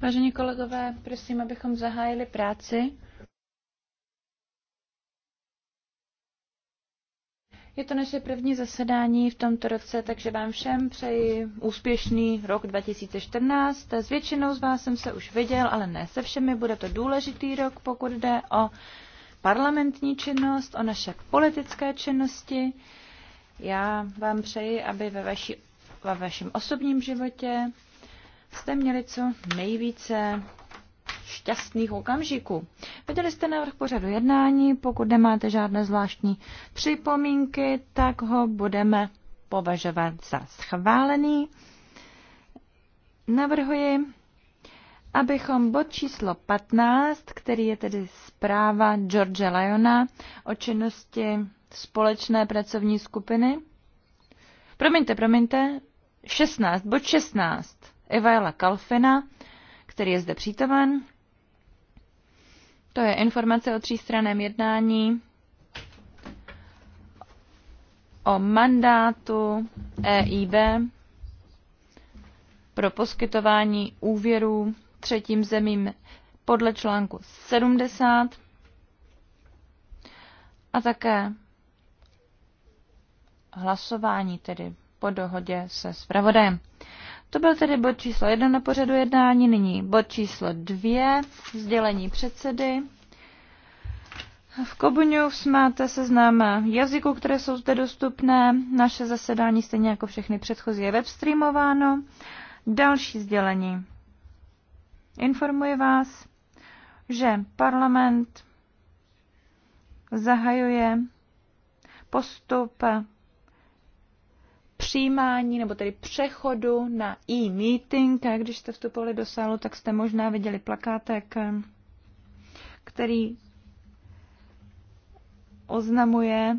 Vážení kolegové, prosím, abychom zahájili práci. Je to naše první zasedání v tomto roce, takže vám všem přeji úspěšný rok 2014. S většinou z vás jsem se už viděl, ale ne se všemi. Bude to důležitý rok, pokud jde o parlamentní činnost, o naše politické činnosti. Já vám přeji, aby ve, vaší, ve vašem osobním životě, jste měli co nejvíce šťastných okamžiků. Viděli jste návrh pořadu jednání, pokud nemáte žádné zvláštní připomínky, tak ho budeme považovat za schválený. Navrhuji, abychom bod číslo 15, který je tedy zpráva George Lyona o činnosti společné pracovní skupiny, promiňte, promiňte, 16, bod 16, Evaela Kalfina, který je zde přítomen. To je informace o třístraném jednání o mandátu EIB pro poskytování úvěrů třetím zemím podle článku 70 a také hlasování tedy po dohodě se zpravodajem. To byl tedy bod číslo 1 na pořadu jednání, nyní bod číslo 2, sdělení předsedy. V Kobuňu máte seznam jazyků, které jsou zde dostupné. Naše zasedání, stejně jako všechny předchozí, je webstreamováno. Další sdělení. Informuji vás, že parlament zahajuje postup přijímání nebo tedy přechodu na e-meeting. A když jste vstupovali do sálu, tak jste možná viděli plakátek, který oznamuje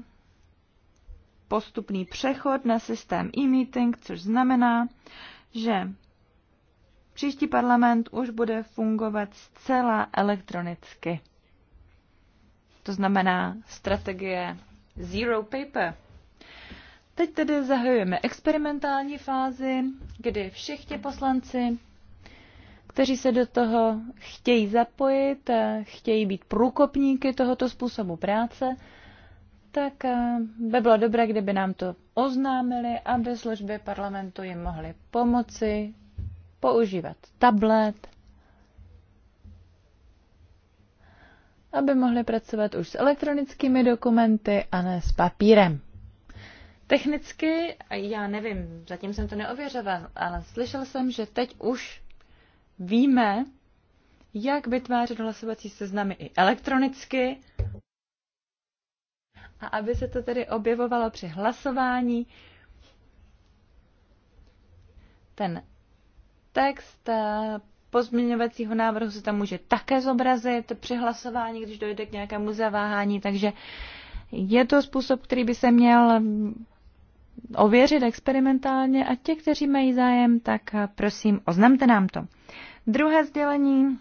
postupný přechod na systém e-meeting, což znamená, že příští parlament už bude fungovat zcela elektronicky. To znamená strategie Zero Paper. Teď tedy zahajujeme experimentální fázi, kdy všichni poslanci, kteří se do toho chtějí zapojit, eh, chtějí být průkopníky tohoto způsobu práce, tak eh, by bylo dobré, kdyby nám to oznámili, aby služby parlamentu jim mohly pomoci používat tablet, aby mohli pracovat už s elektronickými dokumenty a ne s papírem. Technicky, já nevím, zatím jsem to neověřoval, ale slyšel jsem, že teď už víme, jak vytvářet hlasovací seznamy i elektronicky a aby se to tedy objevovalo při hlasování. Ten text pozměňovacího návrhu se tam může také zobrazit při hlasování, když dojde k nějakému zaváhání, takže je to způsob, který by se měl ověřit experimentálně a ti, kteří mají zájem, tak prosím, oznamte nám to. Druhé sdělení,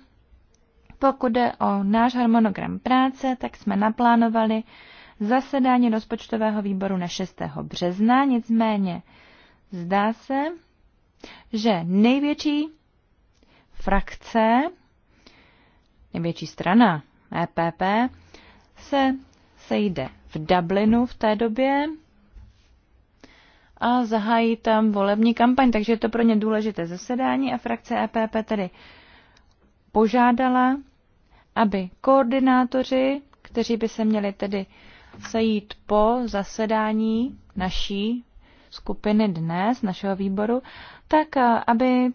pokud jde o náš harmonogram práce, tak jsme naplánovali zasedání rozpočtového výboru na 6. března, nicméně zdá se, že největší frakce, největší strana EPP, se sejde v Dublinu v té době a zahájí tam volební kampaň, takže je to pro ně důležité zasedání a frakce EPP tedy požádala, aby koordinátoři, kteří by se měli tedy sejít po zasedání naší skupiny dnes, našeho výboru, tak aby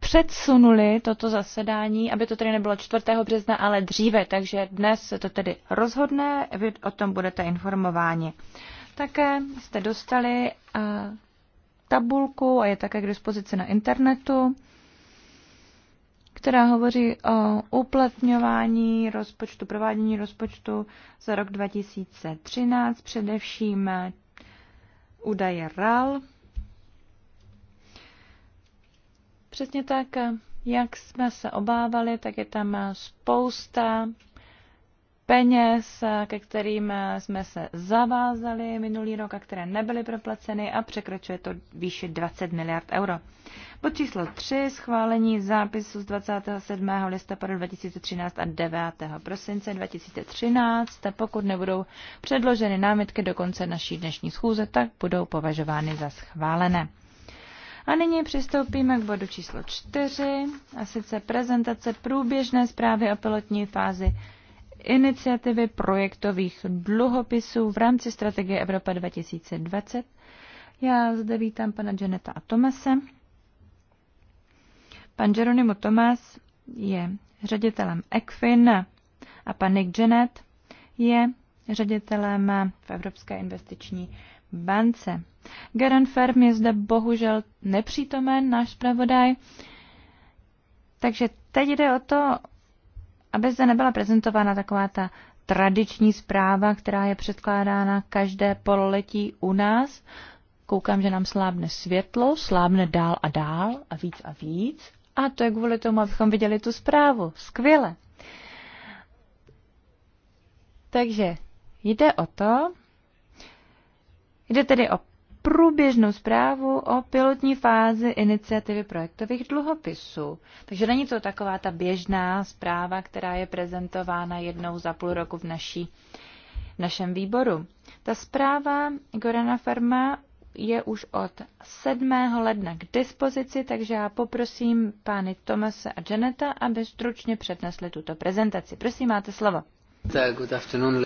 předsunuli toto zasedání, aby to tedy nebylo 4. března, ale dříve, takže dnes se to tedy rozhodne, vy o tom budete informováni. Také jste dostali eh, tabulku a je také k dispozici na internetu, která hovoří o uplatňování rozpočtu, provádění rozpočtu za rok 2013, především eh, údaje RAL. Přesně tak, eh, jak jsme se obávali, tak je tam spousta peněz, ke kterým jsme se zavázali minulý rok a které nebyly proplaceny a překračuje to výši 20 miliard euro. Pod číslo 3 schválení zápisu z 27. listopadu 2013 a 9. prosince 2013. Pokud nebudou předloženy námitky do konce naší dnešní schůze, tak budou považovány za schválené. A nyní přistoupíme k bodu číslo 4, a sice prezentace průběžné zprávy o pilotní fázi iniciativy projektových dluhopisů v rámci strategie Evropa 2020. Já zde vítám pana Janeta a Tomase. Pan Jeronimo Tomas je ředitelem ECFIN a pan Nick Janet je ředitelem v Evropské investiční bance. Garant Ferm je zde bohužel nepřítomen, náš zpravodaj. Takže teď jde o to, aby zde nebyla prezentována taková ta tradiční zpráva, která je předkládána každé pololetí u nás. Koukám, že nám slábne světlo, slábne dál a dál a víc a víc. A to je kvůli tomu, abychom viděli tu zprávu. Skvěle. Takže jde o to, jde tedy o průběžnou zprávu o pilotní fázi iniciativy projektových dluhopisů. Takže není to taková ta běžná zpráva, která je prezentována jednou za půl roku v, naší, v našem výboru. Ta zpráva Gorana Farma je už od 7. ledna k dispozici, takže já poprosím pány Tomase a Janeta, aby stručně přednesli tuto prezentaci. Prosím, máte slovo. Good afternoon,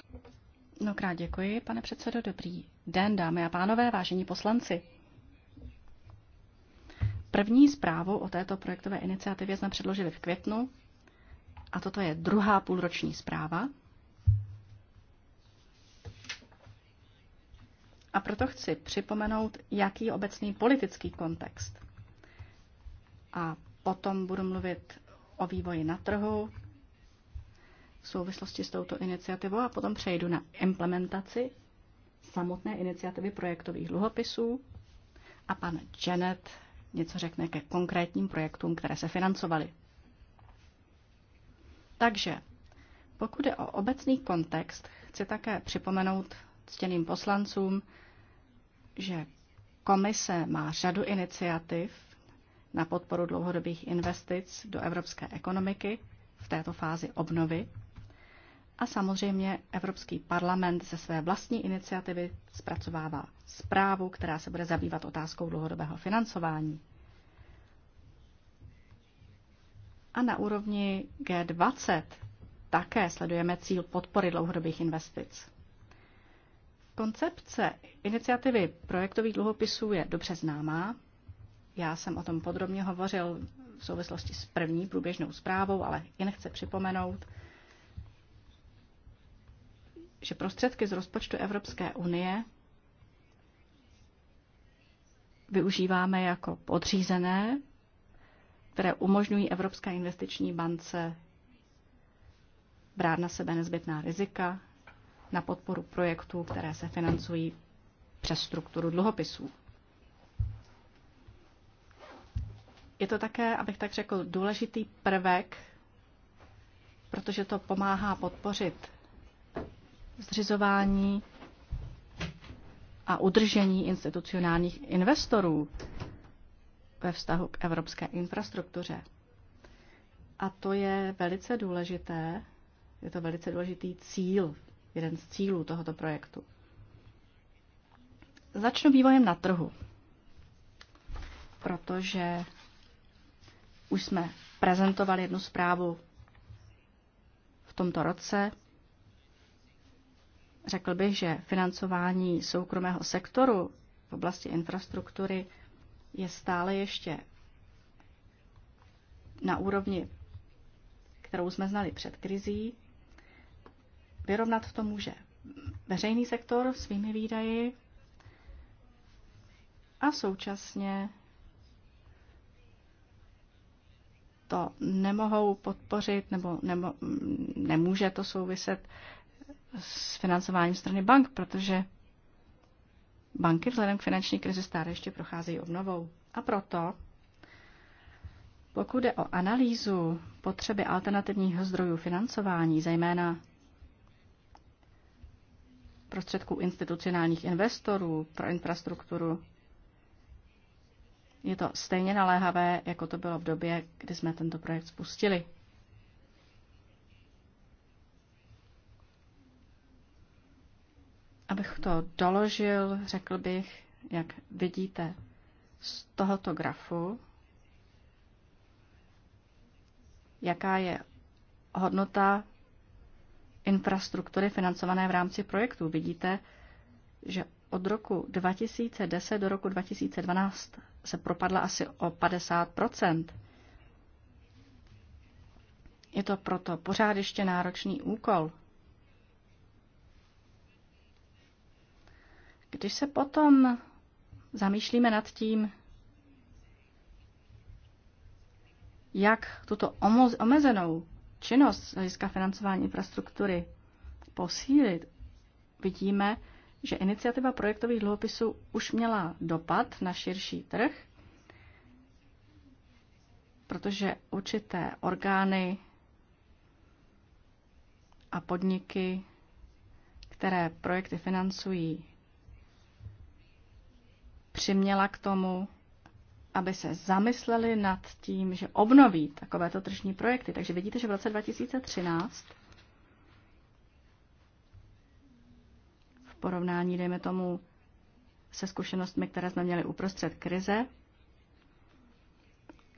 Mnohokrát děkuji, pane předsedo. Dobrý den, dámy a pánové, vážení poslanci. První zprávu o této projektové iniciativě jsme předložili v květnu a toto je druhá půlroční zpráva. A proto chci připomenout, jaký je obecný politický kontext. A potom budu mluvit o vývoji na trhu, v souvislosti s touto iniciativou a potom přejdu na implementaci samotné iniciativy projektových dluhopisů a pan Janet něco řekne ke konkrétním projektům, které se financovaly. Takže, pokud je o obecný kontext, chci také připomenout ctěným poslancům, že komise má řadu iniciativ na podporu dlouhodobých investic do evropské ekonomiky v této fázi obnovy a samozřejmě Evropský parlament ze své vlastní iniciativy zpracovává zprávu, která se bude zabývat otázkou dlouhodobého financování. A na úrovni G20 také sledujeme cíl podpory dlouhodobých investic. Koncepce iniciativy projektových dluhopisů je dobře známá. Já jsem o tom podrobně hovořil v souvislosti s první průběžnou zprávou, ale jen chci připomenout – že prostředky z rozpočtu Evropské unie využíváme jako podřízené, které umožňují Evropské investiční bance brát na sebe nezbytná rizika na podporu projektů, které se financují přes strukturu dluhopisů. Je to také, abych tak řekl, důležitý prvek, protože to pomáhá podpořit zřizování a udržení institucionálních investorů ve vztahu k evropské infrastruktuře. A to je velice důležité, je to velice důležitý cíl, jeden z cílů tohoto projektu. Začnu vývojem na trhu, protože už jsme prezentovali jednu zprávu v tomto roce Řekl bych, že financování soukromého sektoru v oblasti infrastruktury je stále ještě na úrovni, kterou jsme znali před krizí. Vyrovnat to může veřejný sektor svými výdaji a současně to nemohou podpořit nebo nemo, nemůže to souviset s financováním strany bank, protože banky vzhledem k finanční krizi stále ještě procházejí obnovou. A proto, pokud jde o analýzu potřeby alternativních zdrojů financování, zejména prostředků institucionálních investorů pro infrastrukturu, je to stejně naléhavé, jako to bylo v době, kdy jsme tento projekt spustili. Abych to doložil, řekl bych, jak vidíte z tohoto grafu, jaká je hodnota infrastruktury financované v rámci projektu. Vidíte, že od roku 2010 do roku 2012 se propadla asi o 50 Je to proto pořád ještě náročný úkol Když se potom zamýšlíme nad tím, jak tuto omezenou činnost z hlediska financování infrastruktury posílit, vidíme, že iniciativa projektových dluhopisů už měla dopad na širší trh, protože určité orgány a podniky, které projekty financují, přiměla k tomu, aby se zamysleli nad tím, že obnoví takovéto tržní projekty. Takže vidíte, že v roce 2013 v porovnání, dejme tomu, se zkušenostmi, které jsme měli uprostřed krize,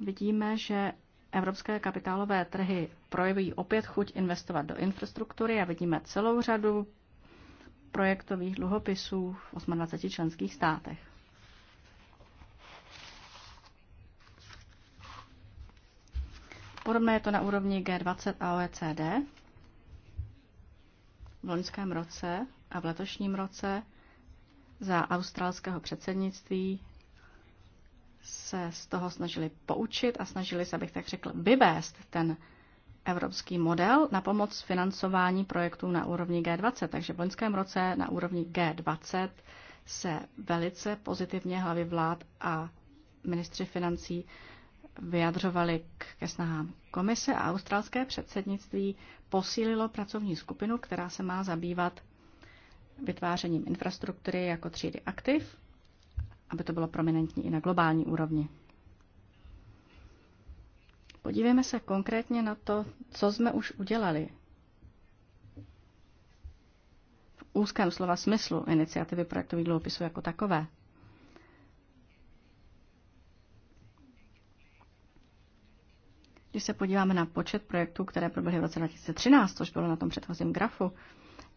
vidíme, že evropské kapitálové trhy projevují opět chuť investovat do infrastruktury a vidíme celou řadu projektových dluhopisů v 28 členských státech. Podobné je to na úrovni G20 a OECD. V loňském roce a v letošním roce za australského předsednictví se z toho snažili poučit a snažili se, abych tak řekl, vyvést ten evropský model na pomoc financování projektů na úrovni G20. Takže v loňském roce na úrovni G20 se velice pozitivně hlavy vlád a ministři financí vyjadřovali ke snahám komise a australské předsednictví posílilo pracovní skupinu, která se má zabývat vytvářením infrastruktury jako třídy aktiv, aby to bylo prominentní i na globální úrovni. Podívejme se konkrétně na to, co jsme už udělali v úzkém slova smyslu iniciativy projektových dluhopisů jako takové – Když se podíváme na počet projektů, které proběhly v roce 2013, což bylo na tom předchozím grafu,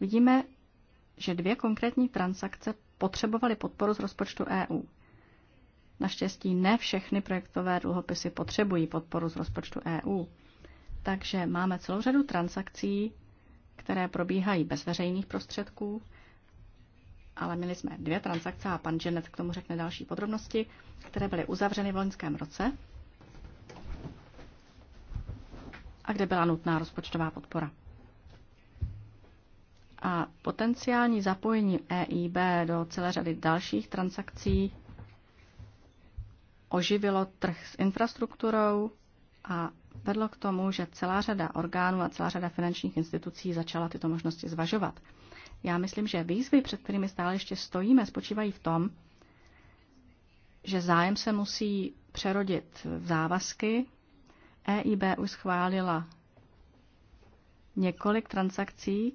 vidíme, že dvě konkrétní transakce potřebovaly podporu z rozpočtu EU. Naštěstí ne všechny projektové dluhopisy potřebují podporu z rozpočtu EU. Takže máme celou řadu transakcí, které probíhají bez veřejných prostředků, ale měli jsme dvě transakce a pan Janet k tomu řekne další podrobnosti, které byly uzavřeny v loňském roce a kde byla nutná rozpočtová podpora. A potenciální zapojení EIB do celé řady dalších transakcí oživilo trh s infrastrukturou a vedlo k tomu, že celá řada orgánů a celá řada finančních institucí začala tyto možnosti zvažovat. Já myslím, že výzvy, před kterými stále ještě stojíme, spočívají v tom, že zájem se musí přerodit v závazky EIB už schválila několik transakcí,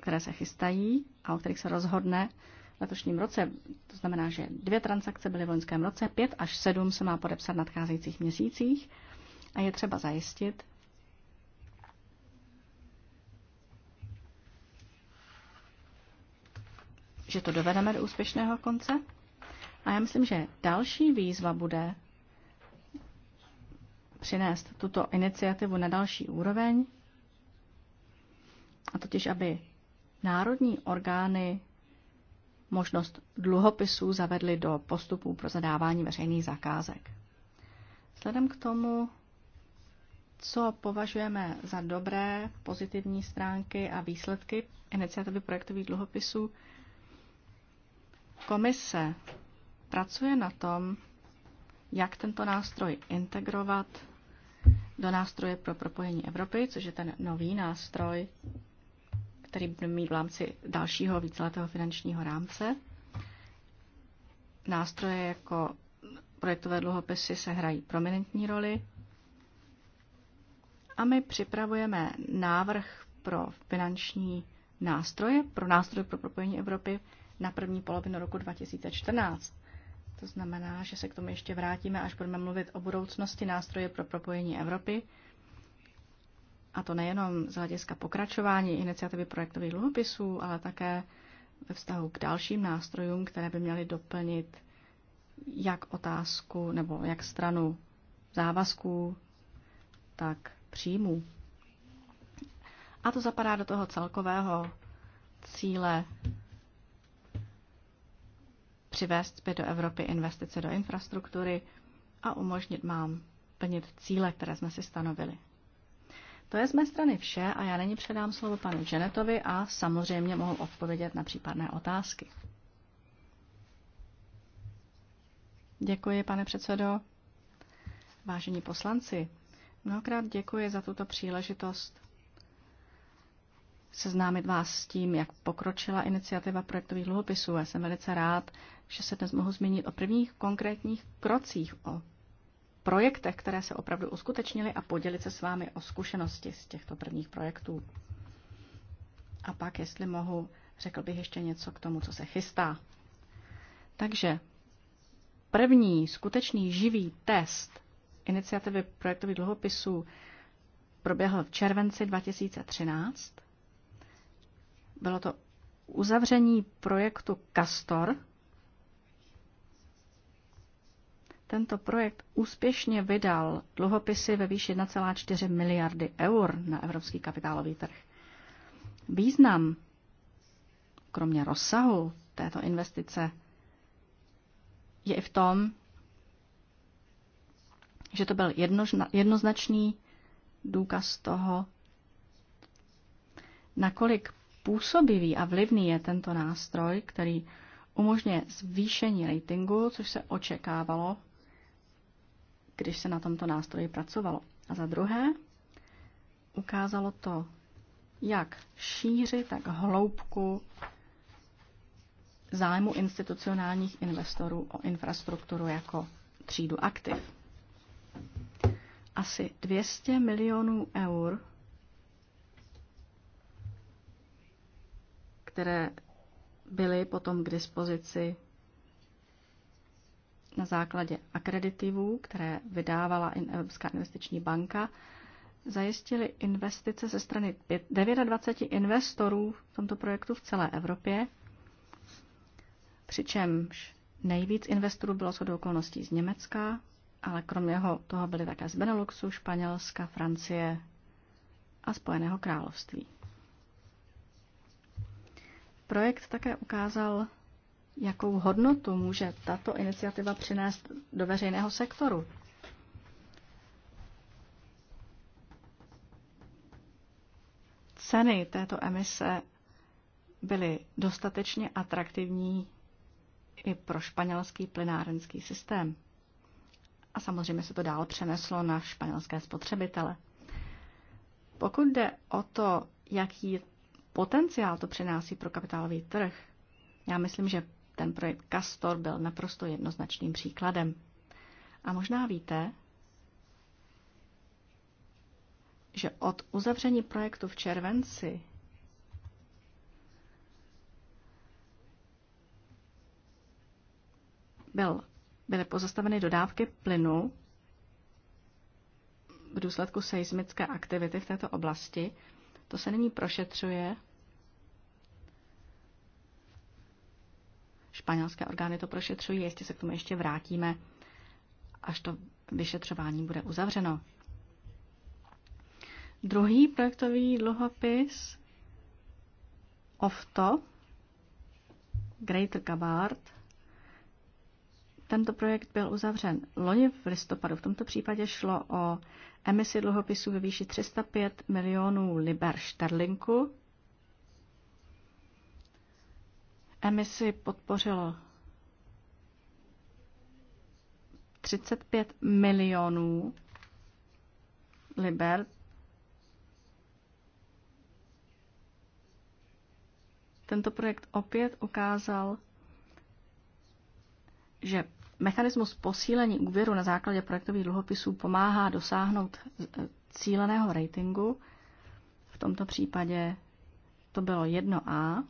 které se chystají a o kterých se rozhodne v letošním roce. To znamená, že dvě transakce byly v loňském roce, pět až sedm se má podepsat v nadcházejících měsících a je třeba zajistit, že to dovedeme do úspěšného konce. A já myslím, že další výzva bude přinést tuto iniciativu na další úroveň, a totiž aby národní orgány možnost dluhopisů zavedly do postupů pro zadávání veřejných zakázek. Vzhledem k tomu, co považujeme za dobré, pozitivní stránky a výsledky iniciativy projektových dluhopisů, komise pracuje na tom, jak tento nástroj integrovat do nástroje pro propojení Evropy, což je ten nový nástroj, který budeme mít v rámci dalšího víceletého finančního rámce. Nástroje jako projektové dluhopisy se hrají prominentní roli. A my připravujeme návrh pro finanční nástroje, pro nástroj pro propojení Evropy na první polovinu roku 2014. To znamená, že se k tomu ještě vrátíme, až budeme mluvit o budoucnosti nástroje pro propojení Evropy. A to nejenom z hlediska pokračování iniciativy projektových dluhopisů, ale také ve vztahu k dalším nástrojům, které by měly doplnit jak otázku nebo jak stranu závazků, tak příjmů. A to zapadá do toho celkového cíle přivést zpět do Evropy investice do infrastruktury a umožnit mám plnit cíle, které jsme si stanovili. To je z mé strany vše a já nyní předám slovo panu Genetovi a samozřejmě mohu odpovědět na případné otázky. Děkuji, pane předsedo. Vážení poslanci, mnohokrát děkuji za tuto příležitost seznámit vás s tím, jak pokročila iniciativa projektových dluhopisů. Já jsem velice rád, že se dnes mohu zmínit o prvních konkrétních krocích, o projektech, které se opravdu uskutečnily a podělit se s vámi o zkušenosti z těchto prvních projektů. A pak, jestli mohu, řekl bych ještě něco k tomu, co se chystá. Takže první skutečný živý test iniciativy projektových dluhopisů proběhl v červenci 2013. Bylo to uzavření projektu Castor, Tento projekt úspěšně vydal dluhopisy ve výši 1,4 miliardy eur na evropský kapitálový trh. Význam, kromě rozsahu této investice, je i v tom, že to byl jednoznačný důkaz toho, nakolik působivý a vlivný je tento nástroj, který umožňuje zvýšení ratingu, což se očekávalo když se na tomto nástroji pracovalo. A za druhé, ukázalo to, jak šíři, tak hloubku zájmu institucionálních investorů o infrastrukturu jako třídu aktiv. Asi 200 milionů eur, které byly potom k dispozici na základě akreditivů, které vydávala Evropská investiční banka, zajistili investice ze strany 29 investorů v tomto projektu v celé Evropě, přičemž nejvíc investorů bylo shodou okolností z Německa, ale kromě toho byly také z Beneluxu, Španělska, Francie a Spojeného království. Projekt také ukázal jakou hodnotu může tato iniciativa přinést do veřejného sektoru. Ceny této emise byly dostatečně atraktivní i pro španělský plynárenský systém. A samozřejmě se to dál přeneslo na španělské spotřebitele. Pokud jde o to, jaký potenciál to přináší pro kapitálový trh, já myslím, že ten projekt Castor byl naprosto jednoznačným příkladem. A možná víte, že od uzavření projektu v červenci byl, byly pozastaveny dodávky plynu v důsledku seismické aktivity v této oblasti. To se nyní prošetřuje Španělské orgány to prošetřují, jestli se k tomu ještě vrátíme, až to vyšetřování bude uzavřeno. Druhý projektový dluhopis OFTO, Greater Gabard, tento projekt byl uzavřen loni v listopadu. V tomto případě šlo o emisi dluhopisů ve výši 305 milionů liber šterlinku emisi podpořilo 35 milionů liber. Tento projekt opět ukázal, že mechanismus posílení úvěru na základě projektových dluhopisů pomáhá dosáhnout e, cíleného ratingu. V tomto případě to bylo 1A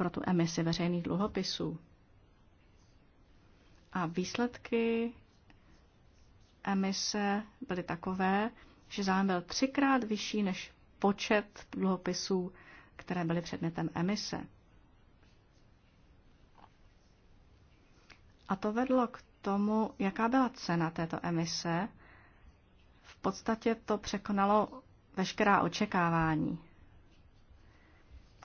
pro tu emisi veřejných dluhopisů. A výsledky emise byly takové, že zájem byl třikrát vyšší než počet dluhopisů, které byly předmětem emise. A to vedlo k tomu, jaká byla cena této emise. V podstatě to překonalo veškerá očekávání.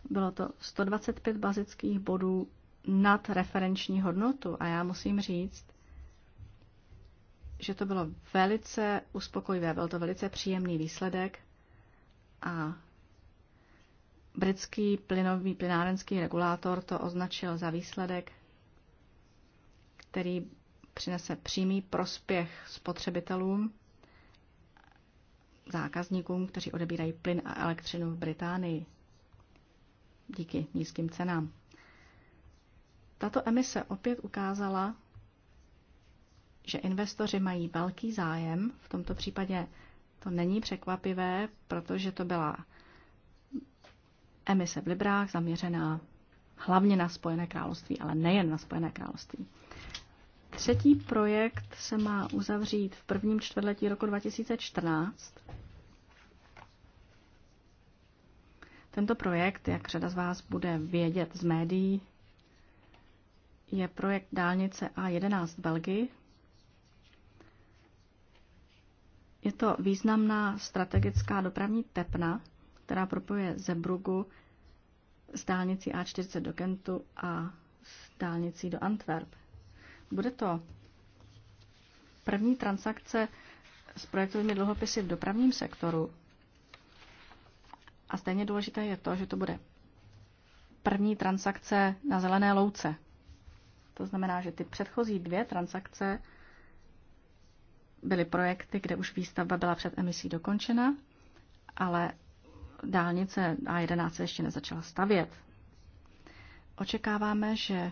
Bylo to 125 bazických bodů nad referenční hodnotu a já musím říct, že to bylo velice uspokojivé, byl to velice příjemný výsledek a britský plynový plynárenský regulátor to označil za výsledek, který přinese přímý prospěch spotřebitelům, zákazníkům, kteří odebírají plyn a elektřinu v Británii díky nízkým cenám. Tato emise opět ukázala, že investoři mají velký zájem. V tomto případě to není překvapivé, protože to byla emise v Librách zaměřená hlavně na Spojené království, ale nejen na Spojené království. Třetí projekt se má uzavřít v prvním čtvrtletí roku 2014 Tento projekt, jak řada z vás bude vědět z médií, je projekt dálnice A11 v Belgii. Je to významná strategická dopravní tepna, která propojuje Zebrugu s dálnicí A40 do Kentu a s dálnicí do Antwerp. Bude to první transakce s projektovými dluhopisy v dopravním sektoru a stejně důležité je to, že to bude první transakce na zelené louce. To znamená, že ty předchozí dvě transakce byly projekty, kde už výstavba byla před emisí dokončena, ale dálnice A11 se ještě nezačala stavět. Očekáváme, že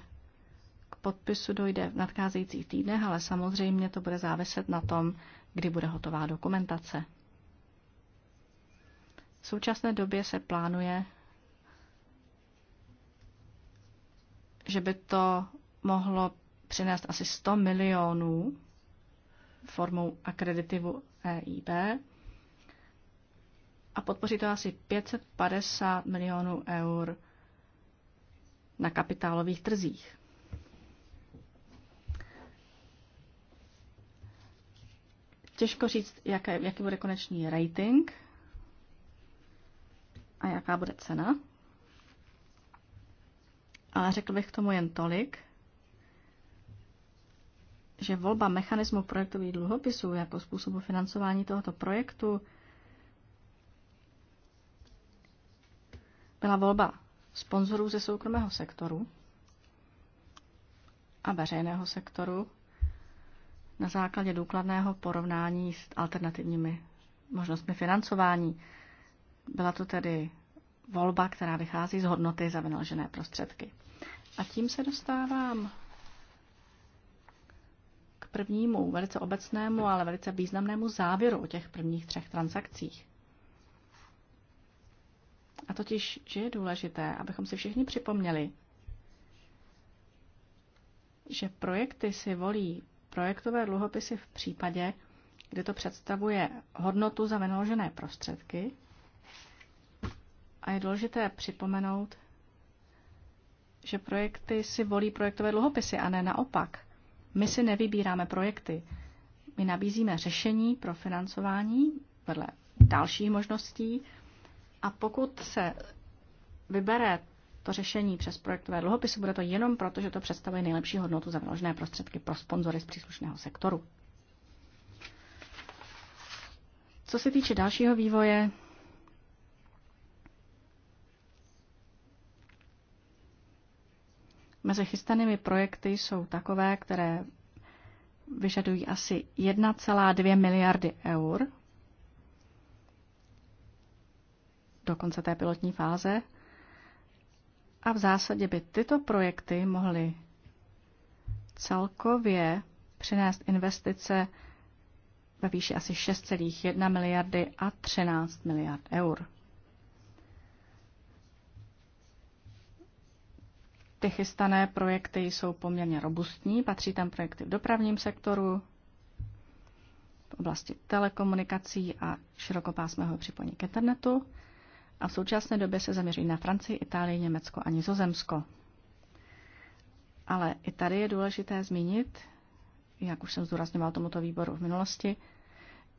k podpisu dojde v nadcházejících týdnech, ale samozřejmě to bude záviset na tom, kdy bude hotová dokumentace. V současné době se plánuje, že by to mohlo přinést asi 100 milionů formou akreditivu EIB a podpoří to asi 550 milionů eur na kapitálových trzích. Těžko říct, jaké, jaký bude konečný rating, a jaká bude cena. Ale řekl bych k tomu jen tolik, že volba mechanismu projektových dluhopisů jako způsobu financování tohoto projektu byla volba sponzorů ze soukromého sektoru a veřejného sektoru na základě důkladného porovnání s alternativními možnostmi financování. Byla to tedy volba, která vychází z hodnoty za vynaložené prostředky. A tím se dostávám k prvnímu, velice obecnému, ale velice významnému závěru o těch prvních třech transakcích. A totiž, že je důležité, abychom si všichni připomněli, že projekty si volí projektové dluhopisy v případě, kdy to představuje hodnotu za vynaložené prostředky a je důležité připomenout, že projekty si volí projektové dluhopisy a ne naopak. My si nevybíráme projekty. My nabízíme řešení pro financování vedle dalších možností a pokud se vybere to řešení přes projektové dluhopisy, bude to jenom proto, že to představuje nejlepší hodnotu za vynaložené prostředky pro sponzory z příslušného sektoru. Co se týče dalšího vývoje, Mezi chystanými projekty jsou takové, které vyžadují asi 1,2 miliardy eur do konce té pilotní fáze. A v zásadě by tyto projekty mohly celkově přinést investice ve výši asi 6,1 miliardy a 13 miliard eur. Ty chystané projekty jsou poměrně robustní, patří tam projekty v dopravním sektoru, v oblasti telekomunikací a širokopásmého připojení k internetu a v současné době se zaměří na Francii, Itálii, Německo a Nizozemsko. Ale i tady je důležité zmínit, jak už jsem zdůrazňoval tomuto výboru v minulosti,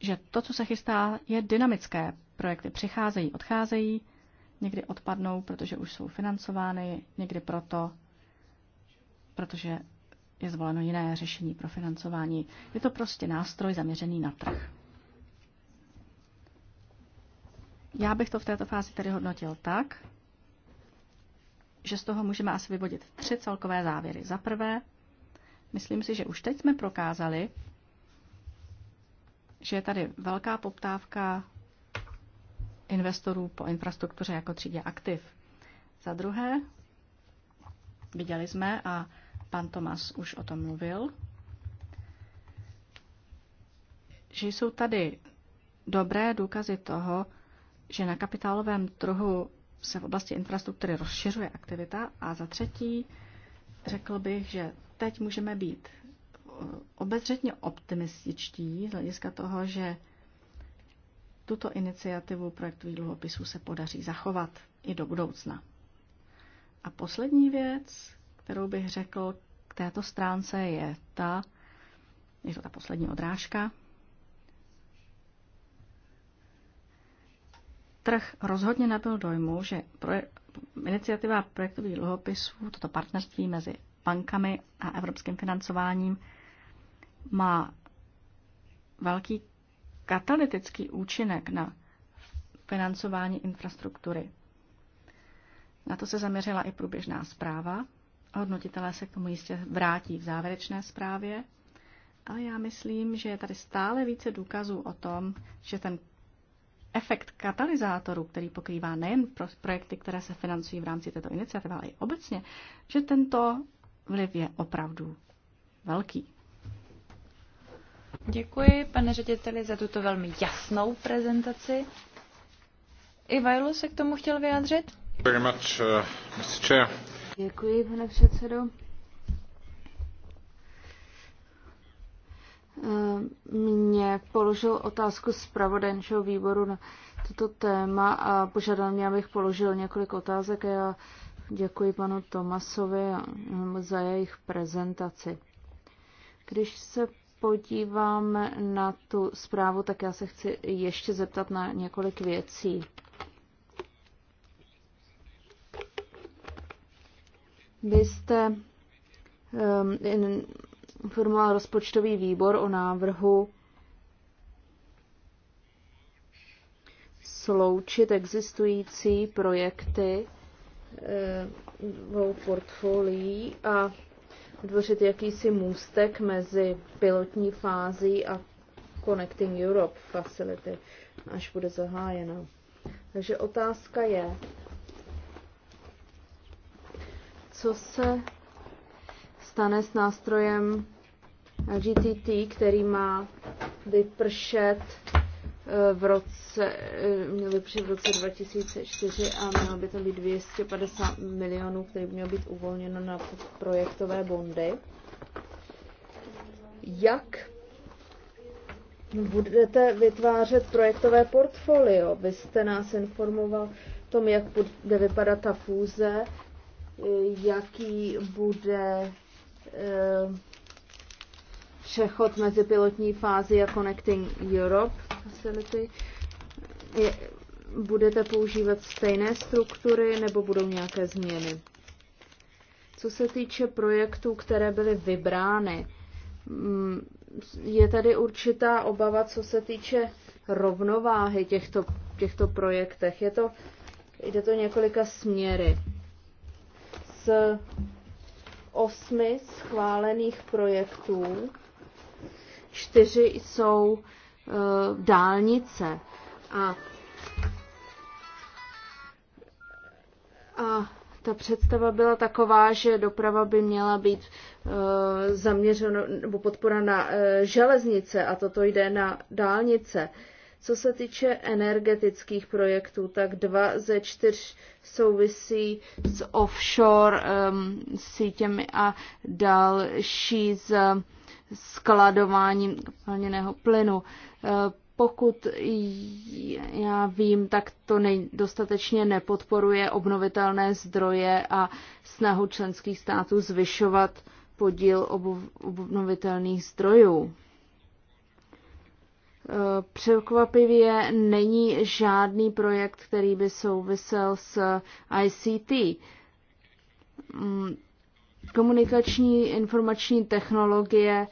že to, co se chystá, je dynamické. Projekty přicházejí, odcházejí, někdy odpadnou, protože už jsou financovány, někdy proto, protože je zvoleno jiné řešení pro financování. Je to prostě nástroj zaměřený na trh. Já bych to v této fázi tedy hodnotil tak, že z toho můžeme asi vyvodit tři celkové závěry. Za prvé, myslím si, že už teď jsme prokázali, že je tady velká poptávka investorů po infrastruktuře jako třídě aktiv. Za druhé, viděli jsme, a pan Tomas už o tom mluvil, že jsou tady dobré důkazy toho, že na kapitálovém trhu se v oblasti infrastruktury rozšiřuje aktivita. A za třetí, řekl bych, že teď můžeme být eh, obezřetně optimističtí z hlediska toho, že tuto iniciativu projektových dluhopisů se podaří zachovat i do budoucna. A poslední věc, kterou bych řekl k této stránce, je ta, je to ta poslední odrážka. Trh rozhodně nabil dojmu, že proje- iniciativa projektových dluhopisů, toto partnerství mezi bankami a evropským financováním má velký katalytický účinek na financování infrastruktury. Na to se zaměřila i průběžná zpráva. Hodnotitelé se k tomu jistě vrátí v závěrečné zprávě, ale já myslím, že je tady stále více důkazů o tom, že ten efekt katalyzátoru, který pokrývá nejen projekty, které se financují v rámci této iniciativy, ale i obecně, že tento vliv je opravdu velký. Děkuji, pane řediteli, za tuto velmi jasnou prezentaci. I Vajlu se k tomu chtěl vyjádřit? Very much, uh, Mr. Chair. Děkuji, pane předsedo. Eh, mě položil otázku z pravodenčeho výboru na toto téma a požádal mě, abych položil několik otázek a já děkuji panu Tomasovi za jejich prezentaci. Když se podíváme na tu zprávu, tak já se chci ještě zeptat na několik věcí. Vy jste um, rozpočtový výbor o návrhu sloučit existující projekty eh, dvou portfolií a vytvořit jakýsi můstek mezi pilotní fází a Connecting Europe Facility, až bude zahájena. Takže otázka je, co se stane s nástrojem GTT, který má vypršet v roce, eh, měl by v roce 2004 a mělo by to být 250 milionů, které by mělo být uvolněno na projektové bondy. Jak budete vytvářet projektové portfolio? Vy jste nás informoval o tom, jak bude vypadat ta fůze, eh, jaký bude eh, přechod mezi pilotní fázi a Connecting Europe facility, je, budete používat stejné struktury nebo budou nějaké změny? Co se týče projektů, které byly vybrány, mm, je tady určitá obava, co se týče rovnováhy těchto, těchto projektech. Je to, jde to několika směry. Z osmi schválených projektů čtyři jsou Eh, dálnice. A, a ta představa byla taková, že doprava by měla být e, eh, zaměřena nebo podpora na e, železnice a toto jde na dálnice. Co se týče energetických projektů, tak dva ze čtyř souvisí s offshore um, sítěmi a další s um, skladováním plněného plynu. Eh, pokud já vím, tak to nej, dostatečně nepodporuje obnovitelné zdroje a snahu členských států zvyšovat podíl obnovitelných zdrojů. Eh, překvapivě není žádný projekt, který by souvisel s ICT mm, Komunikační informační technologie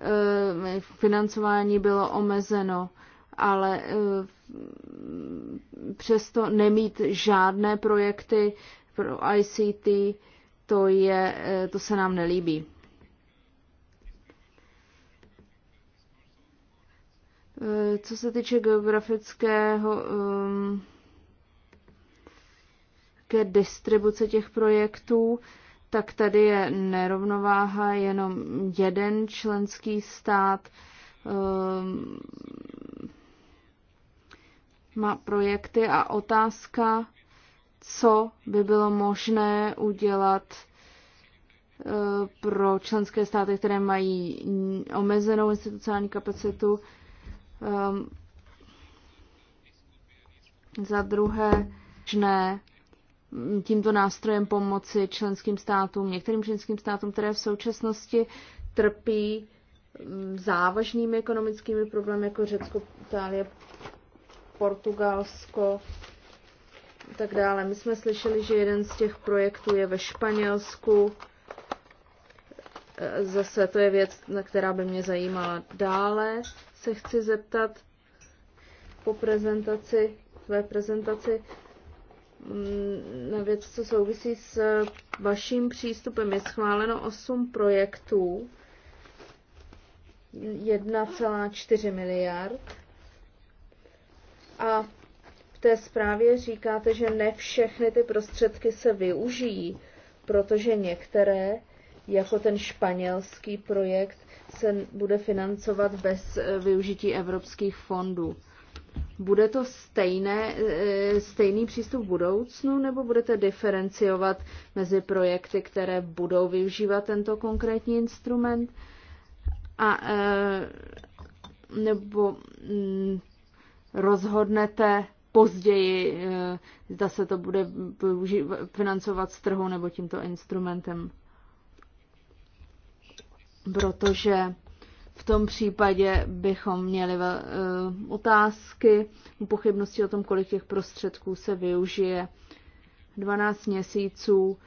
eh, financování bylo omezeno, ale eh, přesto nemít žádné projekty pro ICT, to, je, eh, to se nám nelíbí. Co se týče geografického ehm, ke distribuce těch projektů, tak tady je nerovnováha, jenom jeden členský stát ehm, má projekty a otázka, co by bylo možné udělat eh, pro členské státy, které mají omezenou institucionální kapacitu. Ehm, za druhé, možné tímto nástrojem pomoci členským státům, některým členským státům, které v současnosti trpí mm, závažnými ekonomickými problémy jako Řecko, Itálie, Portugalsko a tak dále. My jsme slyšeli, že jeden z těch projektů je ve Španělsku. E, zase to je věc, na která by mě zajímala. Dále se chci zeptat po prezentaci, tvé prezentaci, Mm, na věc, co souvisí s vaším přístupem. Je schváleno 8 projektů, 1,4 miliard. A v té zprávě říkáte, že ne všechny ty prostředky se využijí, protože některé, jako ten španělský projekt, se bude financovat bez eh, využití evropských fondů. Bude to stejné, eh, stejný přístup v budoucnu, nebo budete diferenciovat mezi projekty, které budou využívat tento konkrétní instrument? A eh, nebo mm, rozhodnete později, eh, zda se to bude financovat z trhu nebo tímto instrumentem? Protože v tom případě bychom měli eh, otázky, pochybnosti o tom, kolik těch prostředků se využije. 12 měsíců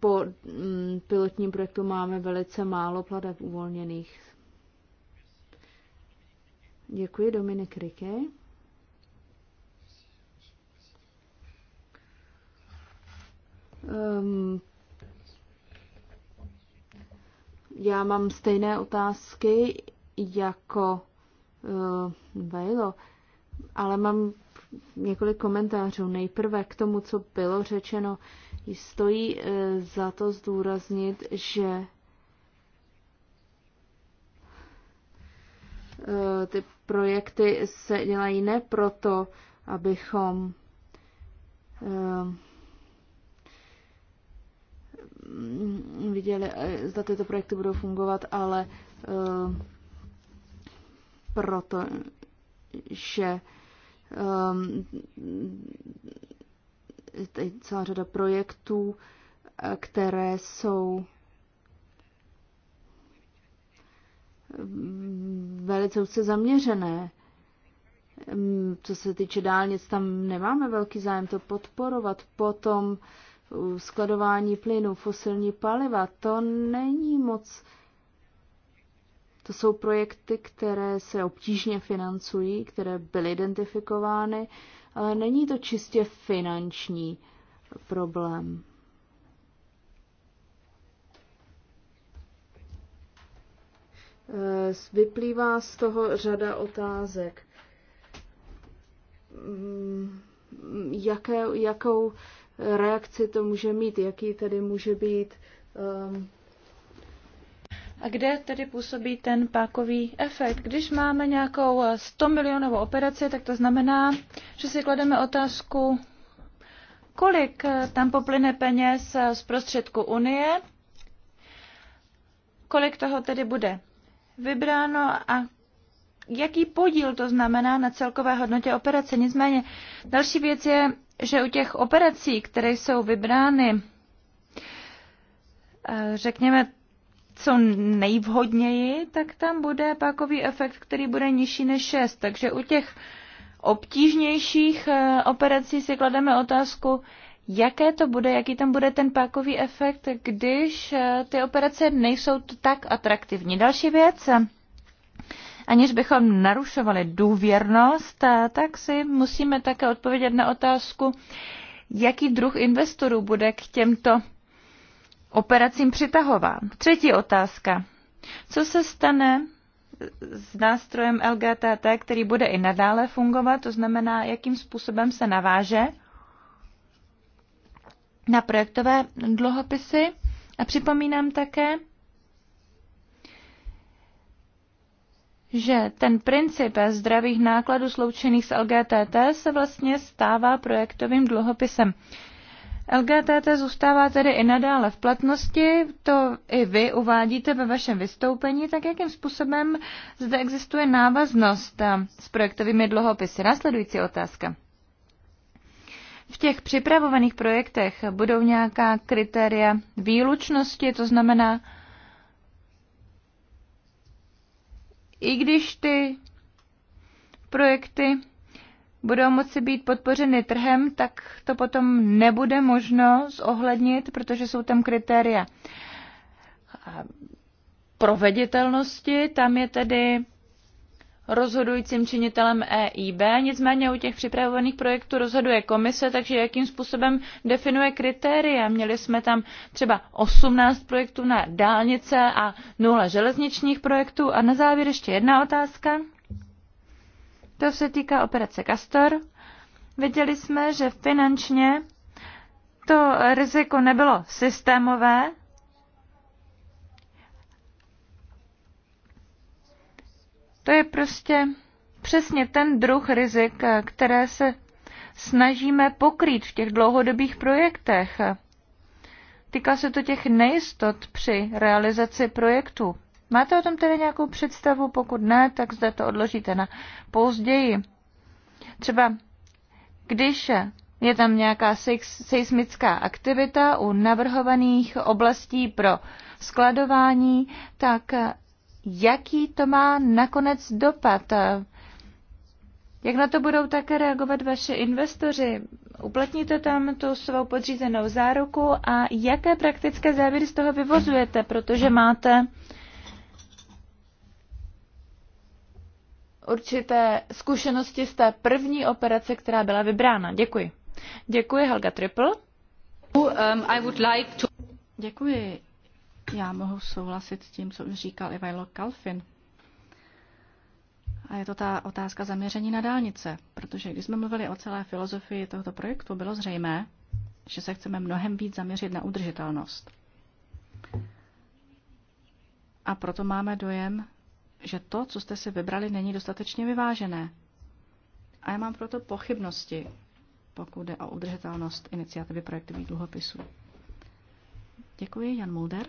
po mm, pilotním projektu máme velice málo pladeb uvolněných. Děkuji, Dominik Rikej. Um, ehm, Já mám stejné otázky jako uh, Vejlo, ale mám několik komentářů. Nejprve k tomu, co bylo řečeno, stojí uh, za to zdůraznit, že eh, ty projekty se dělají ne proto, abychom Mm, viděli, eh, zda tyto projekty budou fungovat, ale eh, proto, že eh, teď celá řada projektů, které jsou velice úzce zaměřené. Mm, co se týče dálnic, tam nemáme velký zájem to podporovat. Potom skladování plynu, fosilní paliva, to není moc. To jsou projekty, které se obtížně financují, které byly identifikovány, ale není to čistě finanční problém. Eh, vyplývá z toho řada otázek. Mm, jaké, jakou reakci to může mít, jaký tedy může být. Um... A kde tedy působí ten pákový efekt? Když máme nějakou 100 eh, milionovou operaci, tak to znamená, že si klademe otázku, kolik eh, tam poplyne peněz eh, z prostředku Unie, kolik toho tedy bude vybráno a jaký podíl to znamená na celkové hodnotě operace. Nicméně další věc je, že u těch operací, které jsou vybrány, eh, řekněme, co nejvhodněji, tak tam bude pákový efekt, který bude nižší než 6. Takže u těch obtížnějších eh, operací si klademe otázku, jaké to bude, jaký tam bude ten pákový efekt, když eh, ty operace nejsou tak atraktivní. Další věc, aniž bychom narušovali důvěrnost, eh, tak si musíme také odpovědět na otázku, jaký druh investorů bude k těmto operacím přitahován. Třetí otázka. Co se stane s nástrojem LGTT, který bude i nadále fungovat, to znamená, jakým způsobem se naváže na projektové dluhopisy. A připomínám také, že ten princip zdravých nákladů sloučených s LGTT se vlastně stává projektovým dluhopisem. LGTT zůstává tedy i nadále v platnosti, to i vy uvádíte ve vašem vystoupení, tak jakým způsobem zde existuje návaznost eh, s projektovými dluhopisy? Následující otázka. V těch připravovaných projektech budou nějaká kritéria výlučnosti, to znamená, i když ty projekty budou moci být podpořeny trhem, tak to potom nebude možno zohlednit, protože jsou tam kritéria proveditelnosti. Tam je tedy rozhodujícím činitelem EIB, nicméně u těch připravovaných projektů rozhoduje komise, takže jakým způsobem definuje kritéria. Měli jsme tam třeba 18 projektů na dálnice a nula železničních projektů. A na závěr ještě jedna otázka. To se týká operace Castor. Viděli jsme, že finančně to riziko nebylo systémové, To je prostě přesně ten druh rizik, které se snažíme pokrýt v těch dlouhodobých projektech. Týká se to těch nejistot při realizaci projektu. Máte o tom tedy nějakou představu? Pokud ne, tak zde to odložíte na později. Třeba když je tam nějaká seismická aktivita u navrhovaných oblastí pro skladování, tak jaký to má nakonec dopad. Jak na to budou také reagovat vaše investoři? Uplatníte tam tu svou podřízenou záruku a jaké praktické závěry z toho vyvozujete, protože máte určité zkušenosti z té první operace, která byla vybrána. Děkuji. Děkuji Helga Triple. Um, I would like to... Děkuji. Já mohu souhlasit s tím, co už říkal Ivajlo Kalfin. A je to ta otázka zaměření na dálnice, protože když jsme mluvili o celé filozofii tohoto projektu, bylo zřejmé, že se chceme mnohem víc zaměřit na udržitelnost. A proto máme dojem, že to, co jste si vybrali, není dostatečně vyvážené. A já mám proto pochybnosti, pokud jde o udržitelnost iniciativy projektových dluhopisů. Děkuji, Jan Mulder.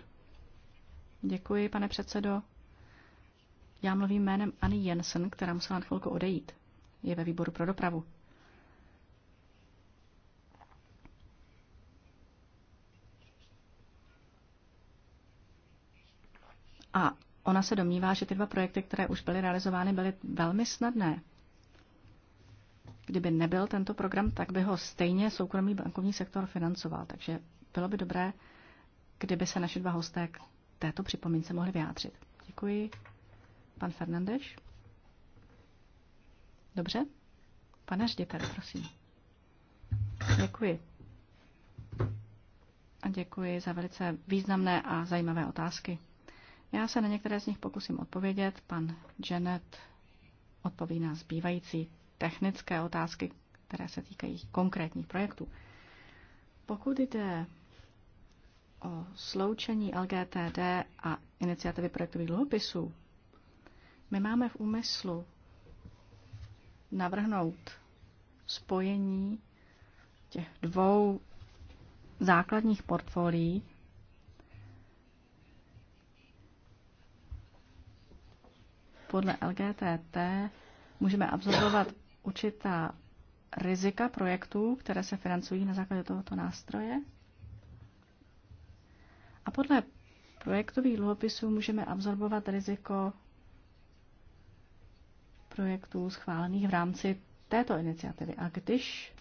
Děkuji, pane předsedo. Já mluvím jménem Anny Jensen, která musela na chvilku odejít. Je ve výboru pro dopravu. A ona se domnívá, že ty dva projekty, které už byly realizovány, byly velmi snadné. Kdyby nebyl tento program, tak by ho stejně soukromý bankovní sektor financoval. Takže bylo by dobré, kdyby se naše dva hosté této připomínce mohli vyjádřit. Děkuji. Pan Fernandeš? Dobře? Pane řediteli, prosím. Děkuji. A děkuji za velice významné a zajímavé otázky. Já se na některé z nich pokusím odpovědět. Pan Janet odpoví na zbývající technické otázky, které se týkají konkrétních projektů. Pokud jde o sloučení LGTD a iniciativy projektových dluhopisů, my máme v úmyslu navrhnout spojení těch dvou základních portfolií podle LGTT můžeme absorbovat určitá rizika projektů, které se financují na základě tohoto nástroje a podle projektových dluhopisů můžeme absorbovat riziko projektů schválených v rámci této iniciativy. A když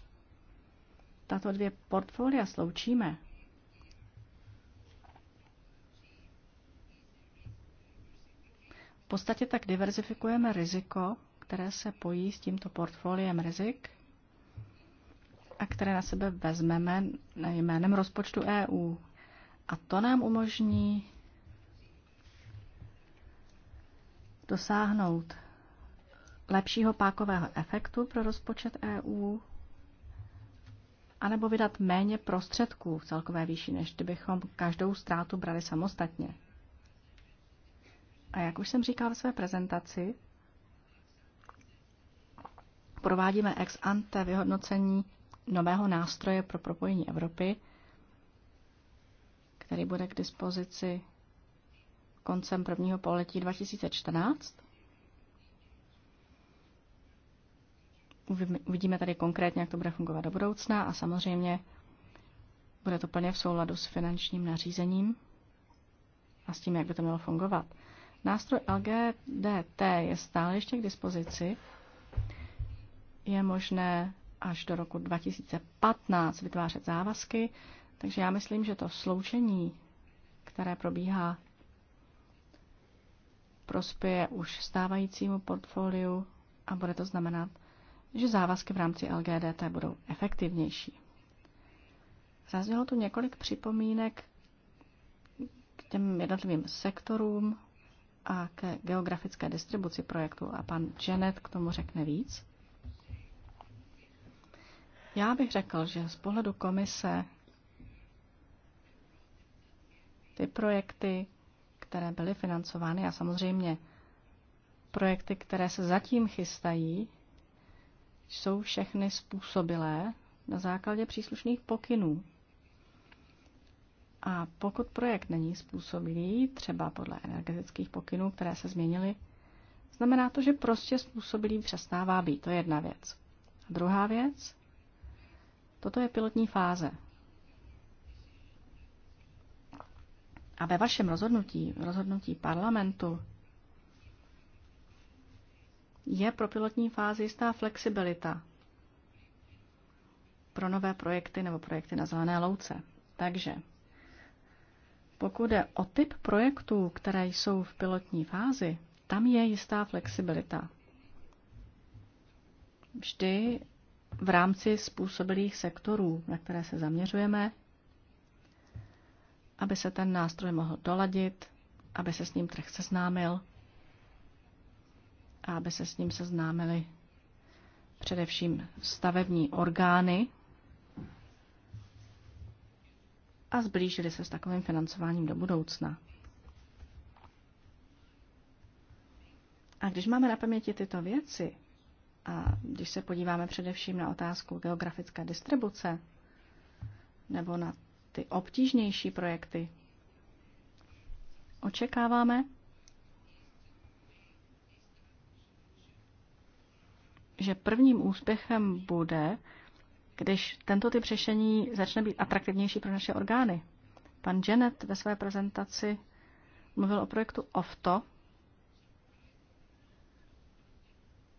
tato dvě portfolia sloučíme, v podstatě tak diverzifikujeme riziko, které se pojí s tímto portfoliem rizik a které na sebe vezmeme jménem rozpočtu EU. A to nám umožní dosáhnout lepšího pákového efektu pro rozpočet EU, anebo vydat méně prostředků v celkové výši, než kdybychom každou ztrátu brali samostatně. A jak už jsem říkal ve své prezentaci, provádíme ex ante vyhodnocení nového nástroje pro propojení Evropy, který bude k dispozici koncem prvního poletí 2014. Uvidíme tady konkrétně, jak to bude fungovat do budoucna a samozřejmě bude to plně v souladu s finančním nařízením a s tím, jak by to mělo fungovat. Nástroj LGDT je stále ještě k dispozici. Je možné až do roku 2015 vytvářet závazky takže já myslím, že to sloučení, které probíhá, prospěje už stávajícímu portfoliu a bude to znamenat, že závazky v rámci LGDT budou efektivnější. Zaznělo tu několik připomínek k těm jednotlivým sektorům a ke geografické distribuci projektu a pan Janet k tomu řekne víc. Já bych řekl, že z pohledu komise ty projekty, které byly financovány a samozřejmě projekty, které se zatím chystají, jsou všechny způsobilé na základě příslušných pokynů. A pokud projekt není způsobilý, třeba podle energetických pokynů, které se změnily, znamená to, že prostě způsobilý přestává být. To je jedna věc. A druhá věc, toto je pilotní fáze. A ve vašem rozhodnutí, rozhodnutí parlamentu, je pro pilotní fázi jistá flexibilita pro nové projekty nebo projekty na zelené louce. Takže pokud je o typ projektů, které jsou v pilotní fázi, tam je jistá flexibilita. Vždy v rámci způsobilých sektorů, na které se zaměřujeme, aby se ten nástroj mohl doladit, aby se s ním trh seznámil a aby se s ním seznámili především stavební orgány a zblížili se s takovým financováním do budoucna. A když máme na paměti tyto věci, a když se podíváme především na otázku geografické distribuce nebo na ty obtížnější projekty. Očekáváme, že prvním úspěchem bude, když tento typ řešení začne být atraktivnější pro naše orgány. Pan Janet ve své prezentaci mluvil o projektu OFTO.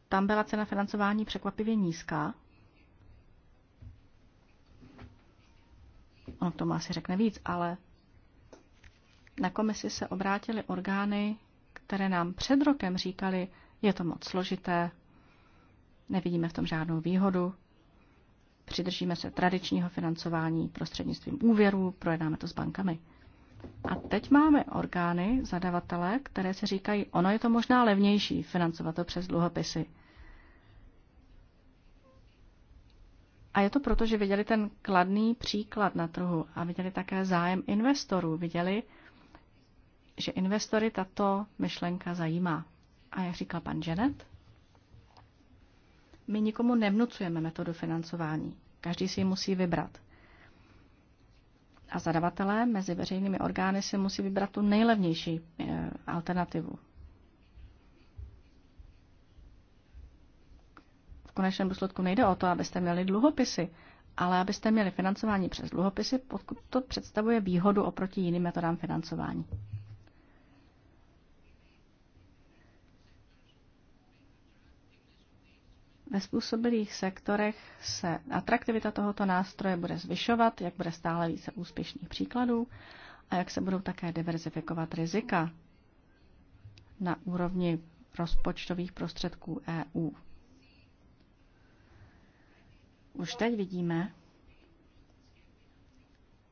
Tam byla cena financování překvapivě nízká. On no, k tomu asi řekne víc, ale na komisi se obrátily orgány, které nám před rokem říkali, je to moc složité, nevidíme v tom žádnou výhodu, přidržíme se tradičního financování prostřednictvím úvěrů, projednáme to s bankami. A teď máme orgány, zadavatele, které se říkají, ono je to možná levnější financovat to přes dluhopisy. A je to proto, že viděli ten kladný příklad na trhu a viděli také zájem investorů. Viděli, že investory tato myšlenka zajímá. A jak říkal pan Janet, my nikomu nevnucujeme metodu financování. Každý si ji musí vybrat. A zadavatelé mezi veřejnými orgány si musí vybrat tu nejlevnější eh, alternativu, konečném důsledku nejde o to, abyste měli dluhopisy, ale abyste měli financování přes dluhopisy, pokud to představuje výhodu oproti jiným metodám financování. Ve způsobilých sektorech se atraktivita tohoto nástroje bude zvyšovat, jak bude stále více úspěšných příkladů a jak se budou také diverzifikovat rizika na úrovni rozpočtových prostředků EU. Už teď vidíme,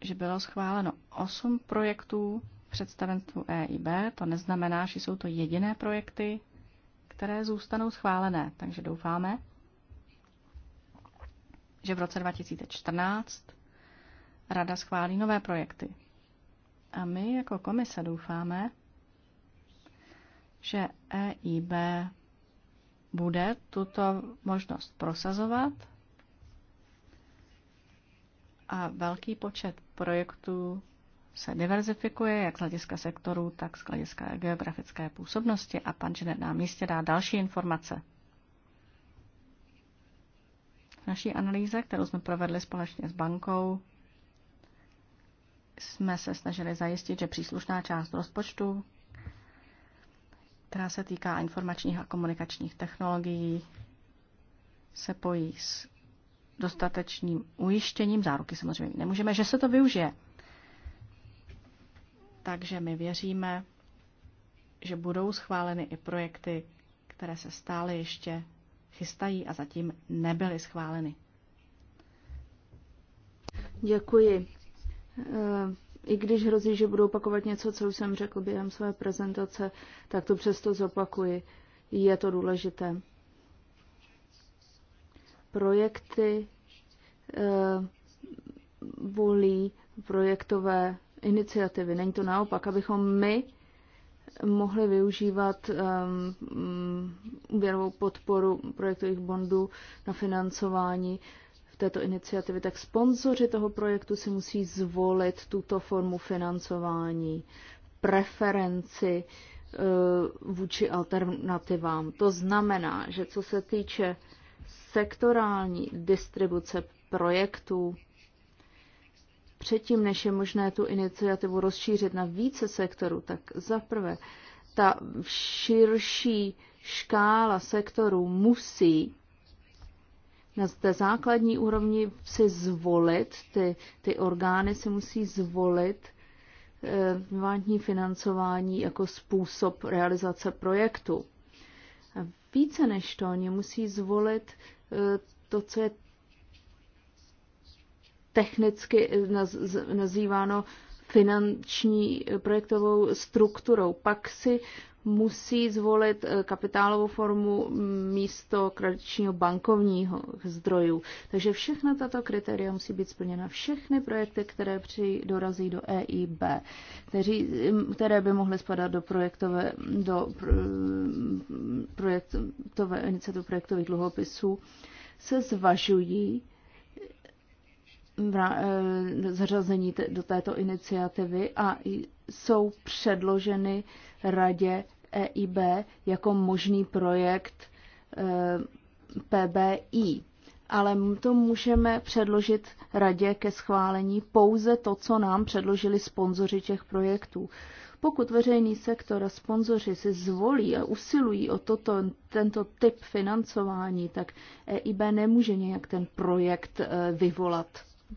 že bylo schváleno 8 projektů představenstvu EIB. To neznamená, že jsou to jediné projekty, které zůstanou schválené. Takže doufáme, že v roce 2014 Rada schválí nové projekty. A my jako komise doufáme, že EIB bude tuto možnost prosazovat a velký počet projektů se diverzifikuje jak z hlediska sektorů, tak z hlediska geografické působnosti a pan Ženet nám jistě dá další informace. V naší analýze, kterou jsme provedli společně s bankou, jsme se snažili zajistit, že příslušná část rozpočtu, která se týká informačních a komunikačních technologií, se pojí s dostatečným ujištěním, záruky samozřejmě nemůžeme, že se to využije. Takže my věříme, že budou schváleny i projekty, které se stále ještě chystají a zatím nebyly schváleny. Děkuji. E, I když hrozí, že budu opakovat něco, co už jsem řekl během své prezentace, tak to přesto zopakuji. Je to důležité projekty eh, volí projektové iniciativy. Není to naopak, abychom my mohli využívat eh, mm, úvěrovou um, podporu projektových bondů na financování v této iniciativy, tak sponzoři toho projektu si musí zvolit tuto formu financování, preferenci uh, vůči alternativám. To znamená, že co se týče uh, sektorální distribuce projektů. Předtím, než je možné tu iniciativu rozšířit na více sektorů, tak zaprvé ta širší škála sektorů musí na té základní úrovni si zvolit, ty, ty orgány si musí zvolit eh, vládní financování jako způsob realizace projektu více než to. Oni musí zvolit eh, to, co je technicky eh, nazýváno finanční eh, projektovou strukturou. Pak si musí zvolit eh, kapitálovou formu místo tradičního bankovního zdrojů. Takže všechna tato kritéria musí být splněna. Všechny projekty, které při, dorazí do EIB, kteří, které by mohly spadat do projektové, do projektové iniciativy projektových dluhopisů, se zvažují Eh, zařazení do této iniciativy a jsou předloženy radě EIB jako možný projekt eh, PBI. Ale to můžeme předložit radě ke schválení pouze to, co nám předložili sponzoři těch projektů. Pokud veřejný sektor a sponzoři si zvolí a usilují o toto, tento typ financování, tak EIB nemůže nějak ten projekt eh, vyvolat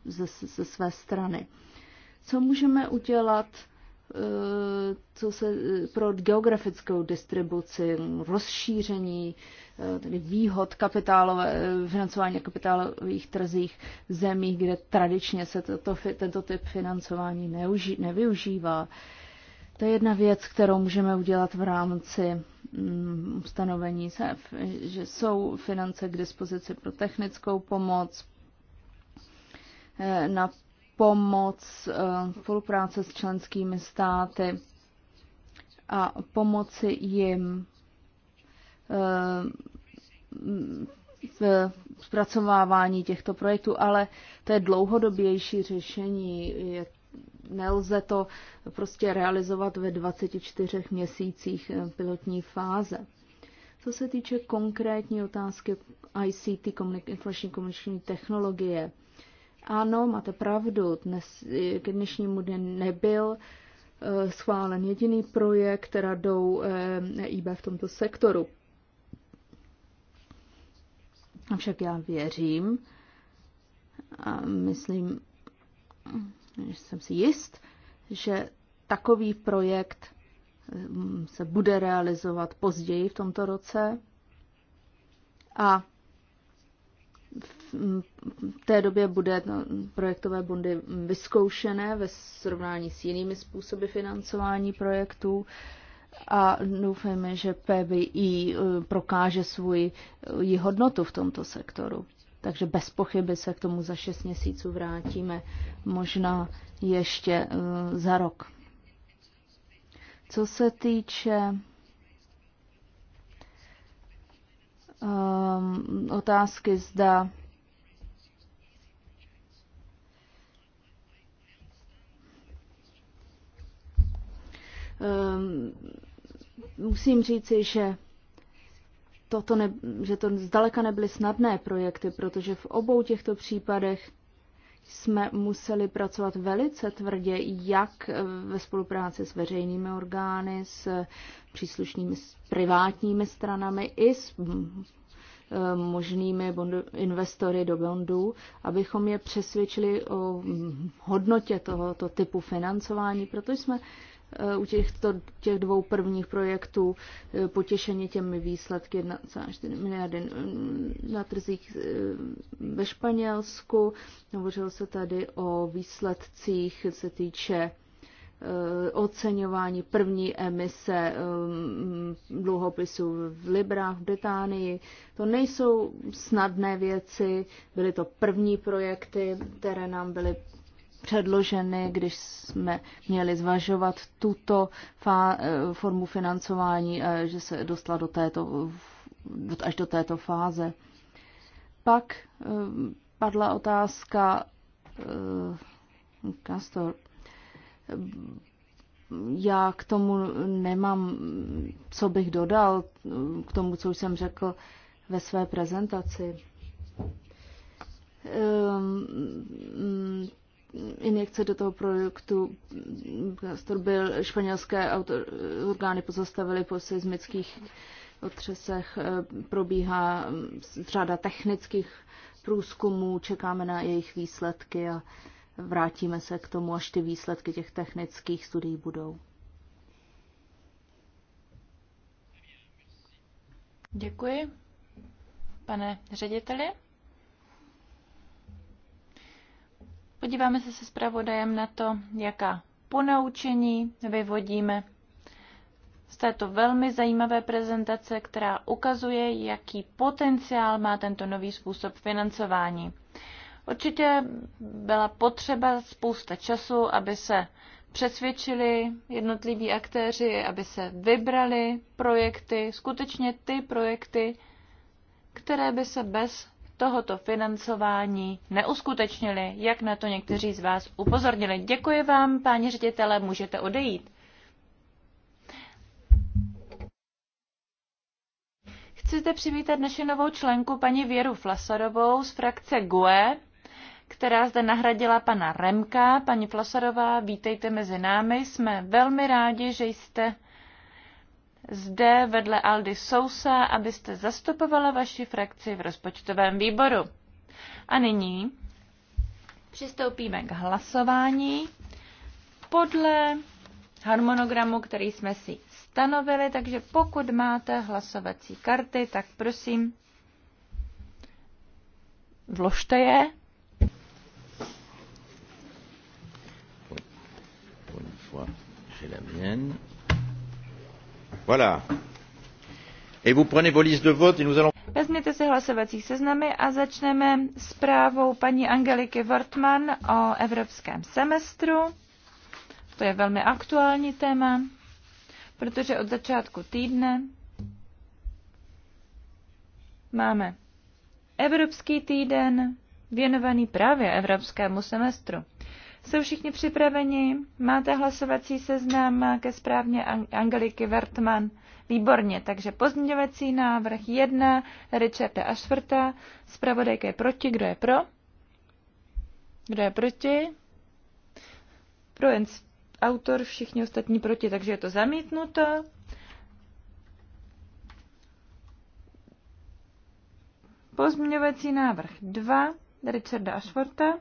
ze, ze své strany. Co můžeme udělat, e, co se e, pro geografickou distribuci, rozšíření e, tedy výhod kapitálové, financování kapitálových trzích v zemích, kde tradičně se toto, tento typ financování neuži, nevyužívá. To je jedna věc, kterou můžeme udělat v rámci mm, ustanovení SEF, že jsou finance k dispozici pro technickou pomoc, Eh, na pomoc, eh, spolupráce s členskými státy a pomoci jim eh, v zpracovávání těchto projektů, ale to je dlouhodobější řešení. Je, nelze to prostě realizovat ve 24 měsících pilotní fáze. Co se týče konkrétní otázky ICT, informační komunikační technologie, ano, máte pravdu, dnes, eh, k dnešnímu dne nebyl eh, schválen jediný projekt, který jdou EIB eh, v tomto sektoru. Avšak já věřím a myslím, že jsem si jist, že takový projekt hm, se bude realizovat později v tomto roce a v té době bude no, projektové bondy vyzkoušené ve srovnání s jinými způsoby financování projektů a doufejme, že PBI eh, prokáže svoji eh, hodnotu v tomto sektoru. Takže bez pochyby se k tomu za šest měsíců vrátíme, možná ještě eh, za rok. Co se týče um, otázky, zda um, musím říci, že toto ne, že to zdaleka nebyly snadné projekty, protože v obou těchto případech jsme museli pracovat velice tvrdě, jak ve spolupráci s veřejnými orgány, s příslušnými s privátními stranami i s mm, mm, možnými bondu, investory do bondů, abychom je přesvědčili o mm, hodnotě tohoto typu financování, protože jsme Eh, u těchto, těch dvou prvních projektů eh, potěšeni těmi výsledky 1,4 miliardy mm, na trzích eh, ve Španělsku. Hovořilo se tady o výsledcích, se týče oceňování první emise dluhopisů v Librách v Británii. To nejsou snadné věci, byly to první projekty, které nám byly předloženy, když jsme měli zvažovat tuto eh, formu financování, eh, že se dostala do této, až do této fáze. Pak eh, padla otázka Kastor. Já k tomu nemám, co bych dodal, k tomu, co už jsem řekl ve své prezentaci ehm, injekce do toho projektu Castor byl španělské autor, orgány pozastavily po seismických otřesech, eh, probíhá mm, řada technických průzkumů, čekáme na jejich výsledky a vrátíme se k tomu, až ty výsledky těch technických studií budou. Děkuji, pane řediteli. Podíváme se se zpravodajem na to, jaká ponaučení vyvodíme z této velmi zajímavé prezentace, která ukazuje, jaký potenciál má tento nový způsob financování. Určitě byla potřeba spousta času, aby se přesvědčili jednotliví aktéři, aby se vybrali projekty, skutečně ty projekty, které by se bez tohoto financování neuskutečnili, jak na to někteří z vás upozornili. Děkuji vám, páni ředitele, můžete odejít. Chci zde přivítat naši novou členku paní Věru Flasarovou z frakce GUE, která zde nahradila pana Remka. Paní Flasarová, vítejte mezi námi. Jsme velmi rádi, že jste zde vedle Aldy Sousa, abyste zastupovala vaši frakci v rozpočtovém výboru. A nyní přistoupíme k hlasování podle harmonogramu, který jsme si stanovili, takže pokud máte hlasovací karty, tak prosím vložte je. j'ai la mienne. Vezměte si hlasovací seznamy a začneme zprávou paní Angeliky Wortmann o evropském semestru. To je velmi aktuální téma, protože od začátku týdne máme Evropský týden věnovaný právě evropskému semestru. Jsou všichni připraveni? Máte hlasovací seznam ke správně Angeliky Wertmann? Výborně, takže pozměňovací návrh 1 Richarda Ashforta. Spravodajka je proti, kdo je pro? Kdo je proti? Pro jen autor, všichni ostatní proti, takže je to zamítnuto. Pozměňovací návrh 2 Richarda Ashworta.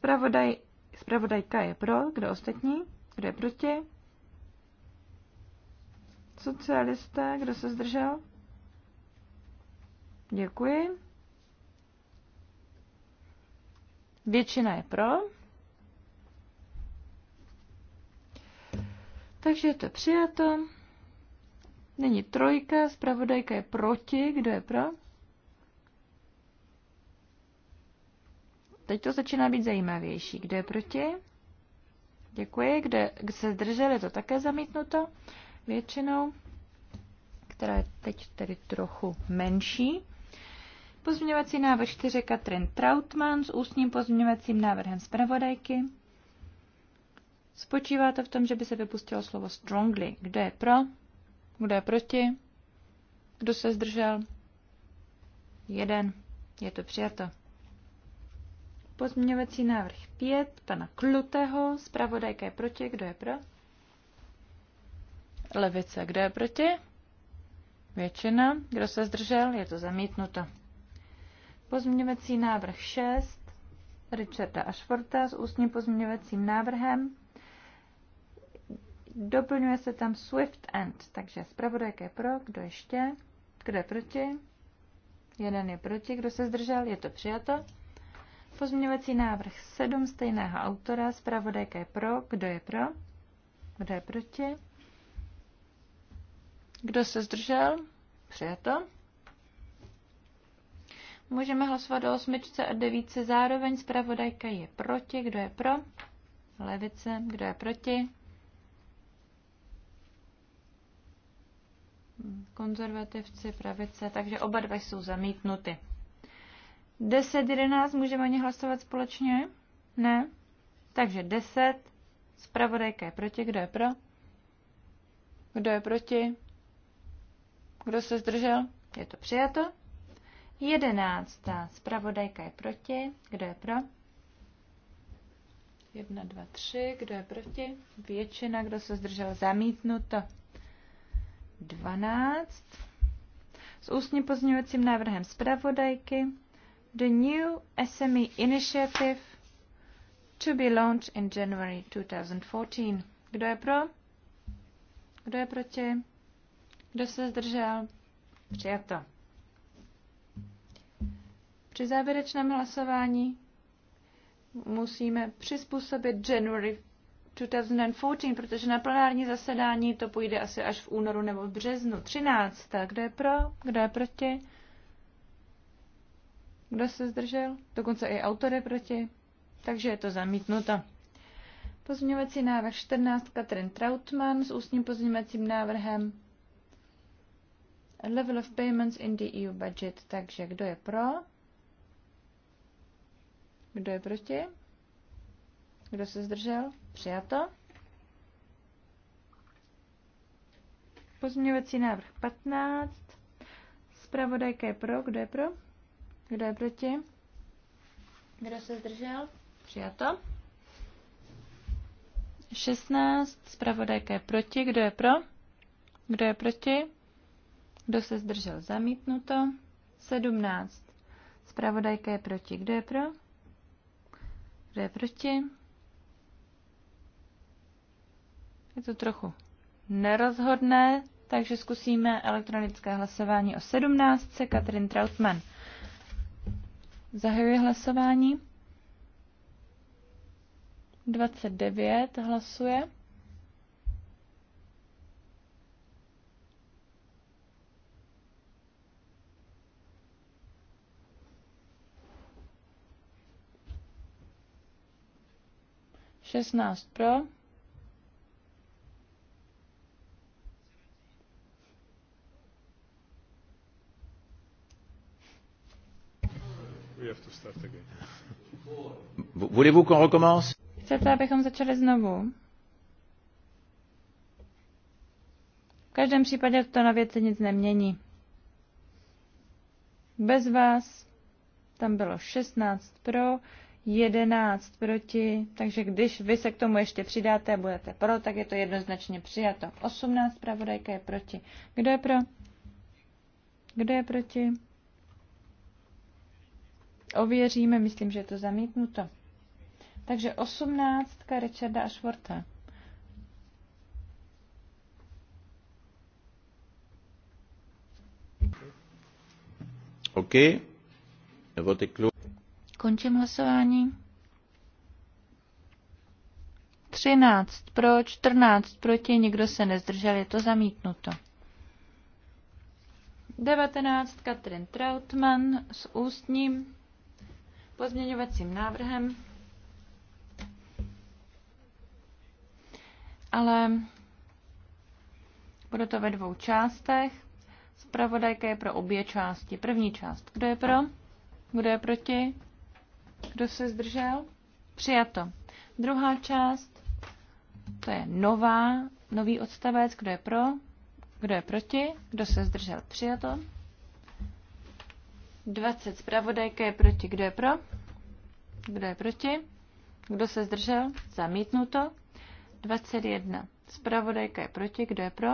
Spravodaj, spravodajka je pro, kdo ostatní, kdo je proti. Socialista, kdo se zdržel? Děkuji. Většina je pro. Takže je to přijato. Není trojka, zpravodajka je proti. Kdo je pro? Teď to začíná být zajímavější. Kdo je proti? Děkuji. Kde, kde se zdrželi, to také zamítnuto většinou, která je teď tedy trochu menší. Pozměňovací návrh 4 Katrin Trautmann s ústním pozměňovacím návrhem zpravodajky. Spočívá to v tom, že by se vypustilo slovo strongly. Kdo je pro? Kdo je proti? Kdo se zdržel? Jeden. Je to přijato. Pozměňovací návrh 5 pana Klutého. Zpravodajka je proti. Kdo je pro? Levice. Kdo je proti? Většina. Kdo se zdržel? Je to zamítnuto. Pozměňovací návrh 6 Richarda Ashforta s ústním pozměňovacím návrhem. Doplňuje se tam Swift End, takže zpravodajka je pro, kdo ještě, kdo je proti, jeden je proti, kdo se zdržel, je to přijato. Pozměňovací návrh 7 stejného autora, zpravodajka je pro, kdo je pro, kdo je proti, kdo se zdržel, přijato. Můžeme hlasovat o osmičce a devíce zároveň, zpravodajka je proti, kdo je pro, levice, kdo je proti, konzervativci, pravice, takže oba dva jsou zamítnuty. 10, 11, můžeme o ně hlasovat společně? Ne? Takže 10, zpravodajka je proti, kdo je pro? Kdo je proti? Kdo se zdržel? Je to přijato. 11, zpravodajka je proti, kdo je pro? 1, 2, 3, kdo je proti? Většina, kdo se zdržel, zamítnuto. 12. S ústním pozměňovacím návrhem zpravodajky the new SME initiative to be launched in January 2014. Kdo je pro? Kdo je proti? Kdo se zdržel? Přijato. Při závěrečném hlasování musíme přizpůsobit January 2014, protože na plenární zasedání to půjde asi až v únoru nebo v březnu. 13. Kdo je pro? Kdo je proti? Kdo se zdržel? Dokonce i autory proti. Takže je to zamítnuto. Pozměňovací návrh 14 Katrin Trautmann s ústním pozměňovacím návrhem Level of Payments in the EU Budget. Takže kdo je pro? Kdo je proti? Kdo se zdržel? Přijato. Pozměňovací návrh 15. Spravodajka je pro. Kdo je pro? Kdo je proti? Kdo se zdržel? Přijato. 16. Spravodajka je proti. Kdo je pro? Kdo je proti? Kdo se zdržel? Zamítnuto. 17. Spravodajka je proti. Kdo je pro? Kdo je proti? Je to trochu nerozhodné, takže zkusíme elektronické hlasování o 17. Katrin Trautmann. Zahajuji hlasování. 29 hlasuje. Šestnáct pro. Voulez-vous qu'on recommence? Chcete, abychom začali znovu? V každém případě to na věci nic nemění. Bez vás tam bylo 16 pro, 11 proti, takže když vy se k tomu ještě přidáte a budete pro, tak je to jednoznačně přijato. 18 pravodajka je proti. Kdo je pro? Kdo je proti? Ověříme, myslím, že je to zamítnuto. Takže osmnáctka Richarda Ashworta. OK. ty klu. Končím hlasování. 13 pro, 14 proti, nikdo se nezdržel, je to zamítnuto. 19. Katrin Trautmann s ústním pozměňovacím návrhem, ale bude to ve dvou částech. Spravodajka je pro obě části. První část. Kdo je pro? Kdo je proti? Kdo se zdržel? Přijato. Druhá část. To je nová, nový odstavec. Kdo je pro? Kdo je proti? Kdo se zdržel? Přijato. 20 zpravodajka je proti. Kdo je pro? Kdo je proti? Kdo se zdržel? Zamítnuto. 21. Zpravodajka je proti. Kdo je pro?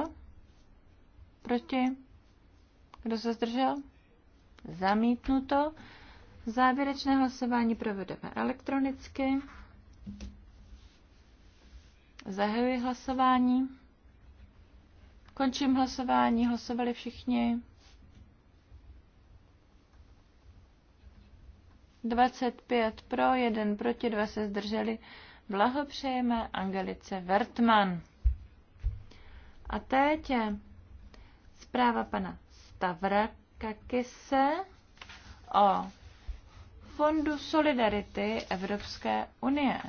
Proti. Kdo se zdržel? Zamítnuto. Závěrečné hlasování provedeme elektronicky. Zahajuji hlasování. Končím hlasování. Hlasovali všichni. 25 pro, 1 proti, 2 se zdrželi. Blahopřejeme Angelice Vertman. A teď je zpráva pana Stavra Kakise o Fondu Solidarity Evropské unie.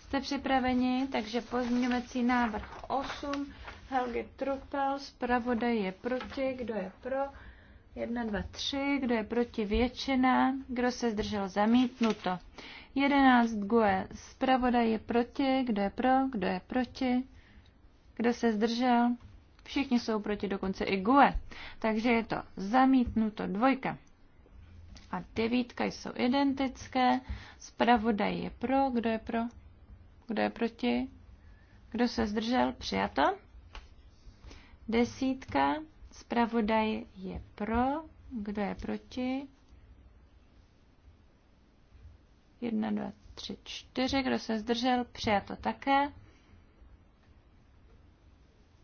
Jste připraveni, takže pozměňovací návrh 8. Helge Trupel, zpravodaj je proti, kdo je pro? 1, 2, 3, kdo je proti většina, kdo se zdržel zamítnuto. 11 GUE, zpravodaj je proti, kdo je pro, kdo je proti, kdo se zdržel, všichni jsou proti, dokonce i GUE. Takže je to zamítnuto dvojka. A devítka jsou identické, zpravodaj je pro, kdo je pro, kdo je proti, kdo se zdržel, přijato. Desítka, Spravodaj je pro. Kdo je proti? 1, 2, 3, 4. Kdo se zdržel? Přijato také.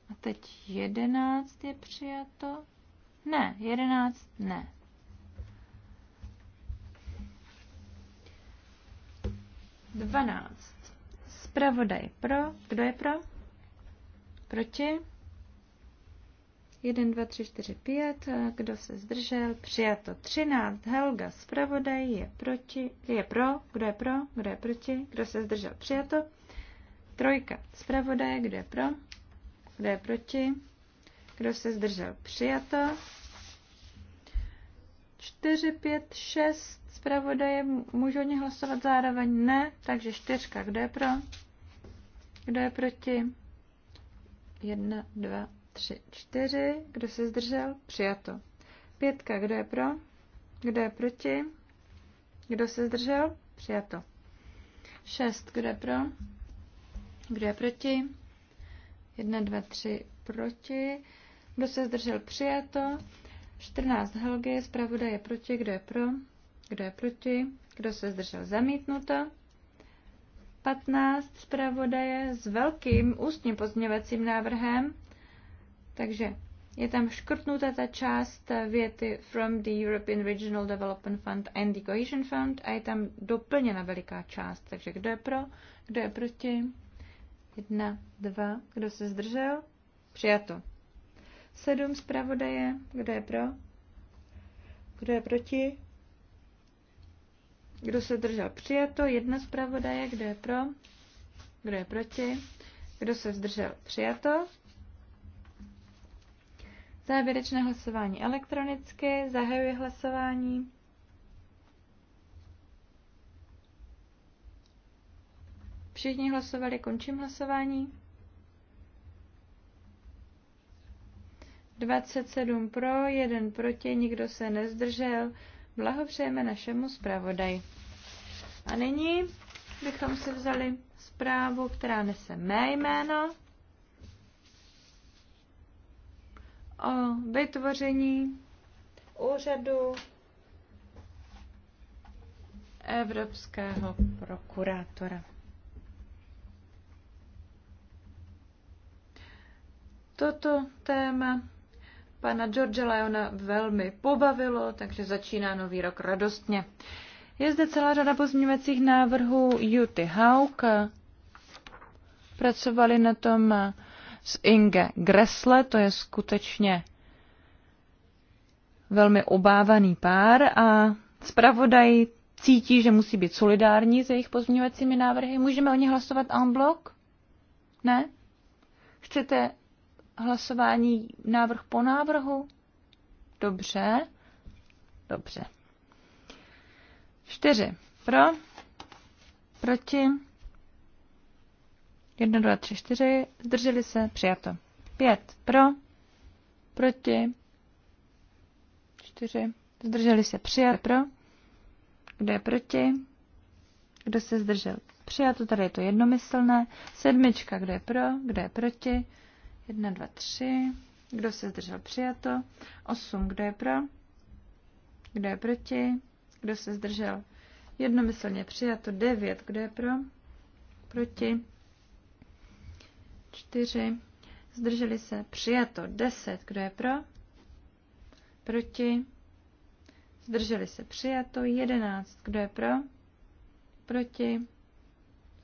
A teď 11 je přijato. Ne, 11 ne. Dvanáct. Spravodaj pro. Kdo je pro? Proti? 1, 2, 3, 4, 5. Kdo se zdržel? Přijato 13. Helga zpravodaj je proti. Je pro. Kdo je pro? Kdo je proti? Kdo se zdržel? Přijato. Trojka zpravodaj. Kdo je pro? Kdo je proti? Kdo se zdržel? Přijato. 4, 5, 6 zpravodaje. Můžu o ně hlasovat zároveň? Ne. Takže 4. Kdo je pro? Kdo je proti? 1, 2, tři, čtyři. Kdo se zdržel? Přijato. Pětka. Kdo je pro? Kdo je proti? Kdo se zdržel? Přijato. Šest. Kdo je pro? Kdo je proti? Jedna, dva, tři. Proti. Kdo se zdržel? Přijato. 14 Helgy, zpravodaj je proti, kdo je pro, kdo je proti, kdo se zdržel zamítnuto. 15 zpravodaje s velkým ústním pozměňovacím návrhem takže je tam škrtnuta ta část věty from the European Regional Development Fund and the Cohesion Fund a je tam doplněna veliká část. Takže kdo je pro, kdo je proti? Jedna, dva, kdo se zdržel? Přijato. Sedm zpravodaje, kdo je pro? Kdo je proti? Kdo se zdržel? Přijato. Jedna zpravodaje, kdo je pro? Kdo je proti? Kdo se zdržel? Přijato. Závěrečné hlasování elektronicky. Zahajuji hlasování. Všichni hlasovali, končím hlasování. 27 pro, 1 proti, nikdo se nezdržel. Blahopřejeme našemu zpravodaji. A nyní bychom si vzali zprávu, která nese mé jméno. o vytvoření úřadu evropského prokurátora. Toto téma pana George Leona velmi pobavilo, takže začíná nový rok radostně. Je zde celá řada pozměňovacích návrhů Juty Hauk. Pracovali na tom z Inge Gressle, to je skutečně velmi obávaný pár a zpravodaj cítí, že musí být solidární s jejich pozměňovacími návrhy. Můžeme o ně hlasovat en bloc? Ne? Chcete hlasování návrh po návrhu? Dobře. Dobře. Čtyři. Pro. Proti. 1, 2, 3, 4. Zdrželi se. Přijato. 5. Pro. Proti. 4. Zdrželi se. Přijato. Pro. Kdo je proti? Kdo se zdržel? Přijato. Tady je to jednomyslné. Sedmička. Kdo je pro? Kdo je proti? 1, 2, 3. Kdo se zdržel? Přijato. 8. Kdo je pro? Kdo je proti? Kdo se zdržel? Jednomyslně přijato. 9. Kdo je pro? Proti? 4, zdrželi se, přijato 10, kdo je pro, proti, zdrželi se, přijato 11, kdo je pro, proti,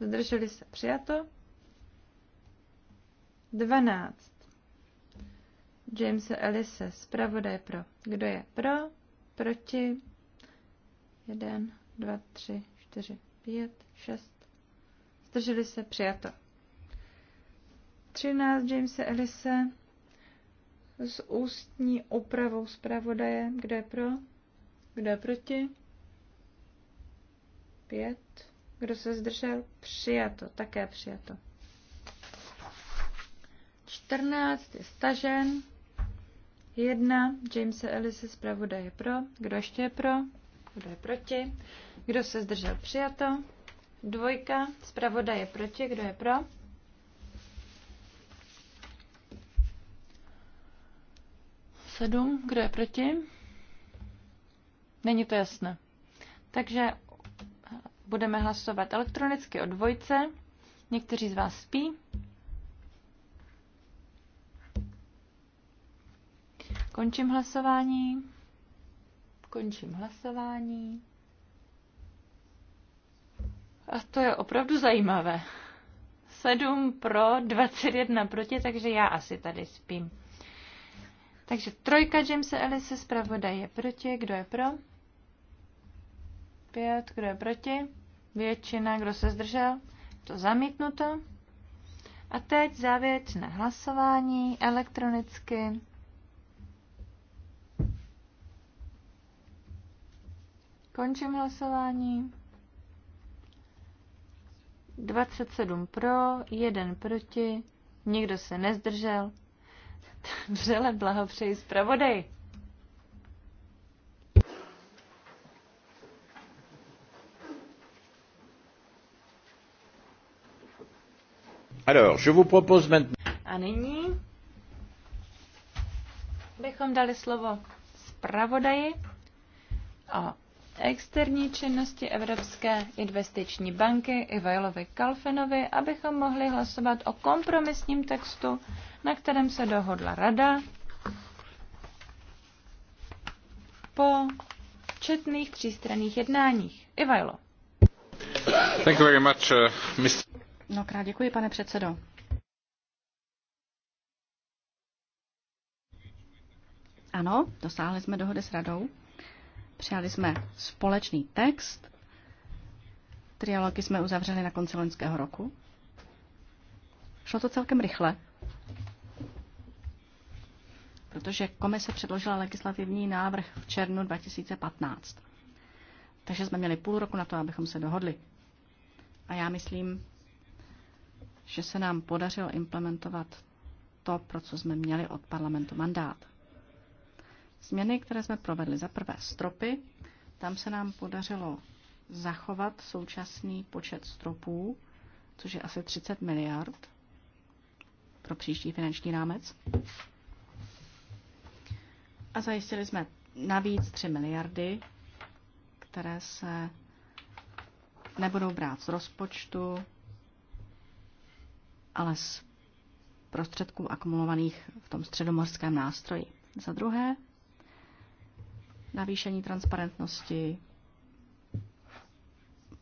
zdrželi se, přijato 12. Jamesa Ellise, zpravodaj pro. Kdo je pro, proti, 1, 2, 3, 4, 5, 6, zdrželi se, přijato. 13 Jamese Ellise s ústní opravou zpravodaje. Kdo je pro? Kdo je proti? 5. Kdo se zdržel? Přijato. Také přijato. 14 je stažen. 1. James Ellise zpravodaj pro. Kdo ještě je pro? Kdo je proti? Kdo se zdržel? Přijato. Dvojka. Zpravodaj je proti. Kdo je pro? 7. Kdo je proti? Není to jasné. Takže budeme hlasovat elektronicky o dvojce. Někteří z vás spí. Končím hlasování. Končím hlasování. A to je opravdu zajímavé. 7 pro, 21 proti, takže já asi tady spím. Takže trojka Jamesa Ellise, zpravodaj je proti, kdo je pro? Pět, kdo je proti? Většina, kdo se zdržel? To zamítnuto. A teď závěrečné hlasování elektronicky. Končím hlasování. 27 pro, 1 proti, nikdo se nezdržel. Vřele blahopřeji zpravodaj. Alors, je vous propose maintenant... A nyní bychom dali slovo zpravodaji o externí činnosti Evropské investiční banky Ivajlovi Kalfinovi, abychom mohli hlasovat o kompromisním textu na kterém se dohodla rada po četných třístranných jednáních. Ivajlo. Thank you very much, uh, Mr. Mnohokrát děkuji, pane předsedo. Ano, dosáhli jsme dohody s radou. Přijali jsme společný text. Trialogy jsme uzavřeli na konci loňského roku. Šlo to celkem rychle protože komise předložila legislativní návrh v červnu 2015. Takže jsme měli půl roku na to, abychom se dohodli. A já myslím, že se nám podařilo implementovat to, pro co jsme měli od parlamentu mandát. Změny, které jsme provedli, za prvé stropy, tam se nám podařilo zachovat současný počet stropů, což je asi 30 miliard pro příští finanční rámec. A zajistili jsme navíc 3 miliardy, které se nebudou brát z rozpočtu, ale z prostředků akumulovaných v tom středomorském nástroji. Za druhé, navýšení transparentnosti,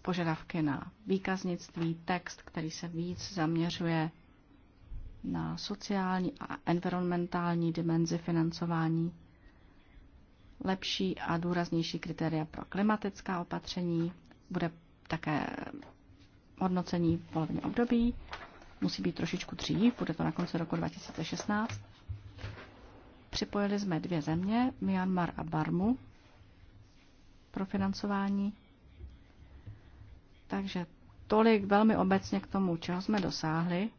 požadavky na výkaznictví, text, který se víc zaměřuje na sociální a environmentální dimenzi financování lepší a důraznější kritéria pro klimatická opatření, bude také hodnocení v polovině období, musí být trošičku dřív, bude to na konci roku 2016. Připojili jsme dvě země, Myanmar a Barmu, pro financování. Takže tolik velmi obecně k tomu, čeho jsme dosáhli.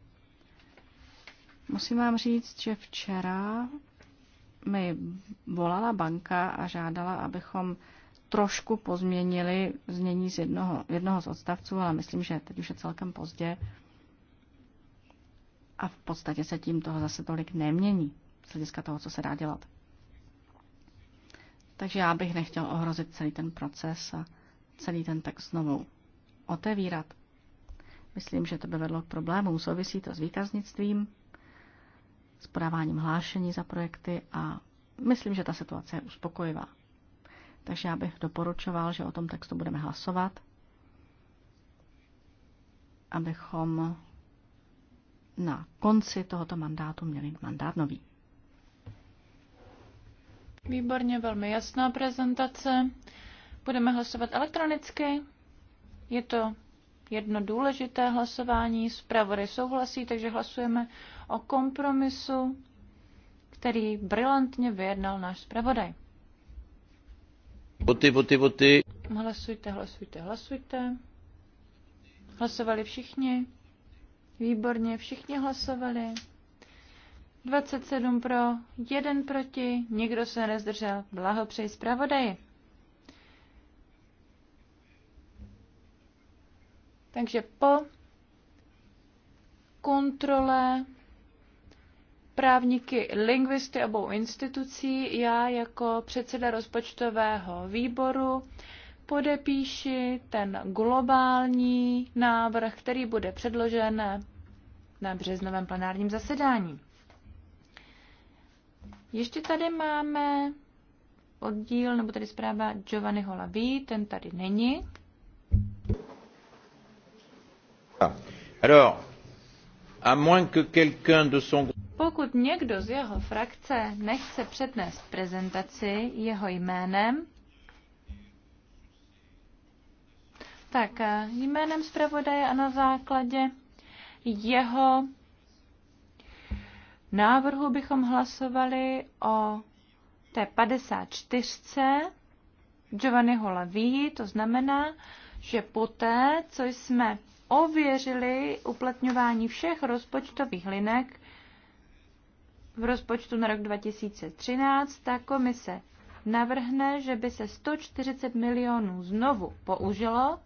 Musím vám říct, že včera mi volala banka a žádala, abychom trošku pozměnili znění z jednoho, jednoho z odstavců, ale myslím, že teď už je celkem pozdě a v podstatě se tím toho zase tolik nemění z hlediska toho, co se dá dělat. Takže já bych nechtěl ohrozit celý ten proces a celý ten text znovu otevírat. Myslím, že to by vedlo k problémům. Souvisí to s výkaznictvím, s podáváním hlášení za projekty a myslím, že ta situace je uspokojivá. Takže já bych doporučoval, že o tom textu budeme hlasovat, abychom na konci tohoto mandátu měli mandát nový. Výborně, velmi jasná prezentace. Budeme hlasovat elektronicky. Je to jedno důležité hlasování. Zpravodaj souhlasí, takže hlasujeme o kompromisu, který brilantně vyjednal náš zpravodaj. Boty, boty, boty. Hlasujte, hlasujte, hlasujte. Hlasovali všichni. Výborně, všichni hlasovali. 27 pro, 1 proti, nikdo se nezdržel. Blahopřeji zpravodaji. Takže po kontrole právníky lingvisty obou institucí já jako předseda rozpočtového výboru podepíši ten globální návrh, který bude předložen na březnovém plenárním zasedání. Ještě tady máme oddíl, nebo tady zpráva Giovanni Holaví, ten tady není, pokud někdo z jeho frakce nechce přednést prezentaci jeho jménem, tak eh, jménem zpravodaje a na základě jeho návrhu bychom hlasovali o té 54. Giovanni Laví, to znamená, že poté, co jsme ověřili uplatňování všech rozpočtových linek v rozpočtu na rok 2013, ta komise navrhne, že by se 140 milionů znovu použilo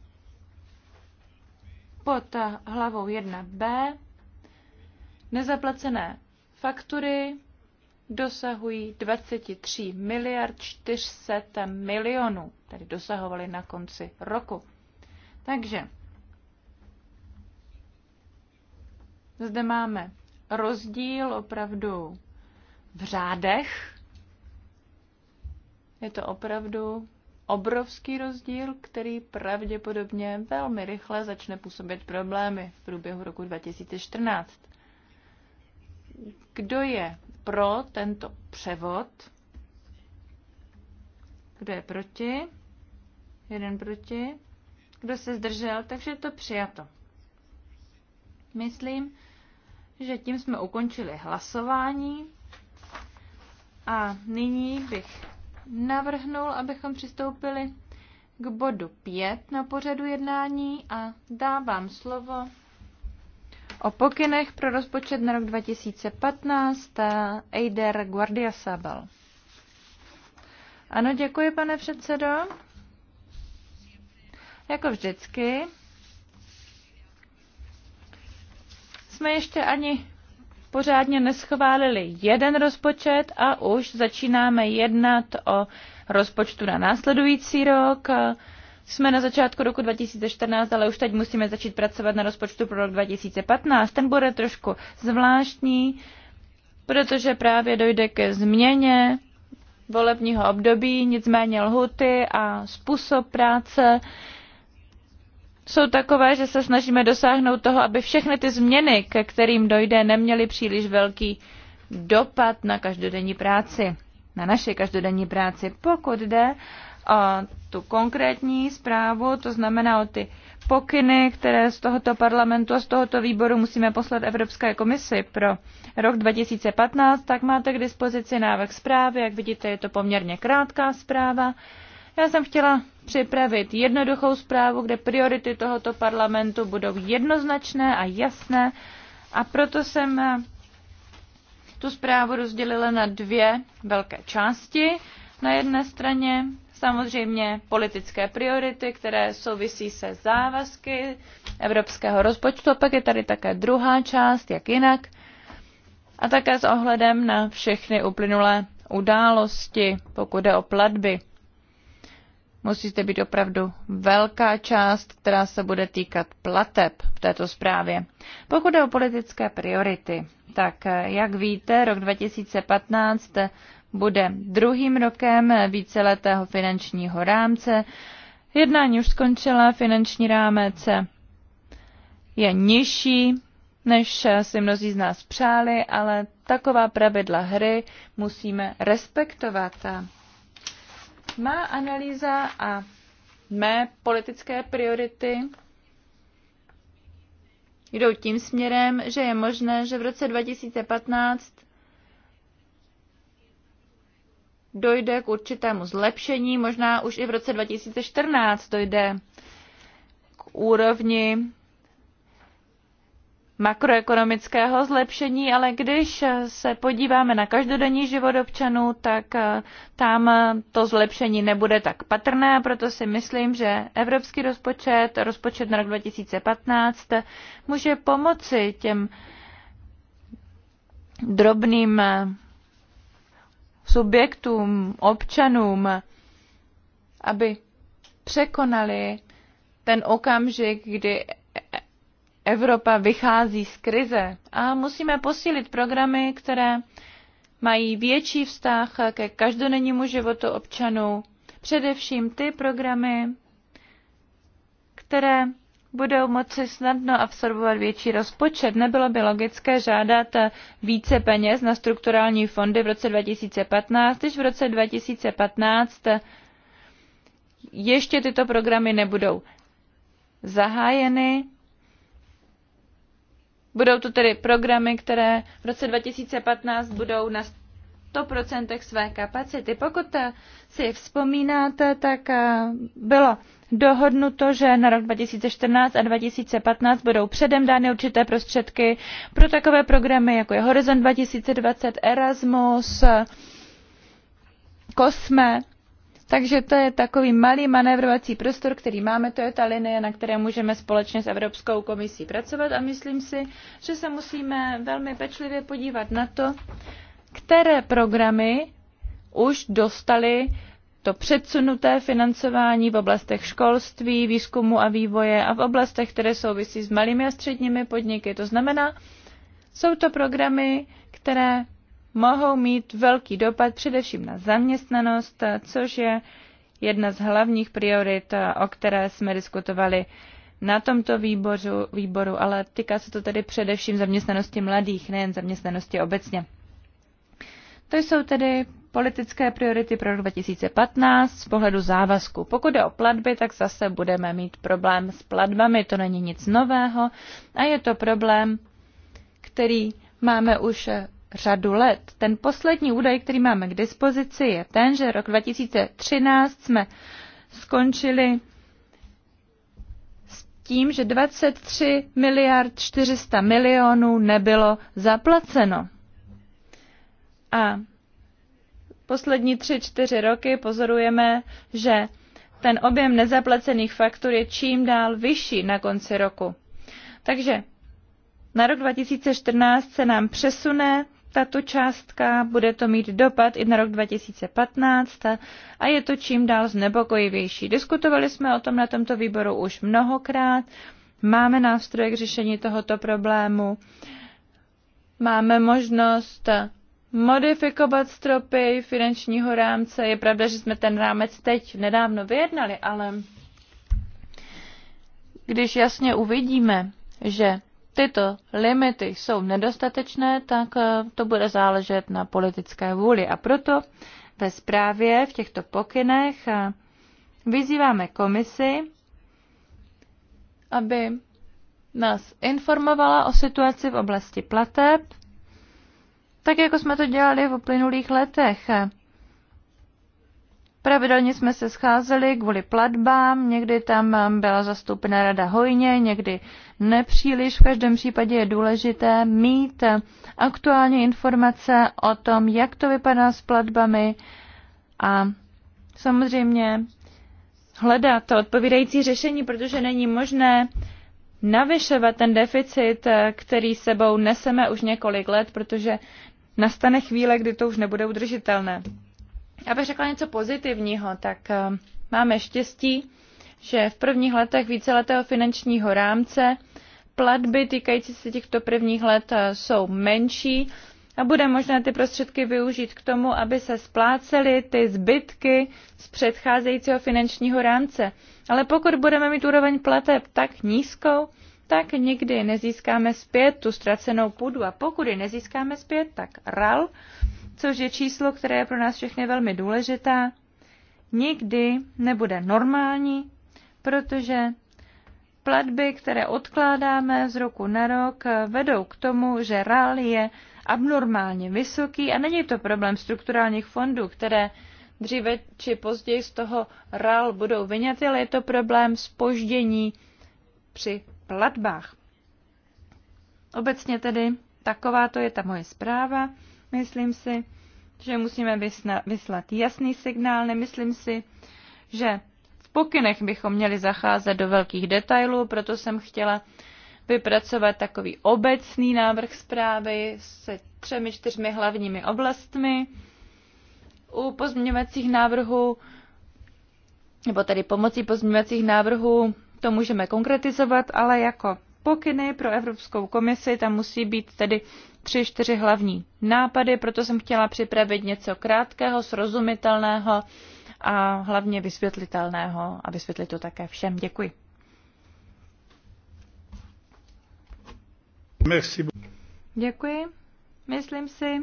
pod hlavou 1b. Nezaplacené faktury dosahují 23 miliard 400 milionů, tedy dosahovaly na konci roku. Takže Zde máme rozdíl opravdu v řádech. Je to opravdu obrovský rozdíl, který pravděpodobně velmi rychle začne působit problémy v průběhu roku 2014. Kdo je pro tento převod? Kdo je proti? Jeden proti. Kdo se zdržel? Takže je to přijato. Myslím, že tím jsme ukončili hlasování a nyní bych navrhnul, abychom přistoupili k bodu 5 na pořadu jednání a dávám slovo o pokynech pro rozpočet na rok 2015 eh, Eider Guardia Sabal. Ano, děkuji, pane předsedo. Jako vždycky jsme ještě ani pořádně neschválili jeden rozpočet a už začínáme jednat o rozpočtu na následující rok. Jsme na začátku roku 2014, ale už teď musíme začít pracovat na rozpočtu pro rok 2015. Ten bude trošku zvláštní, protože právě dojde ke změně volebního období, nicméně lhuty a způsob práce jsou takové, že se snažíme dosáhnout toho, aby všechny ty změny, ke kterým dojde, neměly příliš velký dopad na každodenní práci, na naše každodenní práci. Pokud jde o tu konkrétní zprávu, to znamená o ty pokyny, které z tohoto parlamentu a z tohoto výboru musíme poslat Evropské komisi pro rok 2015, tak máte k dispozici návrh zprávy. Jak vidíte, je to poměrně krátká zpráva. Já jsem chtěla připravit jednoduchou zprávu, kde priority tohoto parlamentu budou jednoznačné a jasné a proto jsem eh, tu zprávu rozdělila na dvě velké části. Na jedné straně samozřejmě politické priority, které souvisí se závazky evropského rozpočtu. A pak je tady také druhá část, jak jinak. A také s ohledem na všechny uplynulé události, pokud jde o platby. Musí zde být opravdu velká část, která se bude týkat plateb v této zprávě. Pokud je o politické priority, tak eh, jak víte, rok 2015 bude druhým rokem víceletého finančního rámce. Jednání už skončila, finanční rámec je nižší, než si mnozí z nás přáli, ale taková pravidla hry musíme respektovat. Má analýza a mé politické priority jdou tím směrem, že je možné, že v roce 2015 dojde k určitému zlepšení, možná už i v roce 2014 dojde k úrovni makroekonomického zlepšení, ale když se podíváme na každodenní život občanů, tak eh, tam eh, to zlepšení nebude tak patrné a proto si myslím, že evropský rozpočet, rozpočet na rok 2015 může pomoci těm drobným eh, subjektům, občanům, aby překonali ten okamžik, kdy Evropa vychází z krize a musíme posílit programy, které mají větší vztah ke každodennímu životu občanů, především ty programy, které budou moci snadno absorbovat větší rozpočet. Nebylo by logické žádat více peněz na strukturální fondy v roce 2015, když v roce 2015 ještě tyto programy nebudou zahájeny Budou to tedy programy, které v roce 2015 budou na 100% své kapacity. Pokud si vzpomínáte, tak eh, bylo dohodnuto, že na rok 2014 a 2015 budou předem dány určité prostředky pro takové programy, jako je Horizon 2020, Erasmus, eh, Kosme takže to je takový malý manévrovací prostor, který máme, to je ta linie, na které můžeme společně s Evropskou komisí pracovat a myslím si, že se musíme velmi pečlivě podívat na to, které programy už dostaly to předsunuté financování v oblastech školství, výzkumu a vývoje a v oblastech, které souvisí s malými a středními podniky. To znamená, jsou to programy, které mohou mít velký dopad především na zaměstnanost, což je jedna z hlavních priorit, o které jsme diskutovali na tomto výboru, výboru, ale týká se to tedy především zaměstnanosti mladých, nejen zaměstnanosti obecně. To jsou tedy politické priority pro rok 2015 z pohledu závazku. Pokud jde o platby, tak zase budeme mít problém s platbami, to není nic nového a je to problém, který máme už řadu let. Ten poslední údaj, který máme k dispozici, je ten, že rok 2013 jsme skončili s tím, že 23 miliard 400 milionů nebylo zaplaceno. A poslední tři, čtyři roky pozorujeme, že ten objem nezaplacených faktur je čím dál vyšší na konci roku. Takže na rok 2014 se nám přesune tato částka, bude to mít dopad i na rok 2015 a je to čím dál znepokojivější. Diskutovali jsme o tom na tomto výboru už mnohokrát, máme nástroje k řešení tohoto problému, máme možnost modifikovat stropy finančního rámce. Je pravda, že jsme ten rámec teď nedávno vyjednali, ale když jasně uvidíme, že tyto limity jsou nedostatečné, tak eh, to bude záležet na politické vůli. A proto ve zprávě v těchto pokynech eh, vyzýváme komisi, aby nás informovala o situaci v oblasti plateb, tak jako jsme to dělali v uplynulých letech. Pravidelně jsme se scházeli kvůli platbám, někdy tam um, byla zastoupena rada hojně, někdy nepříliš. V každém případě je důležité mít uh, aktuální informace o tom, jak to vypadá s platbami a samozřejmě hledat to odpovídající řešení, protože není možné navyšovat ten deficit, uh, který sebou neseme už několik let, protože nastane chvíle, kdy to už nebude udržitelné. Abych řekla něco pozitivního, tak eh, máme štěstí, že v prvních letech víceletého finančního rámce platby týkající se těchto prvních let eh, jsou menší a bude možné ty prostředky využít k tomu, aby se splácely ty zbytky z předcházejícího finančního rámce. Ale pokud budeme mít úroveň plateb tak nízkou, tak nikdy nezískáme zpět tu ztracenou půdu a pokud ji nezískáme zpět, tak RAL což je číslo, které je pro nás všechny velmi důležité, nikdy nebude normální, protože platby, které odkládáme z roku na rok, vedou k tomu, že rál je abnormálně vysoký a není to problém strukturálních fondů, které dříve či později z toho rál budou vyňaty, ale je to problém spoždění při platbách. Obecně tedy takováto je ta moje zpráva. Myslím si, že musíme vyslat jasný signál. Nemyslím si, že v pokynech bychom měli zacházet do velkých detailů, proto jsem chtěla vypracovat takový obecný návrh zprávy se třemi, čtyřmi hlavními oblastmi. U pozměňovacích návrhů, nebo tedy pomocí pozměňovacích návrhů, to můžeme konkretizovat, ale jako pokyny pro Evropskou komisi tam musí být tedy tři, čtyři hlavní nápady, proto jsem chtěla připravit něco krátkého, srozumitelného a hlavně vysvětlitelného a vysvětlit to také všem. Děkuji. Merci. Děkuji. Myslím si,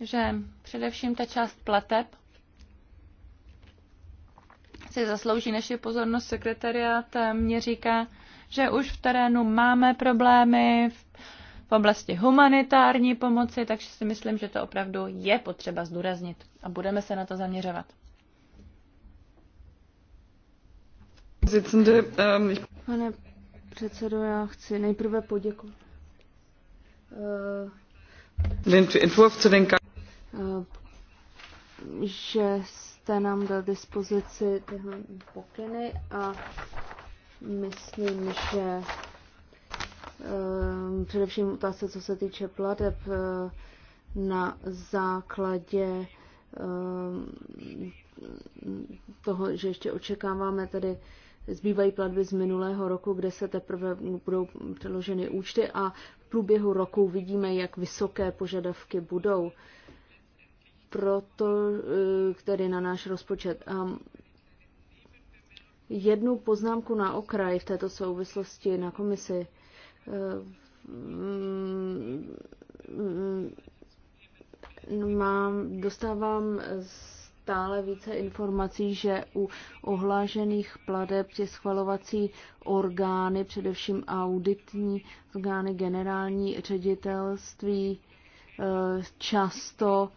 že především ta část plateb si zaslouží naši pozornost. Sekretariat eh, mě říká, že už v terénu máme problémy, v v oblasti humanitární pomoci, takže si myslím, že to opravdu je potřeba zdůraznit a budeme se na to zaměřovat. Ähm, Pane předsedo, já chci nejprve poděkovat. Äh, äh, že jste nám dal dispozici tyhle pokyny a myslím, že Ehm, především otázce, co se týče plateb eh, na základě ehm, toho, že ještě očekáváme tedy zbývají platby z minulého roku, kde se teprve budou přeloženy účty a v průběhu roku vidíme, jak vysoké požadavky budou proto eh, tedy na náš rozpočet. Ehm, jednu poznámku na okraj v této souvislosti na komisi. Eh, mm, mám, dostávám stále více informací, že u ohlážených pladeb tě schvalovací orgány, především auditní orgány, generální ředitelství, eh, často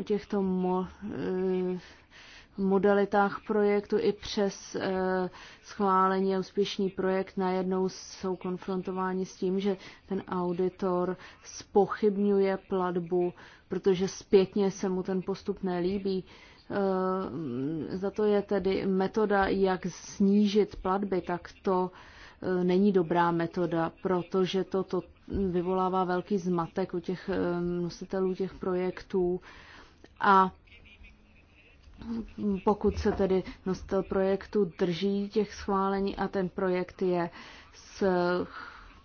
o těchto mo- eh, modalitách projektu i přes eh, schválení a úspěšný projekt najednou jsou konfrontováni s tím, že ten auditor spochybňuje platbu, protože zpětně se mu ten postup nelíbí. Eh, za to je tedy metoda, jak snížit platby, tak to eh, není dobrá metoda, protože to, to vyvolává velký zmatek u těch nositelů těch projektů a pokud se tedy nositel projektu drží těch schválení a ten projekt je s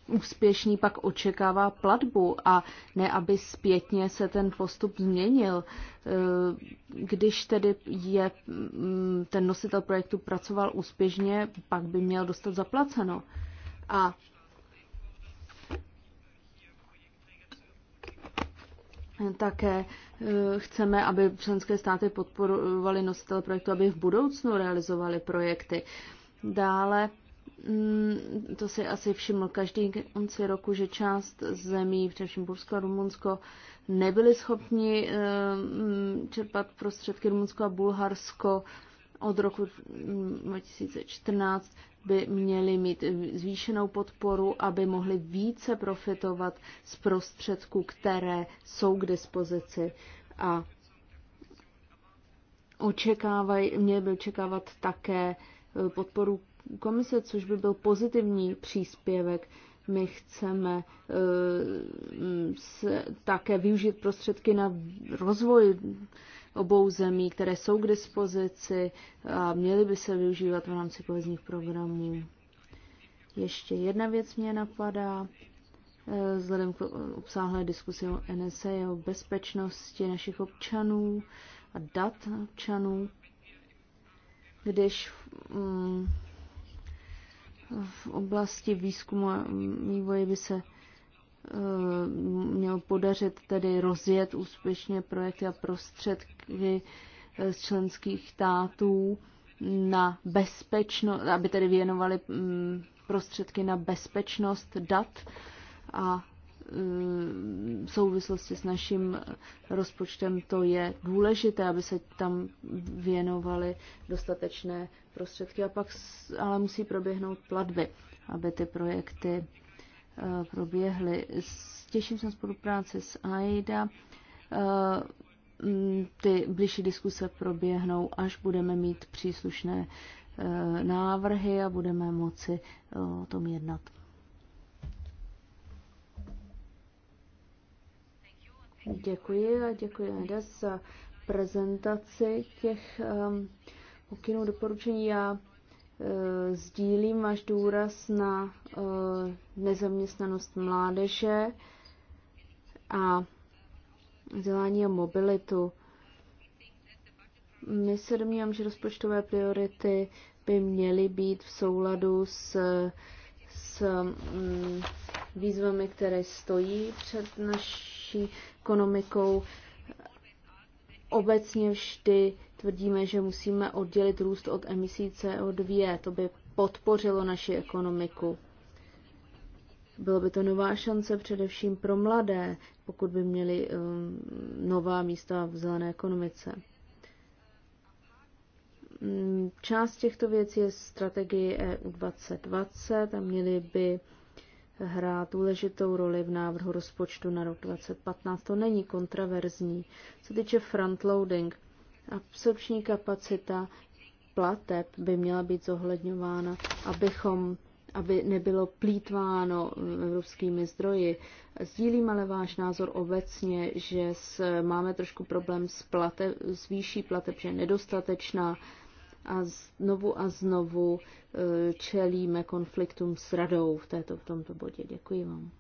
úspěšný, pak očekává platbu a ne, aby zpětně se ten postup změnil. Eh, když tedy je mm, ten nositel projektu pracoval úspěšně, pak by měl dostat zaplaceno. A Také eh, chceme, aby členské státy podporovaly nositel projektu, aby v budoucnu realizovali projekty. Dále, mm, to si asi všiml každý konci roku, že část zemí, především Polsko a Rumunsko, nebyly schopni eh, mm, čerpat prostředky Rumunsko a Bulharsko od roku mm, 2014 by měly mít zvýšenou podporu, aby mohly více profitovat z prostředků, které jsou k dispozici a očekávaj, měly by očekávat také eh, podporu komise, což by byl pozitivní příspěvek. My chceme eh, se také využít prostředky na rozvoj obou zemí, které jsou k dispozici a měly by se využívat v rámci kohezních programů. Ještě jedna věc mě napadá, eh, vzhledem k obsáhlé diskusi o NSA, o bezpečnosti našich občanů a dat občanů. Když v mm, oblasti výzkumu a vývoje by se Eh, měl podařit tedy rozjet úspěšně projekty a prostředky eh, z členských států na bezpečnost, aby tedy věnovali mm, prostředky na bezpečnost dat a eh, v souvislosti s naším rozpočtem to je důležité, aby se tam věnovaly dostatečné prostředky a pak ale musí proběhnout platby, aby ty projekty proběhly. Těším se na spolupráci s AIDA. Ty blížší diskuse proběhnou, až budeme mít příslušné eh, návrhy a budeme moci eh, o tom jednat. Děkuji a děkuji Aida za prezentaci těch eh, pokynů doporučení. Já Eh, sdílím váš důraz na eh, nezaměstnanost mládeže a vzdělání a mobilitu. My se domnívám, že rozpočtové priority by měly být v souladu s, s mm, výzvami, které stojí před naší ekonomikou obecně vždy tvrdíme, že musíme oddělit růst od emisí CO2. To by podpořilo naši ekonomiku. Bylo by to nová šance především pro mladé, pokud by měli um, nová místa v zelené ekonomice. Mm, část těchto věcí je strategie EU 2020 a měly by hrát důležitou roli v návrhu rozpočtu na rok 2015. To není kontraverzní. Co týče frontloading, absorpční kapacita plateb by měla být zohledňována, abychom aby nebylo plítváno evropskými zdroji. Sdílím ale váš názor obecně, že s, máme trošku problém s, plate, s výší plateb, že je nedostatečná a znovu a znovu e, čelíme konfliktům s radou v, této, v tomto bodě. Děkuji vám.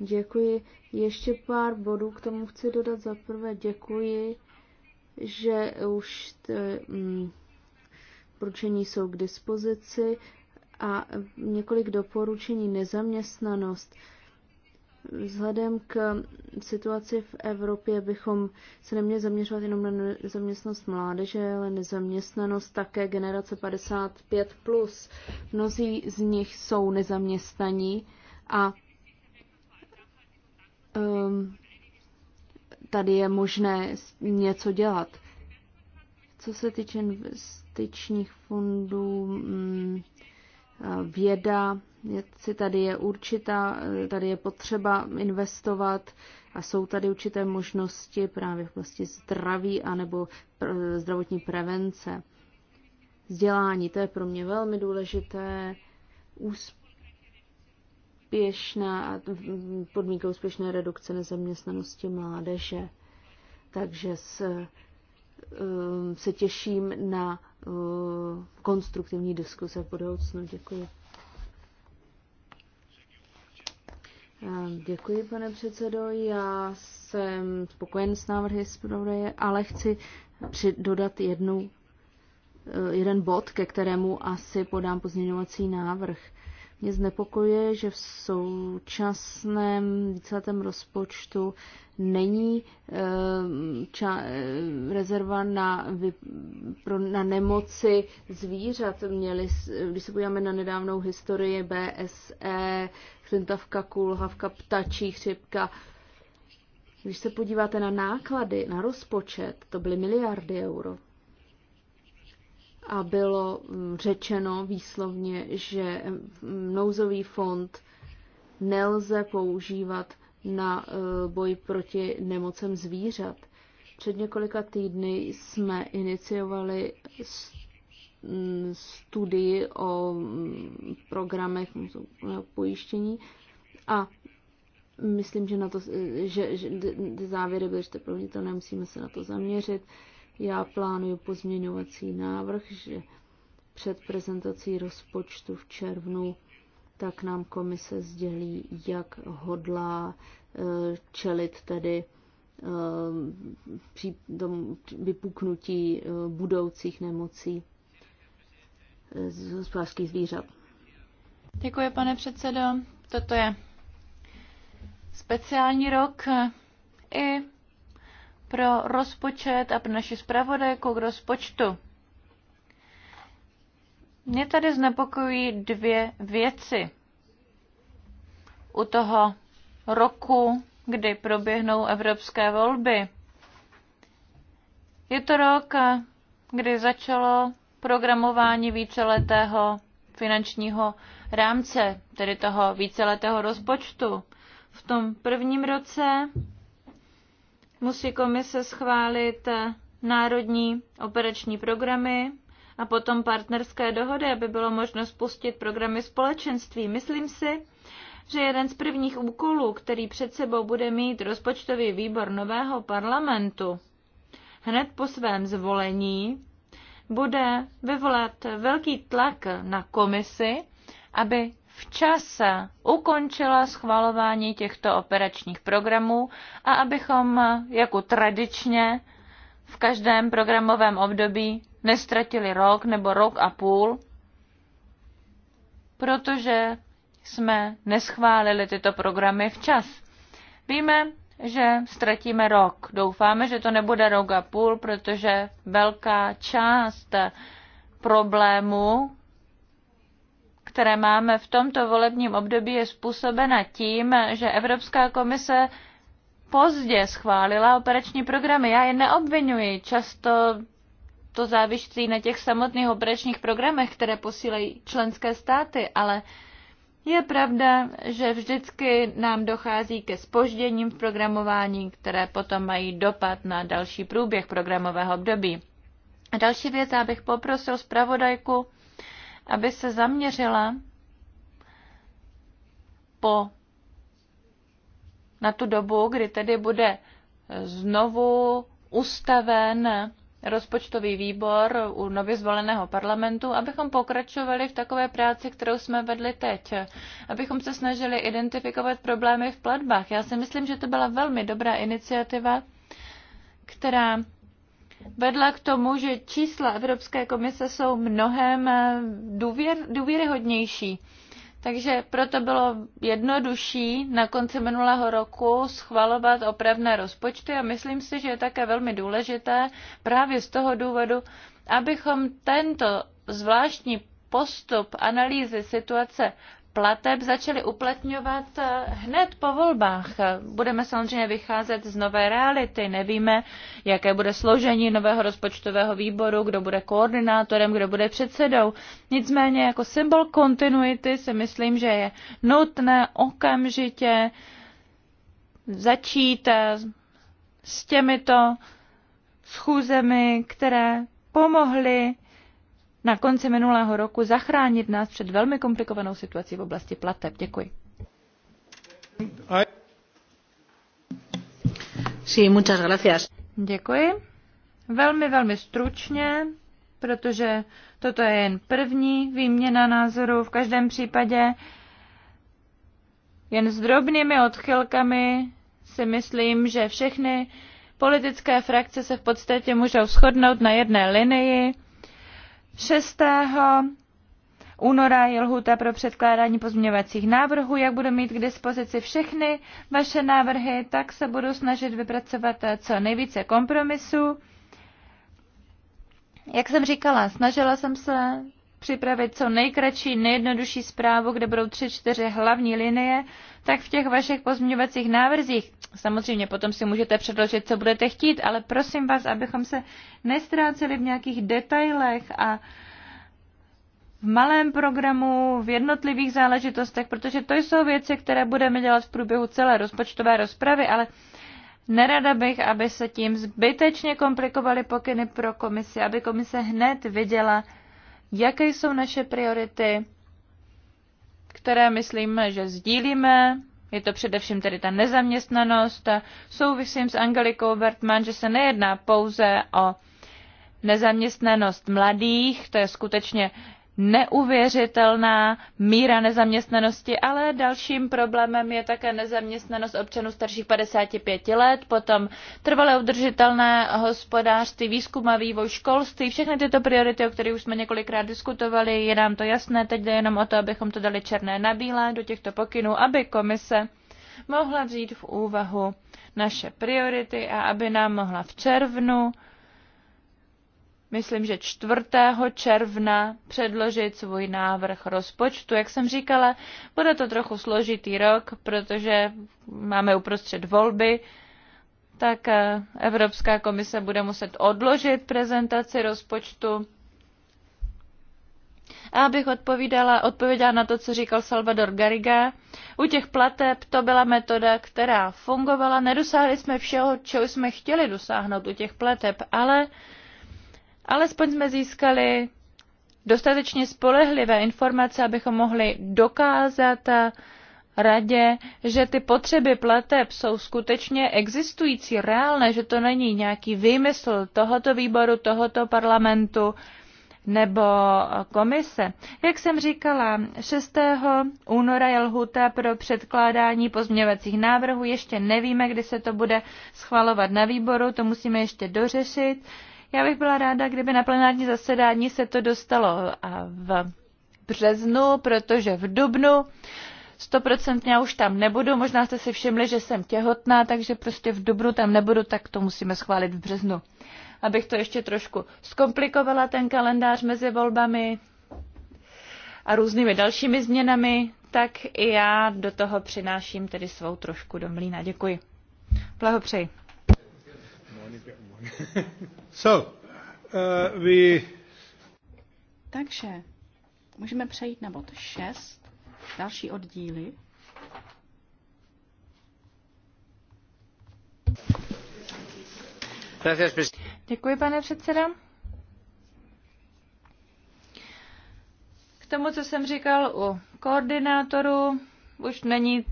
Děkuji. Ještě pár bodů k tomu chci dodat. Za prvé děkuji, že už t, mm, poručení jsou k dispozici a několik doporučení nezaměstnanost. Uh, Vzhledem k situaci v Evropě bychom se neměli zaměřovat jenom na nezaměstnanost mládeže, ale nezaměstnanost také generace 55+. Plus. Mnozí z nich jsou nezaměstnaní a um, tady je možné něco dělat. Co se týče investičních fondů, mm, věda, Tady je určitá, tady je potřeba investovat a jsou tady určité možnosti právě v oblasti zdraví anebo zdravotní prevence. Vzdělání, to je pro mě velmi důležité. Úspěšná, podmínka úspěšné redukce nezaměstnanosti mládeže. Takže s, um, se těším na uh, konstruktivní diskuse v budoucnu. Děkuji. Děkuji, pane předsedo. Já jsem spokojen s návrhy prodeje, ale chci dodat jednu, eh, jeden bod, ke kterému asi podám pozměňovací návrh. Mě znepokojuje, že v současném víceletém rozpočtu není eh, ča, eh, rezerva na, pro, na nemoci zvířat. Měli, když se podíváme na nedávnou historii BSE, chřintavka, kulhavka, ptačí chřipka, když se podíváte na náklady, na rozpočet, to byly miliardy euro a bylo mm, řečeno výslovně, že mm, nouzový fond nelze používat na e, boj proti nemocem zvířat. Před několika týdny jsme iniciovali mm, studii o programech pojištění a myslím, že, na to, e, že, že závěry byly, že to nemusíme se na to zaměřit. Já plánuju pozměňovací návrh, že před prezentací rozpočtu v červnu tak nám komise sdělí, jak hodlá eh, čelit tedy eh, při tom vypuknutí eh, budoucích nemocí z hospodářských zvířat. Děkuji, pane předsedo. Toto je speciální rok i pro rozpočet a pro naši zpravodajku k rozpočtu. Mě tady znepokojí dvě věci. U toho roku, kdy proběhnou evropské volby. Je to rok, kdy začalo programování víceletého finančního rámce, tedy toho víceletého rozpočtu. V tom prvním roce musí komise schválit eh, národní operační programy a potom partnerské dohody, aby bylo možno spustit programy společenství. Myslím si, že jeden z prvních úkolů, který před sebou bude mít rozpočtový výbor nového parlamentu hned po svém zvolení, bude vyvolat velký tlak na komisi, aby včas ukončila schvalování těchto operačních programů a abychom jako tradičně v každém programovém období nestratili rok nebo rok a půl, protože jsme neschválili tyto programy včas. Víme, že ztratíme rok. Doufáme, že to nebude rok a půl, protože velká část problémů které máme v tomto volebním období, je způsobena tím, že Evropská komise pozdě schválila operační programy. Já je neobvinuji. Často to závisí na těch samotných operačních programech, které posílají členské státy, ale je pravda, že vždycky nám dochází ke spožděním v programování, které potom mají dopad na další průběh programového období. A další věc, abych poprosil zpravodajku, aby se zaměřila po, na tu dobu, kdy tedy bude znovu ustaven rozpočtový výbor u nově zvoleného parlamentu, abychom pokračovali v takové práci, kterou jsme vedli teď. Abychom se snažili identifikovat problémy v platbách. Já si myslím, že to byla velmi dobrá iniciativa, která vedla k tomu, že čísla Evropské komise jsou mnohem eh, důvěr, důvěryhodnější. Takže proto bylo jednodušší na konci minulého roku schvalovat opravné rozpočty a myslím si, že je také velmi důležité právě z toho důvodu, abychom tento zvláštní postup analýzy situace plateb začali uplatňovat eh, hned po volbách. Budeme samozřejmě vycházet z nové reality. Nevíme, jaké bude složení nového rozpočtového výboru, kdo bude koordinátorem, kdo bude předsedou. Nicméně jako symbol kontinuity si myslím, že je nutné okamžitě začít eh, s těmito schůzemi, které pomohly na konci minulého roku zachránit nás před velmi komplikovanou situací v oblasti plateb. Děkuji. muchas gracias. Děkuji. Velmi, velmi stručně, protože toto je jen první výměna názorů. V každém případě jen s drobnými odchylkami si myslím, že všechny politické frakce se v podstatě můžou shodnout na jedné linii 6. února je lhuta pro předkládání pozměňovacích návrhů. Jak budu mít k dispozici všechny vaše návrhy, tak se budu snažit vypracovat co nejvíce kompromisů. Jak jsem říkala, snažila jsem se připravit co nejkratší, nejjednodušší zprávu, kde budou tři, čtyři hlavní linie, tak v těch vašich pozměňovacích návrzích, samozřejmě potom si můžete předložit, co budete chtít, ale prosím vás, abychom se nestráceli v nějakých detailech a v malém programu, v jednotlivých záležitostech, protože to jsou věci, které budeme dělat v průběhu celé rozpočtové rozpravy, ale Nerada bych, aby se tím zbytečně komplikovaly pokyny pro komisi, aby komise hned viděla, jaké jsou naše priority, které myslíme, že sdílíme. Je to především tedy ta nezaměstnanost. Souvisím s Angelikou Bertman, že se nejedná pouze o nezaměstnanost mladých, to je skutečně neuvěřitelná míra nezaměstnanosti, ale dalším problémem je také nezaměstnanost občanů starších 55 let, potom trvale udržitelné hospodářství, výzkum a vývoj školství, všechny tyto priority, o kterých už jsme několikrát diskutovali, je nám to jasné, teď jde jenom o to, abychom to dali černé na bílé do těchto pokynů, aby komise mohla vzít v úvahu naše priority a aby nám mohla v červnu myslím, že 4. června předložit svůj návrh rozpočtu. Jak jsem říkala, bude to trochu složitý rok, protože máme uprostřed volby, tak eh, Evropská komise bude muset odložit prezentaci rozpočtu. A abych odpovídala, odpověděla na to, co říkal Salvador Garriga, u těch plateb to byla metoda, která fungovala. Nedosáhli jsme všeho, čeho jsme chtěli dosáhnout u těch plateb, ale Alespoň jsme získali dostatečně spolehlivé informace, abychom mohli dokázat radě, že ty potřeby plateb jsou skutečně existující, reálné, že to není nějaký výmysl tohoto výboru, tohoto parlamentu nebo komise. Jak jsem říkala, 6. února je lhuta pro předkládání pozměňovacích návrhů. Ještě nevíme, kdy se to bude schvalovat na výboru, to musíme ještě dořešit. Já bych byla ráda, kdyby na plenární zasedání se to dostalo a v březnu, protože v dubnu stoprocentně já už tam nebudu. Možná jste si všimli, že jsem těhotná, takže prostě v dubnu tam nebudu, tak to musíme schválit v březnu. Abych to ještě trošku zkomplikovala, ten kalendář mezi volbami a různými dalšími změnami, tak i já do toho přináším tedy svou trošku do mlína. Děkuji. Blahopřeji so, uh, we... Takže můžeme přejít na bod 6, další oddíly. Děkuji, pane předseda. K tomu, co jsem říkal u koordinátoru, už není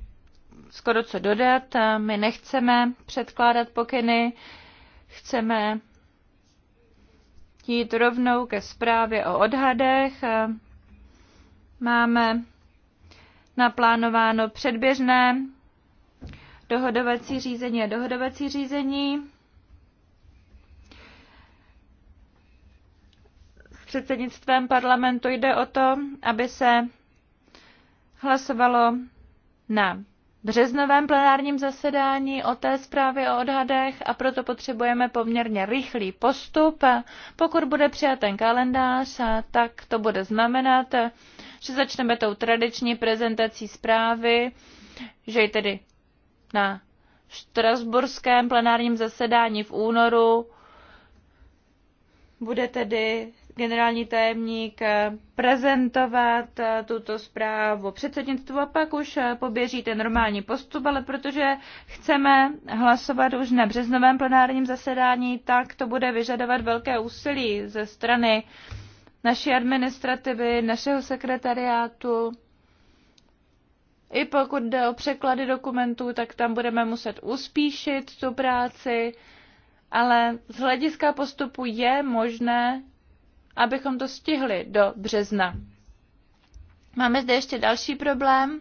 skoro co dodat. My nechceme předkládat pokyny Chceme jít rovnou ke zprávě o odhadech. Máme naplánováno předběžné dohodovací řízení a dohodovací řízení. S předsednictvem parlamentu jde o to, aby se hlasovalo na březnovém plenárním zasedání o té zprávě o odhadech a proto potřebujeme poměrně rychlý postup. Pokud bude přijat ten kalendář, tak to bude znamenat, že začneme tou tradiční prezentací zprávy, že ji tedy na štrasburském plenárním zasedání v únoru bude tedy generální tajemník eh, prezentovat eh, tuto zprávu předsednictvu a pak už eh, poběží ten normální postup, ale protože chceme hlasovat už na březnovém plenárním zasedání, tak to bude vyžadovat velké úsilí ze strany naší administrativy, našeho sekretariátu. I pokud jde o překlady dokumentů, tak tam budeme muset uspíšit tu práci, ale z hlediska postupu je možné abychom to stihli do března. Máme zde ještě další problém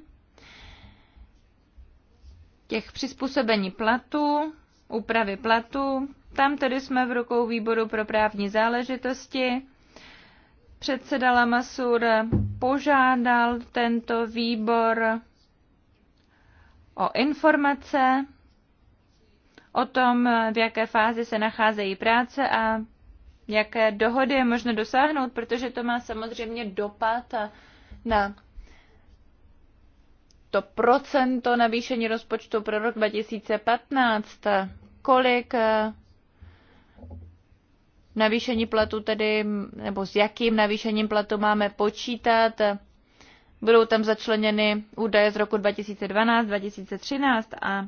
těch přizpůsobení platů, úpravy platů. Tam tedy jsme v rukou výboru pro právní záležitosti. Předseda Lamasur požádal tento výbor o informace o tom, v jaké fázi se nacházejí práce a jaké dohody je možno dosáhnout, protože to má samozřejmě dopad na to procento navýšení rozpočtu pro rok 2015, kolik eh, navýšení platu tedy, nebo s jakým navýšením platu máme počítat. Budou tam začleněny údaje z roku 2012, 2013 a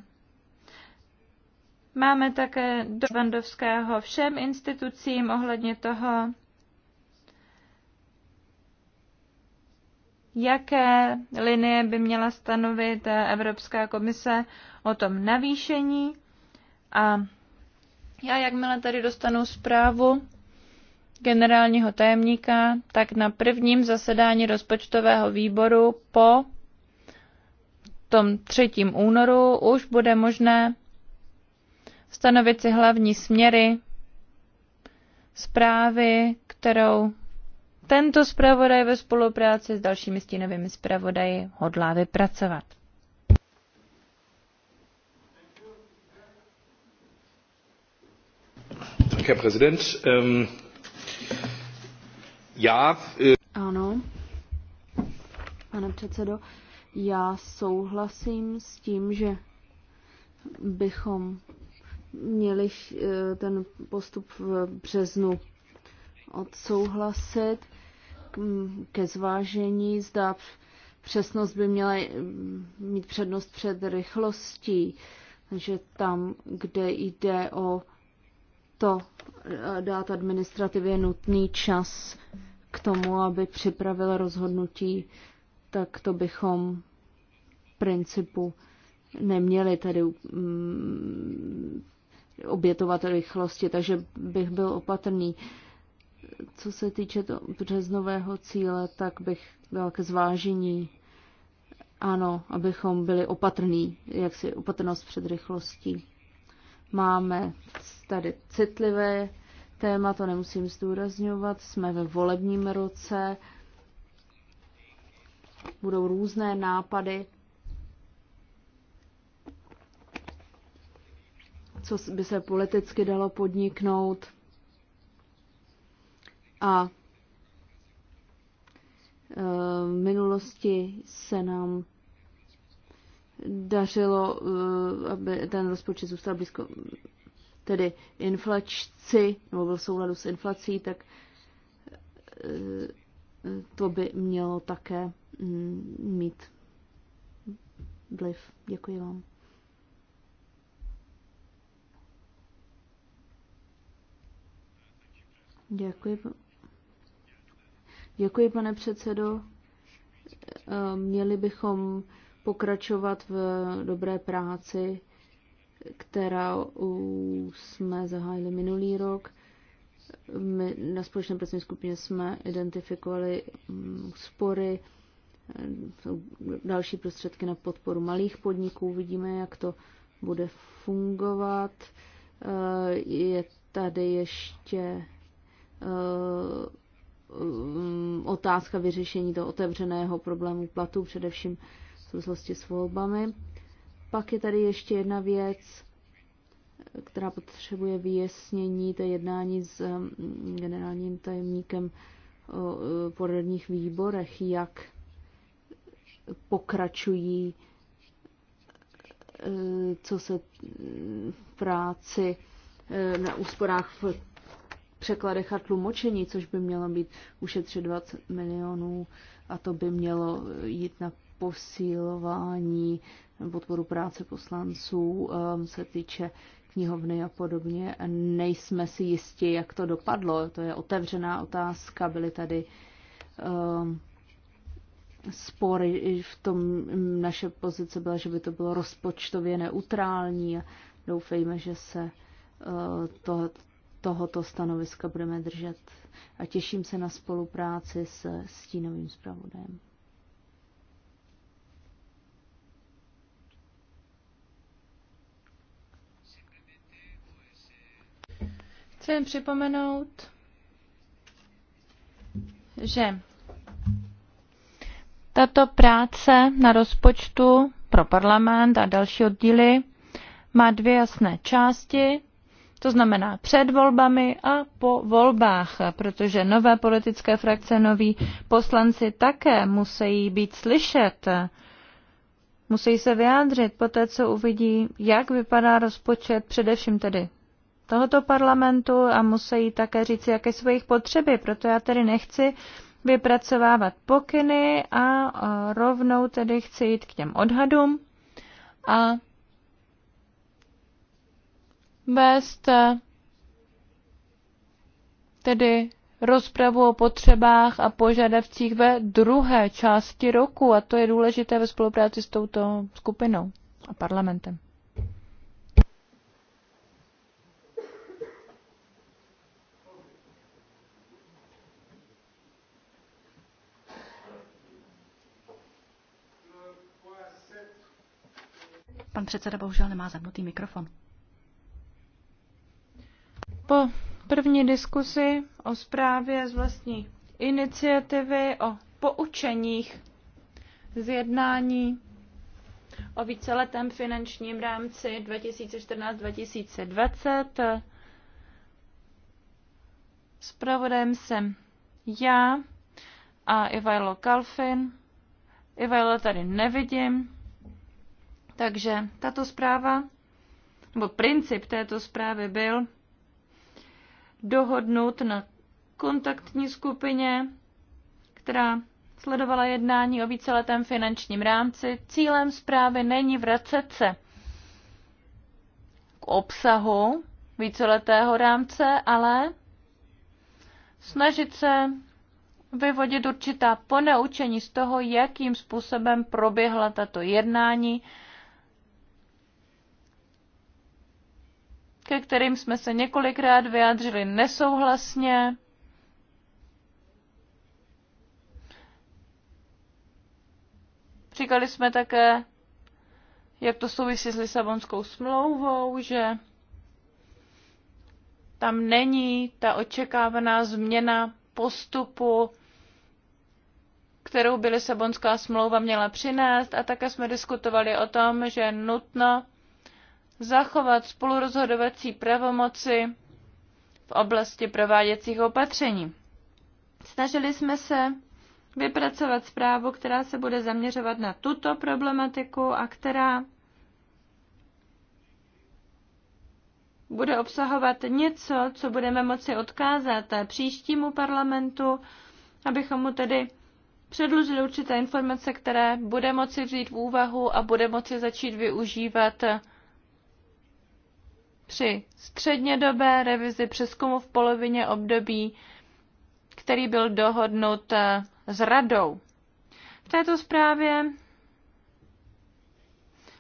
Máme také do Vandovského všem institucím ohledně toho, jaké linie by měla stanovit Evropská komise o tom navýšení. A já, jakmile tady dostanu zprávu generálního tajemníka, tak na prvním zasedání rozpočtového výboru po tom 3. únoru už bude možné stanovit si hlavní směry zprávy, kterou tento zpravodaj ve spolupráci s dalšími stínovými zpravodaji hodlá vypracovat. Tak, Herr Präsident. Ähm, já... Äh... Ano, pane předsedo, já souhlasím s tím, že bychom měli eh, ten postup v březnu odsouhlasit mm, ke zvážení, zda přesnost by měla eh, mít přednost před rychlostí, že tam, kde jde o to eh, dát administrativě nutný čas k tomu, aby připravil rozhodnutí, tak to bychom principu neměli tady mm, obětovat rychlosti, takže bych byl opatrný. Co se týče toho březnového cíle, tak bych dal ke zvážení, ano, abychom byli opatrní, jak si opatrnost před rychlostí. Máme tady citlivé téma, to nemusím zdůrazňovat, jsme ve volebním roce, budou různé nápady co by se politicky dalo podniknout. A e, v minulosti se nám dařilo, e, aby ten rozpočet zůstal blízko tedy inflaci, nebo byl souladu s inflací, tak e, to by mělo také mít vliv. Děkuji vám. Děkuji. Děkuji, pane předsedo. Eh, měli bychom pokračovat v dobré práci, která jsme zahájili minulý rok. My na společné pracovní skupině jsme identifikovali mm, spory, eh, další prostředky na podporu malých podniků. vidíme, jak to bude fungovat. Eh, je tady ještě Eh, eh, otázka vyřešení toho otevřeného problému platu, především v souvislosti s volbami. Pak je tady ještě jedna věc, která potřebuje vyjasnění, to je jednání s mm, generálním tajemníkem o eh, poradních výborech, jak pokračují co se mm, práci na úsporách v překladech a tlumočení, což by mělo být ušetřit 20 milionů a to by mělo jít na posílování podporu práce poslanců um, se týče knihovny a podobně. Nejsme si jistí, jak to dopadlo. To je otevřená otázka. Byly tady um, spory. V tom naše pozice byla, že by to bylo rozpočtově neutrální. Doufejme, že se uh, to, tohoto stanoviska budeme držet a těším se na spolupráci s stínovým zpravodajem. Chci jen připomenout, že tato práce na rozpočtu pro parlament a další oddíly má dvě jasné části. To znamená před volbami a po volbách, protože nové politické frakce, noví poslanci také musí být slyšet, musí se vyjádřit po té, co uvidí, jak vypadá rozpočet, především tedy tohoto parlamentu a musí také říct, jaké jsou jejich potřeby. Proto já tedy nechci vypracovávat pokyny a rovnou tedy chci jít k těm odhadům a vést eh, tedy rozpravu o potřebách a požadavcích ve druhé části roku a to je důležité ve spolupráci s touto skupinou a parlamentem. Pan předseda bohužel nemá zapnutý mikrofon. Po první diskusi o zprávě z vlastní iniciativy o poučeních z jednání o víceletém finančním rámci 2014-2020. Spravodajem jsem já a Ivajlo Kalfin. Ivajlo tady nevidím, takže tato zpráva, nebo princip této zprávy byl, dohodnout na kontaktní skupině, která sledovala jednání o víceletém finančním rámci. Cílem zprávy není vracet se k obsahu víceletého rámce, ale snažit se vyvodit určitá ponaučení z toho, jakým způsobem proběhla tato jednání ke kterým jsme se několikrát vyjádřili nesouhlasně. Říkali jsme také, jak to souvisí s Lisabonskou smlouvou, že tam není ta očekávaná změna postupu, kterou by Lisabonská smlouva měla přinést. A také jsme diskutovali o tom, že je nutno zachovat spolurozhodovací pravomoci v oblasti prováděcích opatření. Snažili jsme se vypracovat zprávu, která se bude zaměřovat na tuto problematiku a která bude obsahovat něco, co budeme moci odkázat příštímu parlamentu, abychom mu tedy předložili určité informace, které bude moci vzít v úvahu a bude moci začít využívat při střednědobé revizi přeskumu v polovině období, který byl dohodnut eh, s radou. V této zprávě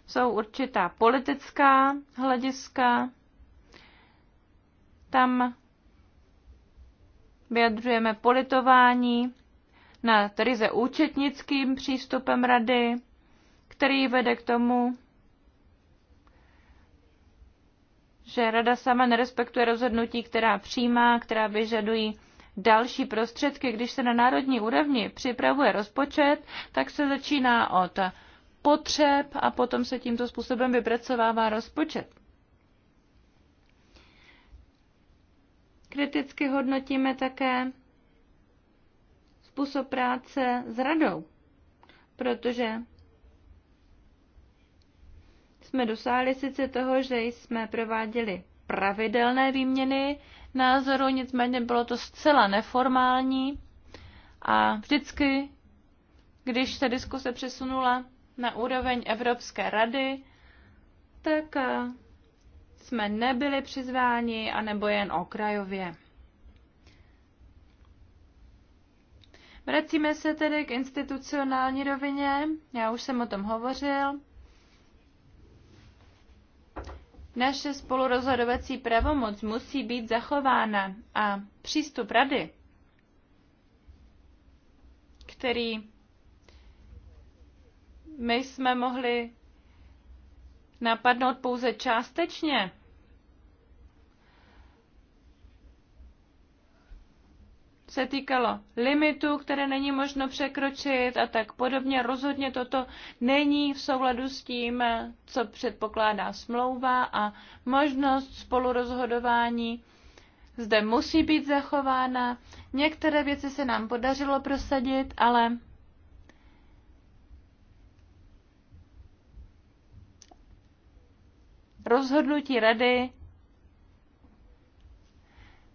jsou určitá politická hlediska. Tam vyjadřujeme politování nad ryze účetnickým přístupem rady, který vede k tomu, že Rada sama nerespektuje rozhodnutí, která přijímá, která vyžadují další prostředky. Když se na národní úrovni připravuje rozpočet, tak se začíná od potřeb a potom se tímto způsobem vypracovává rozpočet. Kriticky hodnotíme také způsob práce s radou, protože jsme dosáhli sice toho, že jsme prováděli pravidelné výměny názorů, nicméně bylo to zcela neformální a vždycky, když se diskuse přesunula na úroveň Evropské rady, tak eh, jsme nebyli přizváni, anebo jen okrajově. Vracíme se tedy k institucionální rovině, já už jsem o tom hovořil. Naše spolurozhodovací pravomoc musí být zachována a přístup rady, který my jsme mohli napadnout pouze částečně, se týkalo limitů, které není možno překročit a tak podobně. Rozhodně toto není v souladu s tím, co předpokládá smlouva a možnost spolurozhodování zde musí být zachována. Některé věci se nám podařilo prosadit, ale rozhodnutí rady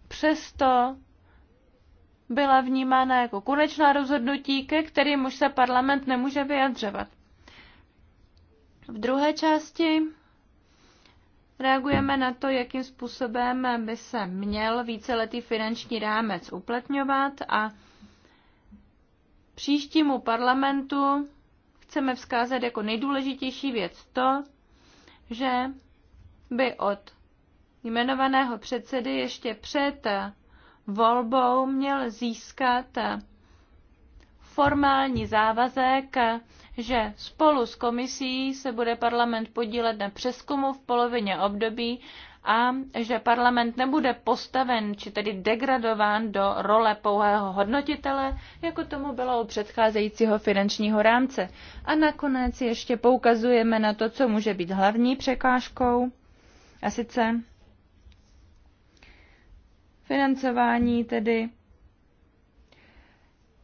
přesto byla vnímána jako konečná rozhodnutí, ke kterým už se parlament nemůže vyjadřovat. V druhé části reagujeme na to, jakým způsobem by se měl víceletý finanční rámec uplatňovat a příštímu parlamentu chceme vzkázat jako nejdůležitější věc to, že by od jmenovaného předsedy ještě před volbou měl získat formální závazek, že spolu s komisí se bude parlament podílet na přeskumu v polovině období a že parlament nebude postaven či tedy degradován do role pouhého hodnotitele, jako tomu bylo u předcházejícího finančního rámce. A nakonec ještě poukazujeme na to, co může být hlavní překážkou, a sice Financování tedy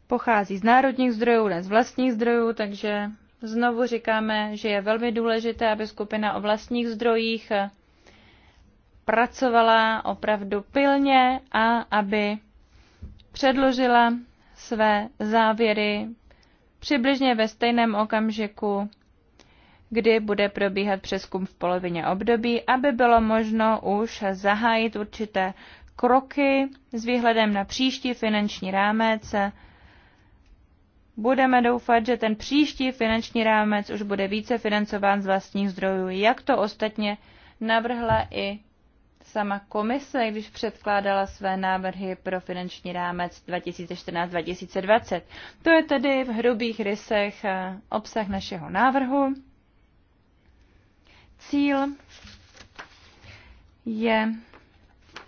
pochází z národních zdrojů, ne z vlastních zdrojů, takže znovu říkáme, že je velmi důležité, aby skupina o vlastních zdrojích pracovala opravdu pilně a aby předložila své závěry přibližně ve stejném okamžiku, kdy bude probíhat přeskum v polovině období, aby bylo možno už zahájit určité kroky s výhledem na příští finanční rámec. Budeme doufat, že ten příští finanční rámec už bude více financován z vlastních zdrojů, jak to ostatně navrhla i sama komise, když předkládala své návrhy pro finanční rámec 2014-2020. To je tedy v hrubých rysech eh, obsah našeho návrhu. Cíl je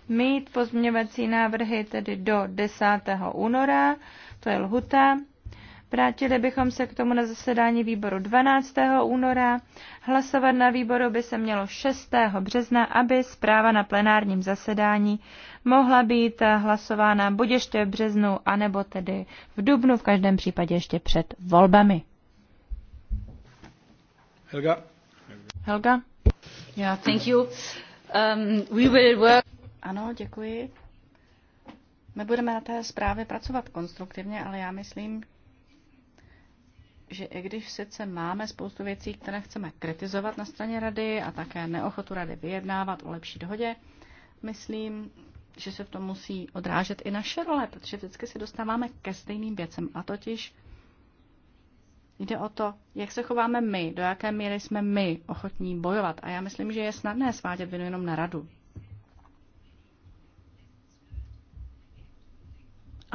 mít pozměňovací návrhy tedy do 10. února, to je lhuta. Vrátili bychom se k tomu na zasedání výboru 12. února. Hlasovat na výboru by se mělo 6. března, aby zpráva na plenárním zasedání mohla být hlasována buď ještě v březnu, anebo tedy v dubnu, v každém případě ještě před volbami. Helga. Helga. Yeah, thank you. Um, we will work... Ano, děkuji. My budeme na té zprávě pracovat konstruktivně, ale já myslím, že i když sice máme spoustu věcí, které chceme kritizovat na straně rady a také neochotu rady vyjednávat o lepší dohodě, myslím, že se v tom musí odrážet i naše role, protože vždycky se dostáváme ke stejným věcem a totiž jde o to, jak se chováme my, do jaké míry jsme my ochotní bojovat. A já myslím, že je snadné svádět vinu jenom na radu.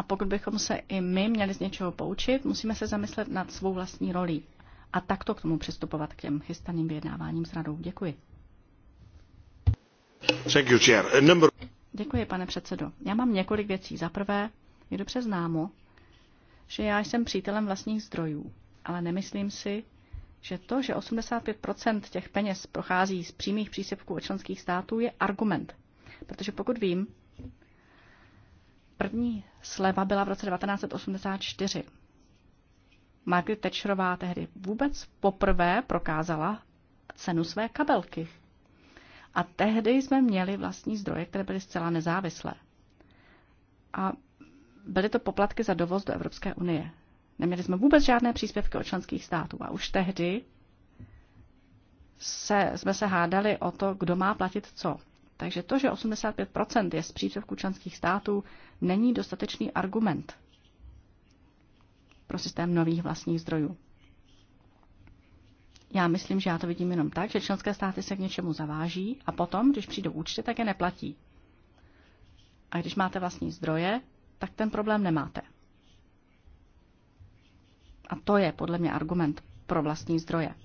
A pokud bychom se i my měli z něčeho poučit, musíme se zamyslet nad svou vlastní rolí a takto k tomu přistupovat k těm chystaným vyjednáváním s radou. Děkuji. Uh, Děkuji, pane předsedo. Já mám několik věcí. Za prvé, je dobře známo, že já jsem přítelem vlastních zdrojů, ale nemyslím si, že to, že 85 těch peněz prochází z přímých příspěvků od členských států, je argument. Protože pokud vím, První sleva byla v roce 1984. Margaret Thatcherová tehdy vůbec poprvé prokázala cenu své kabelky. A tehdy jsme měli vlastní zdroje, které byly zcela nezávislé. A byly to poplatky za dovoz do Evropské unie. Neměli jsme vůbec žádné příspěvky od členských států. A už tehdy se, jsme se hádali o to, kdo má platit co. Takže to, že 85% je z příspěvků členských států, není dostatečný argument pro systém nových vlastních zdrojů. Já myslím, že já to vidím jenom tak, že členské státy se k něčemu zaváží a potom, když přijdou účty, tak je neplatí. A když máte vlastní zdroje, tak ten problém nemáte. A to je podle mě argument pro vlastní zdroje.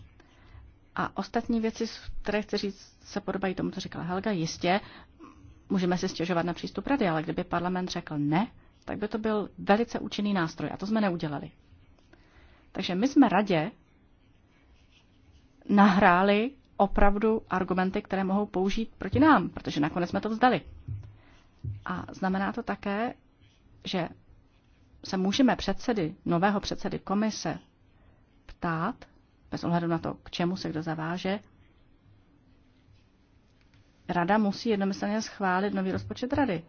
A ostatní věci, které chci říct, se podobají tomu, co říkala Helga. Jistě, Můžeme si stěžovat na přístup rady, ale kdyby parlament řekl ne, tak by to byl velice účinný nástroj a to jsme neudělali. Takže my jsme radě nahráli opravdu argumenty, které mohou použít proti nám, protože nakonec jsme to vzdali. A znamená to také, že se můžeme předsedy, nového předsedy komise ptát, bez ohledu na to, k čemu se kdo zaváže, Rada musí jednomyslně schválit nový rozpočet Rady.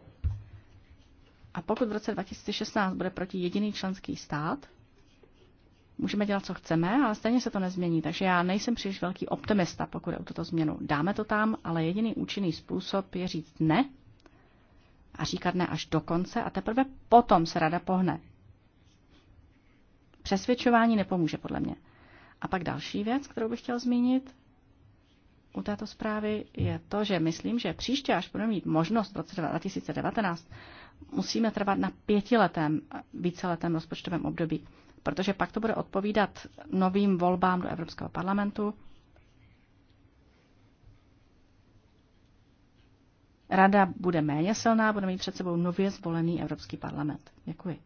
A pokud v roce 2016 bude proti jediný členský stát, můžeme dělat, co chceme, ale stejně se to nezmění. Takže já nejsem příliš velký optimista, pokud je o tuto změnu. Dáme to tam, ale jediný účinný způsob je říct ne a říkat ne až do konce a teprve potom se rada pohne. Přesvědčování nepomůže podle mě. A pak další věc, kterou bych chtěl zmínit, u této zprávy je to, že myslím, že příště, až budeme mít možnost v roce 2019, musíme trvat na pětiletém, víceletém rozpočtovém období, protože pak to bude odpovídat novým volbám do Evropského parlamentu. Rada bude méně silná, bude mít před sebou nově zvolený Evropský parlament. Děkuji.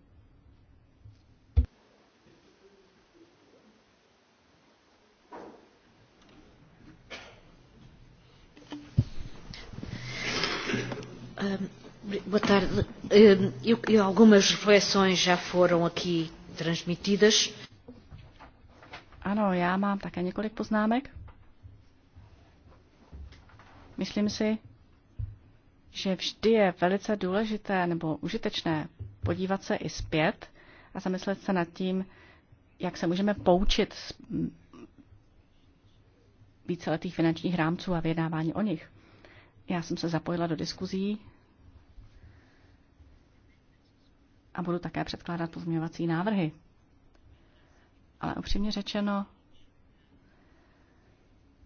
Ehm, boa tarde. Ehm, eu, eu, algumas reflexões já foram aqui transmitidas. Ano, já mám také několik poznámek. Myslím si, že vždy je velice důležité nebo užitečné podívat se i zpět a zamyslet se nad tím, jak se můžeme poučit z víceletých finančních rámců a vyjednávání o nich. Já jsem se zapojila do diskuzí a budu také předkládat pozměňovací návrhy. Ale upřímně řečeno,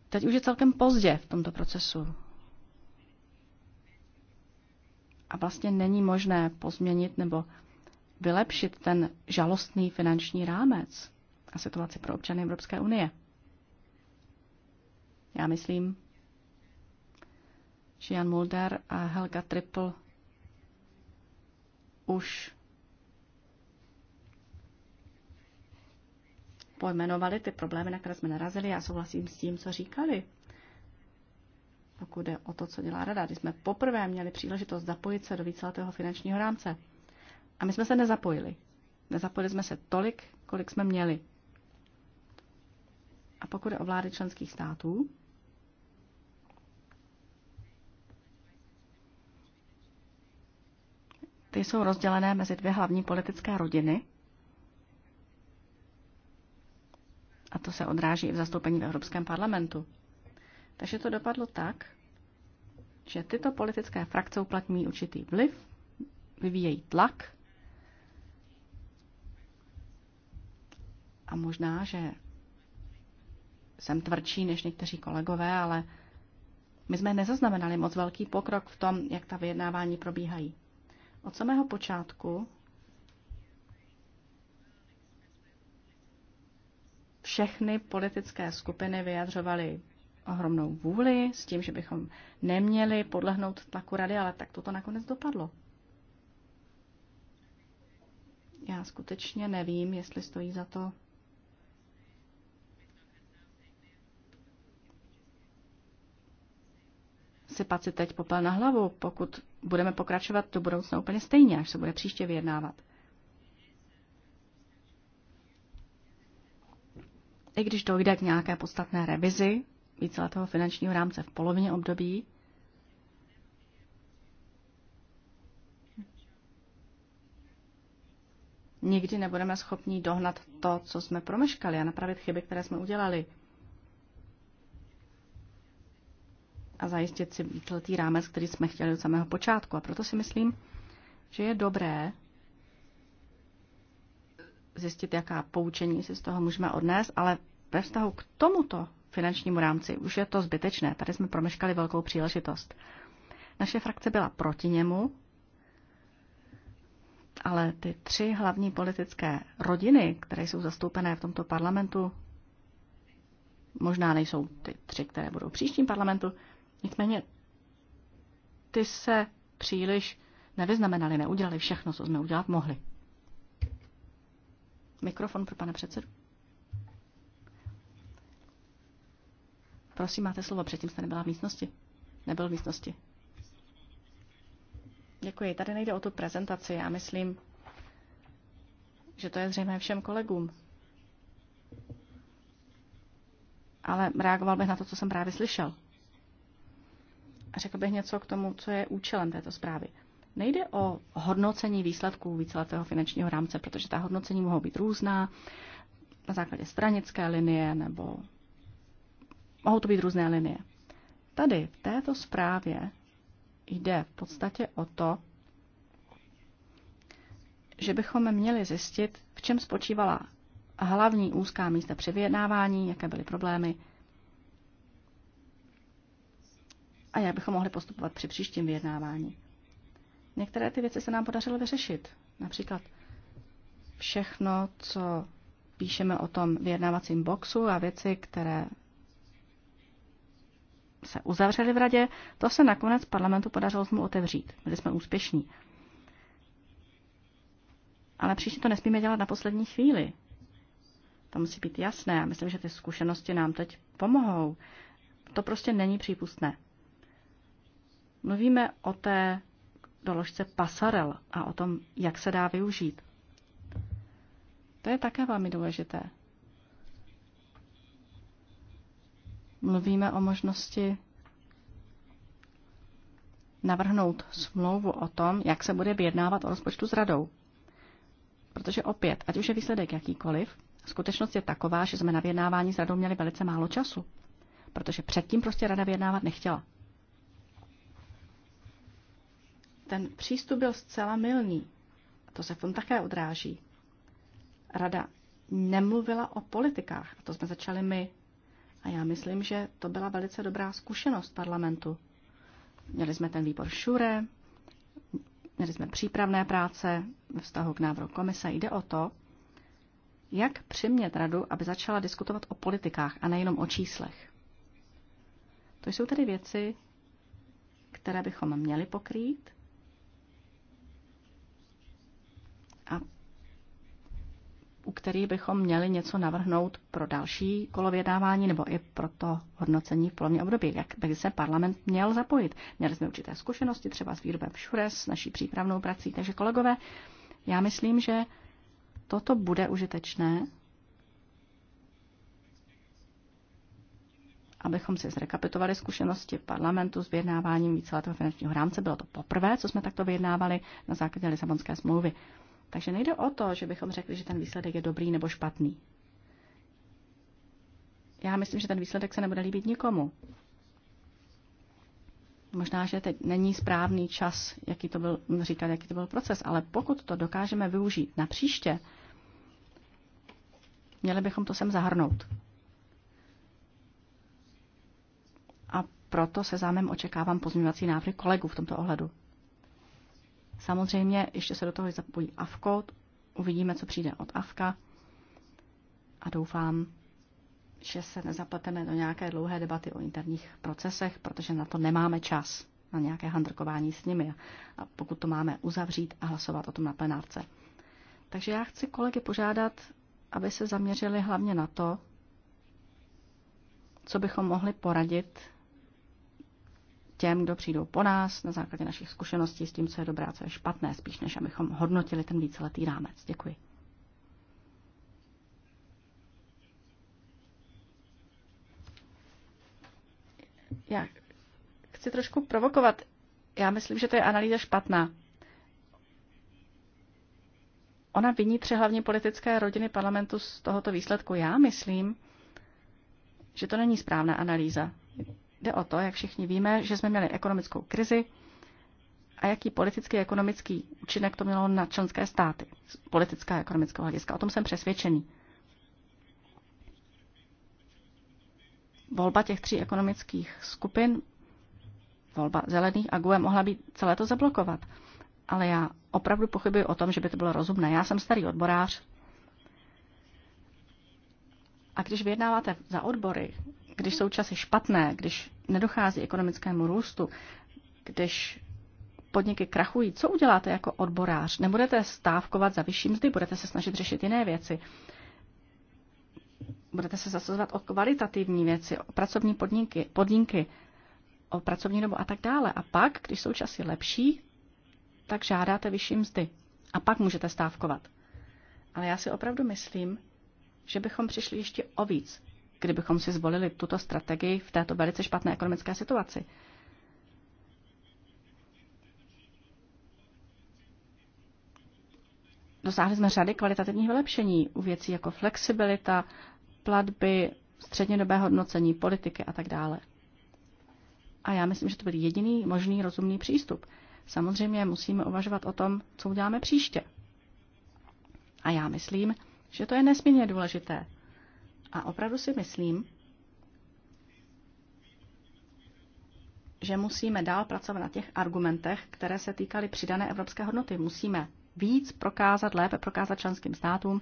teď už je celkem pozdě v tomto procesu. A vlastně není možné pozměnit nebo vylepšit ten žalostný finanční rámec a situaci pro občany Evropské unie. Já myslím, Jan Mulder a Helga Triple už pojmenovali ty problémy, na které jsme narazili. Já souhlasím s tím, co říkali. Pokud jde o to, co dělá rada, když jsme poprvé měli příležitost zapojit se do víceletého finančního rámce. A my jsme se nezapojili. Nezapojili jsme se tolik, kolik jsme měli. A pokud je o vlády členských států, Ty jsou rozdělené mezi dvě hlavní politické rodiny. A to se odráží i v zastoupení v Evropském parlamentu. Takže to dopadlo tak, že tyto politické frakce uplatňují určitý vliv, vyvíjejí tlak a možná, že jsem tvrdší než někteří kolegové, ale my jsme nezaznamenali moc velký pokrok v tom, jak ta vyjednávání probíhají. Od samého počátku všechny politické skupiny vyjadřovaly ohromnou vůli s tím, že bychom neměli podlehnout tlaku rady, ale tak toto nakonec dopadlo. Já skutečně nevím, jestli stojí za to sypat si teď popel na hlavu, pokud budeme pokračovat do budoucna úplně stejně, až se bude příště vyjednávat. I když dojde k nějaké podstatné revizi víceletého finančního rámce v polovině období, nikdy nebudeme schopni dohnat to, co jsme promeškali a napravit chyby, které jsme udělali. a zajistit si víceletý rámec, který jsme chtěli od samého počátku. A proto si myslím, že je dobré zjistit, jaká poučení si z toho můžeme odnést, ale ve vztahu k tomuto finančnímu rámci už je to zbytečné. Tady jsme promeškali velkou příležitost. Naše frakce byla proti němu, ale ty tři hlavní politické rodiny, které jsou zastoupené v tomto parlamentu, možná nejsou ty tři, které budou v příštím parlamentu, Nicméně ty se příliš nevyznamenali, neudělali všechno, co jsme udělat mohli. Mikrofon pro pana předsedu. Prosím, máte slovo, předtím jste nebyla v místnosti. Nebyl v místnosti. Děkuji. Tady nejde o tu prezentaci. Já myslím, že to je zřejmé všem kolegům. Ale reagoval bych na to, co jsem právě slyšel. A řekl bych něco k tomu, co je účelem této zprávy. Nejde o hodnocení výsledků víceletého finančního rámce, protože ta hodnocení mohou být různá na základě stranické linie nebo mohou to být různé linie. Tady v této zprávě jde v podstatě o to, že bychom měli zjistit, v čem spočívala hlavní úzká místa při vyjednávání, jaké byly problémy a jak bychom mohli postupovat při příštím vyjednávání. Některé ty věci se nám podařilo vyřešit. Například všechno, co píšeme o tom vyjednávacím boxu a věci, které se uzavřely v radě, to se nakonec parlamentu podařilo znovu otevřít. Byli jsme úspěšní. Ale příště to nesmíme dělat na poslední chvíli. To musí být jasné. Já myslím, že ty zkušenosti nám teď pomohou. To prostě není přípustné. Mluvíme o té doložce pasarel a o tom, jak se dá využít. To je také velmi důležité. Mluvíme o možnosti navrhnout smlouvu o tom, jak se bude vyjednávat o rozpočtu s radou. Protože opět, ať už je výsledek jakýkoliv, skutečnost je taková, že jsme na vyjednávání s radou měli velice málo času. Protože předtím prostě rada vyjednávat nechtěla. Ten přístup byl zcela mylný. A to se v tom také odráží. Rada nemluvila o politikách. A to jsme začali my. A já myslím, že to byla velice dobrá zkušenost parlamentu. Měli jsme ten výbor Šure, měli jsme přípravné práce ve vztahu k návrhu komise. Jde o to, jak přimět radu, aby začala diskutovat o politikách a nejenom o číslech. To jsou tedy věci, které bychom měli pokrýt a u kterých bychom měli něco navrhnout pro další kolo vědávání nebo i pro to hodnocení v polovině období, jak by se parlament měl zapojit. Měli jsme určité zkušenosti třeba s výrobem všure, s naší přípravnou prací, takže kolegové, já myslím, že toto bude užitečné, abychom si zrekapitovali zkušenosti parlamentu s vyjednáváním víceletého finančního rámce. Bylo to poprvé, co jsme takto vyjednávali na základě Lisabonské smlouvy. Takže nejde o to, že bychom řekli, že ten výsledek je dobrý nebo špatný. Já myslím, že ten výsledek se nebude líbit nikomu. Možná, že teď není správný čas, jaký to byl, říkat, jaký to byl proces, ale pokud to dokážeme využít na příště, měli bychom to sem zahrnout. A proto se zámem očekávám pozměňovací návrhy kolegů v tomto ohledu. Samozřejmě ještě se do toho zapojí Avko, uvidíme, co přijde od Avka. a doufám, že se nezapleteme do nějaké dlouhé debaty o interních procesech, protože na to nemáme čas, na nějaké handrkování s nimi. A pokud to máme uzavřít a hlasovat o tom na plenárce. Takže já chci kolegy požádat, aby se zaměřili hlavně na to, co bychom mohli poradit těm, kdo přijdou po nás na základě našich zkušeností s tím, co je dobré a co je špatné, spíš než abychom hodnotili ten víceletý rámec. Děkuji. Já chci trošku provokovat. Já myslím, že to je analýza špatná. Ona viní tři hlavní politické rodiny parlamentu z tohoto výsledku. Já myslím, že to není správná analýza. Jde o to, jak všichni víme, že jsme měli ekonomickou krizi a jaký politický a ekonomický účinek to mělo na členské státy politická a ekonomická hlediska. O tom jsem přesvědčený. Volba těch tří ekonomických skupin, volba zelených a GUE mohla být celé to zablokovat. Ale já opravdu pochybuji o tom, že by to bylo rozumné. Já jsem starý odborář. A když vyjednáváte za odbory, když jsou časy špatné, když nedochází ekonomickému růstu, když podniky krachují, co uděláte jako odborář? Nebudete stávkovat za vyšší mzdy, budete se snažit řešit jiné věci. Budete se zasazovat o kvalitativní věci, o pracovní podniky, podniky, o pracovní dobu a tak dále. A pak, když jsou časy lepší, tak žádáte vyšší mzdy. A pak můžete stávkovat. Ale já si opravdu myslím, že bychom přišli ještě o víc kdybychom si zvolili tuto strategii v této velice špatné ekonomické situaci. Dosáhli jsme řady kvalitativních vylepšení u věcí jako flexibilita, platby, střednědobé hodnocení, politiky a tak dále. A já myslím, že to byl jediný možný rozumný přístup. Samozřejmě musíme uvažovat o tom, co uděláme příště. A já myslím, že to je nesmírně důležité. A opravdu si myslím, že musíme dál pracovat na těch argumentech, které se týkaly přidané evropské hodnoty. Musíme víc prokázat, lépe prokázat členským státům,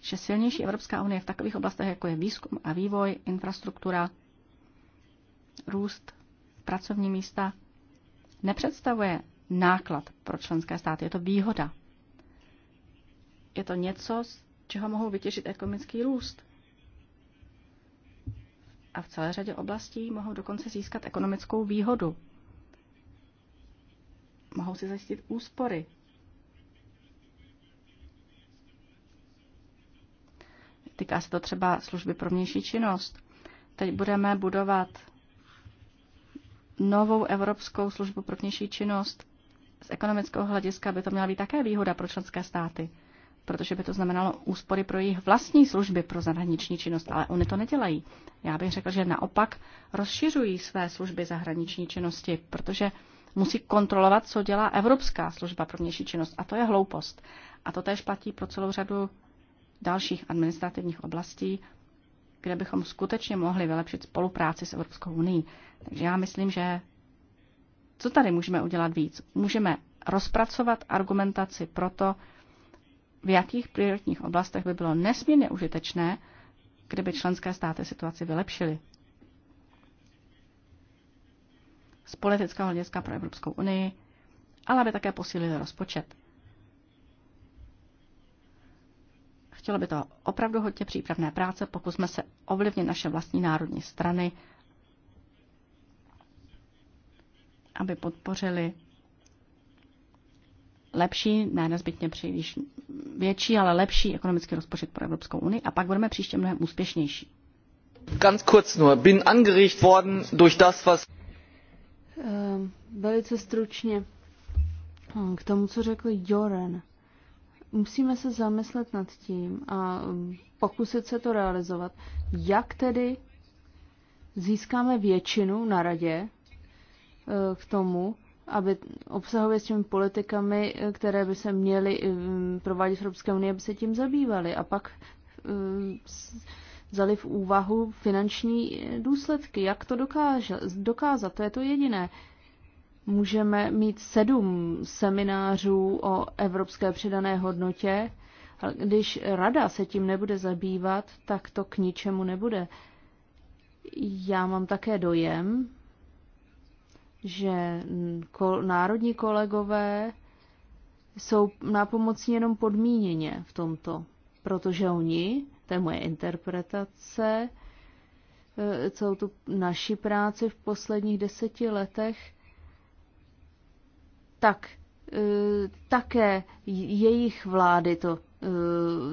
že silnější Evropská unie v takových oblastech, jako je výzkum a vývoj, infrastruktura, růst, pracovní místa, nepředstavuje náklad pro členské státy. Je to výhoda. Je to něco, z čeho mohou vytěžit ekonomický růst a v celé řadě oblastí mohou dokonce získat ekonomickou výhodu. Mohou si zajistit úspory. Týká se to třeba služby pro vnější činnost. Teď budeme budovat novou evropskou službu pro vnější činnost. Z ekonomického hlediska by to měla být také výhoda pro členské státy protože by to znamenalo úspory pro jejich vlastní služby pro zahraniční činnost, ale oni to nedělají. Já bych řekl, že naopak rozšiřují své služby zahraniční činnosti, protože musí kontrolovat, co dělá Evropská služba pro vnější činnost. A to je hloupost. A to též platí pro celou řadu dalších administrativních oblastí, kde bychom skutečně mohli vylepšit spolupráci s Evropskou unii. Takže já myslím, že co tady můžeme udělat víc? Můžeme rozpracovat argumentaci to v jakých prioritních oblastech by bylo nesmírně užitečné, kdyby členské státy situaci vylepšily. Z politického hlediska pro Evropskou unii, ale aby také posílili rozpočet. Chtělo by to opravdu hodně přípravné práce, pokusme se ovlivnit naše vlastní národní strany, aby podpořili lepší, ne nezbytně příliš větší, ale lepší ekonomický rozpočet pro Evropskou unii a pak budeme příště mnohem úspěšnější. Ganz kurz nur, bin angeregt worden durch das, was... Ehm, velice stručně hm, k tomu, co řekl Joren. Musíme se zamyslet nad tím a hm, pokusit se to realizovat. Jak tedy získáme většinu na radě eh, k tomu, aby obsahově s těmi politikami, eh, které by se měly eh, provádět v Evropské unii, aby se tím zabývaly a pak eh, vzali v úvahu finanční důsledky. Jak to dokáže, dokázat? To je to jediné. Můžeme mít sedm seminářů o evropské přidané hodnotě, ale když rada se tím nebude zabývat, tak to k ničemu nebude. Já mám také dojem, že národní kolegové jsou nápomocní jenom podmíněně v tomto, protože oni, to je moje interpretace, eh, celou tu naši práci v posledních deseti letech, tak eh, také jejich vlády to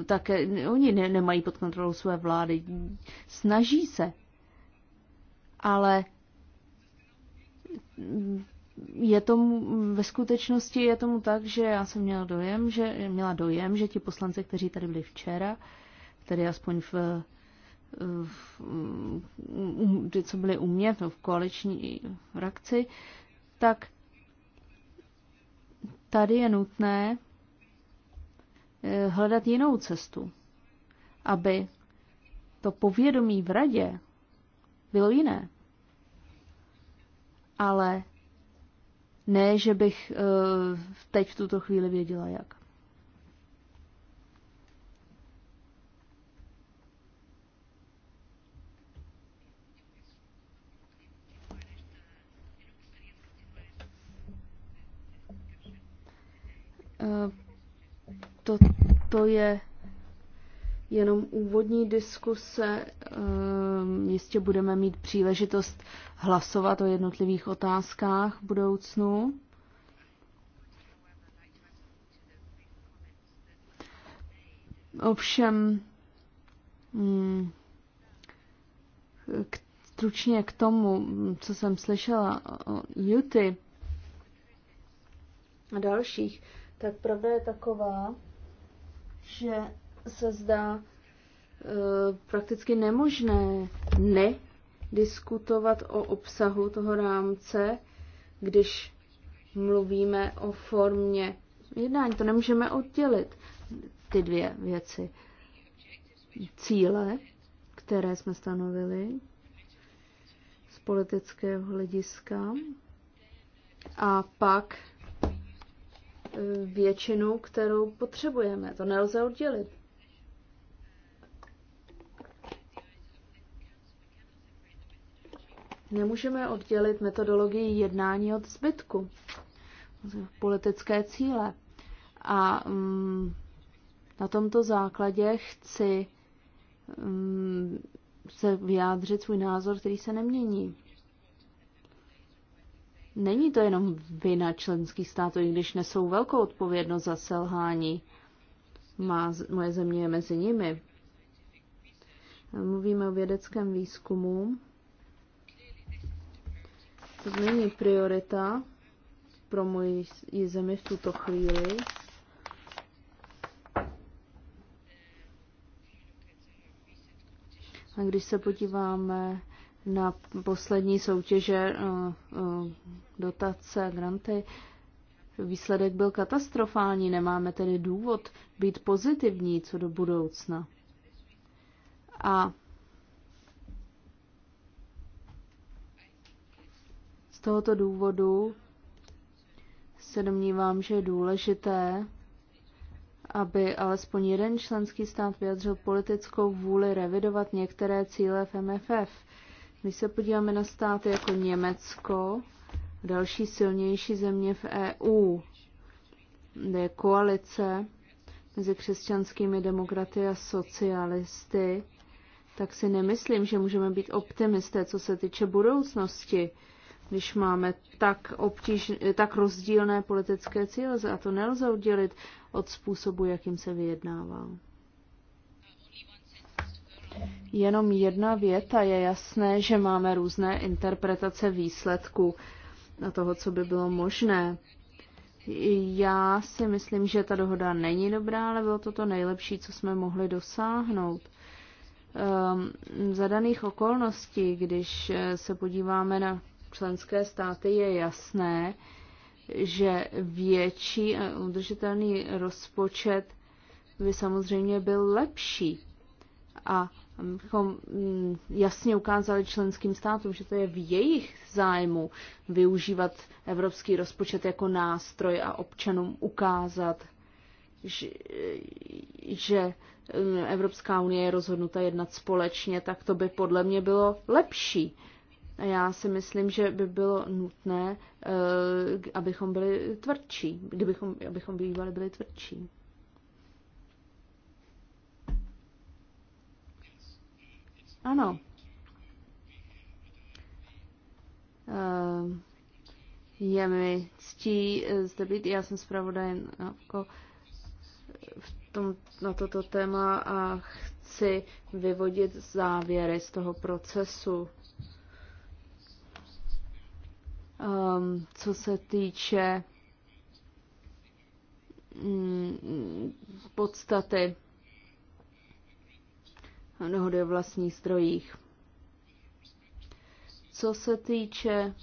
eh, také, oni nemají pod kontrolou své vlády, snaží se, ale je tomu, ve skutečnosti je tomu tak, že já jsem měla dojem, že, měla dojem, že ti poslanci, kteří tady byli včera, tedy aspoň v, v, ty, co byli u mě v koaliční frakci, tak tady je nutné eh, hledat jinou cestu, aby to povědomí v radě bylo jiné ale ne, že bych eh, teď v tuto chvíli věděla jak. Eh, to, to je jenom úvodní diskuse. Ehm, jistě budeme mít příležitost hlasovat o jednotlivých otázkách v budoucnu. Ovšem, hmm, k, stručně k tomu, co jsem slyšela o Juty a dalších, tak pravda je taková, že se zdá e, prakticky nemožné nediskutovat o obsahu toho rámce, když mluvíme o formě jednání. To nemůžeme oddělit, ty dvě věci. Cíle, které jsme stanovili z politického hlediska, a pak e, většinu, kterou potřebujeme. To nelze oddělit. Nemůžeme oddělit metodologii jednání od zbytku, politické cíle. A um, na tomto základě chci um, se vyjádřit svůj názor, který se nemění. Není to jenom vina členských států, i když nesou velkou odpovědnost za selhání. Má, moje země je mezi nimi. Mluvíme o vědeckém výzkumu. To není priorita pro moji zemi v tuto chvíli. A když se podíváme na poslední soutěže eh, eh, dotace a granty, výsledek byl katastrofální, nemáme tedy důvod být pozitivní co do budoucna. A tohoto důvodu se domnívám, že je důležité, aby alespoň jeden členský stát vyjadřil politickou vůli revidovat některé cíle v MFF. Když se podíváme na státy jako Německo, další silnější země v EU, kde je koalice mezi křesťanskými demokraty a socialisty, tak si nemyslím, že můžeme být optimisté, co se týče budoucnosti když máme tak, obtíž, tak rozdílné politické cíle a to nelze oddělit od způsobu, jakým se vyjednává. Jenom jedna věta je jasné, že máme různé interpretace výsledku na toho, co by bylo možné. Já si myslím, že ta dohoda není dobrá, ale bylo to to nejlepší, co jsme mohli dosáhnout um, za daných okolností, když eh, se podíváme na členské státy, je jasné, že větší a udržitelný rozpočet by samozřejmě byl lepší. A bychom mm, jasně ukázali členským státům, že to je v jejich zájmu využívat evropský rozpočet jako nástroj a občanům ukázat, že, že mm, Evropská unie je rozhodnuta jednat společně, tak to by podle mě bylo lepší. A já si myslím, že by bylo nutné, eh, abychom byli tvrdší, kdybychom, abychom bývali byli tvrdší. Ano. Eh, je mi ctí eh, zde být. Já jsem zpravodaj jako v tom, na toto téma a chci vyvodit závěry z toho procesu. Um, co se týče um, podstaty dohody o vlastních zdrojích. Co se týče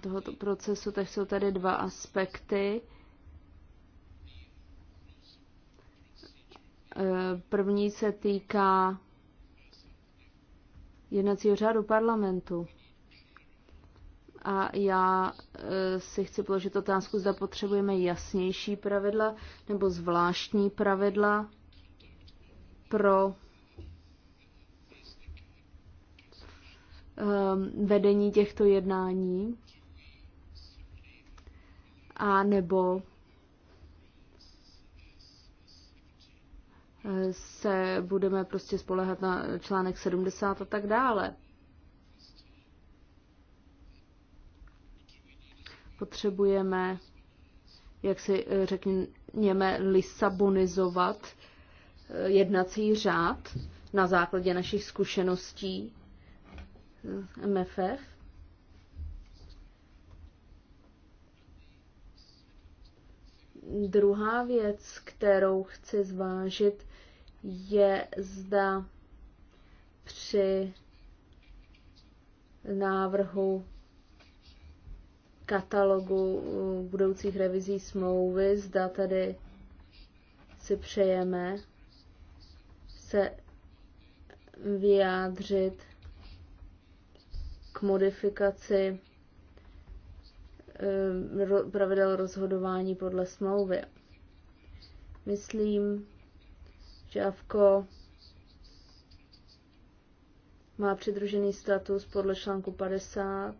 tohoto procesu, tak jsou tady dva aspekty. První se týká jednacího řádu parlamentu. A já eh, si chci položit otázku, zda potřebujeme jasnější pravidla nebo zvláštní pravidla pro ehm, vedení těchto jednání a nebo eh, se budeme prostě spolehat na článek 70 a tak dále. Potřebujeme, jak si eh, řekněme, lisabonizovat eh, jednací řád na základě našich zkušeností eh, MFF. Druhá věc, kterou chci zvážit, je zda při návrhu katalogu budoucích revizí smlouvy, zda tady si přejeme se vyjádřit k modifikaci eh, pravidel rozhodování podle smlouvy. Myslím, že AVKO má přidružený status podle článku 50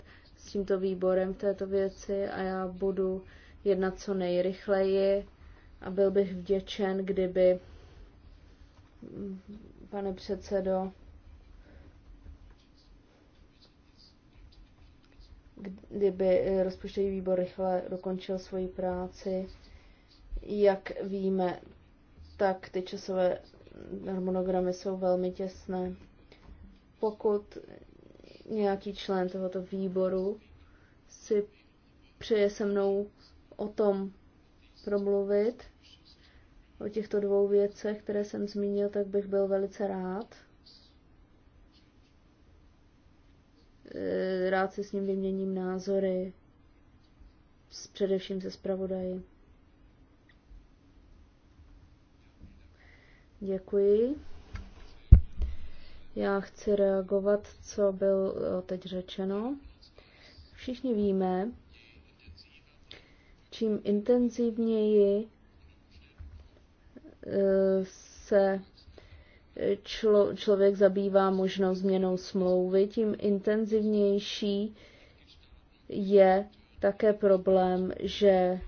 s tímto výborem v této věci a já budu jednat co nejrychleji a byl bych vděčen, kdyby, mm, pane předsedo, kdyby rozpočtový výbor rychle dokončil svoji práci. Jak víme, tak ty časové harmonogramy jsou velmi těsné. Pokud nějaký člen tohoto výboru si přeje se mnou o tom promluvit, o těchto dvou věcech, které jsem zmínil, tak bych byl velice rád. Eh, rád si s ním vyměním názory, především se zpravodaji. Děkuji. Já chci reagovat, co bylo eh, teď řečeno. Všichni víme, čím intenzivněji eh, se člo, člověk zabývá možnou změnou smlouvy, tím intenzivnější je také problém, že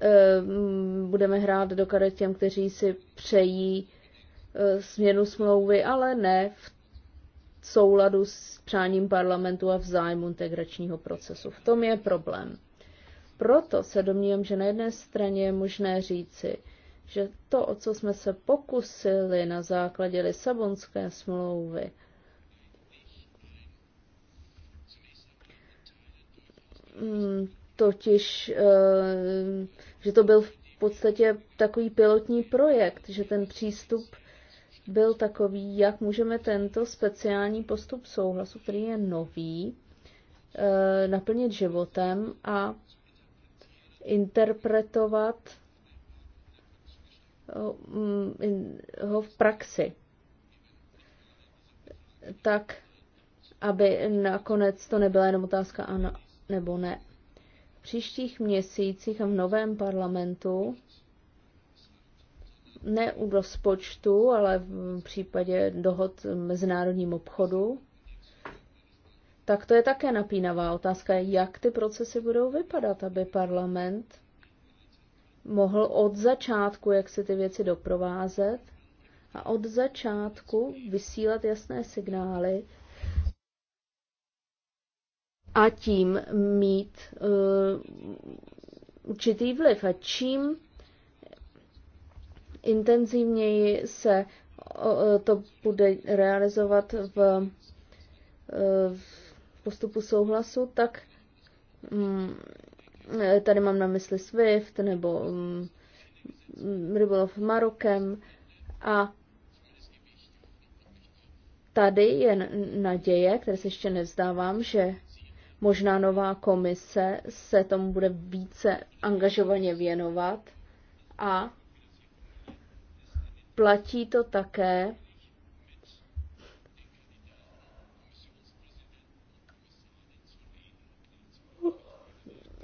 eh, budeme hrát do karet těm, kteří si přejí Eh, změnu smlouvy, ale ne v souladu s přáním parlamentu a v zájmu integračního procesu. V tom je problém. Proto se domnívám, že na jedné straně je možné říci, že to, o co jsme se pokusili na základě Lisabonské smlouvy, mm, totiž, eh, že to byl v podstatě takový pilotní projekt, že ten přístup byl takový, jak můžeme tento speciální postup souhlasu, který je nový, eh, naplnit životem a interpretovat eh, mm, ho v praxi. Tak, aby nakonec to nebyla jenom otázka ano nebo ne. V příštích měsících a v novém parlamentu ne u rozpočtu, ale v případě dohod v mezinárodním obchodu, tak to je také napínavá otázka, jak ty procesy budou vypadat, aby parlament mohl od začátku, jak si ty věci doprovázet a od začátku vysílat jasné signály a tím mít uh, určitý vliv. A čím intenzivněji se to bude realizovat v, postupu souhlasu, tak mm, tady mám na mysli SWIFT nebo mm, rybolov Marokem a tady je naděje, které se ještě nevzdávám, že možná nová komise se tomu bude více angažovaně věnovat a platí to také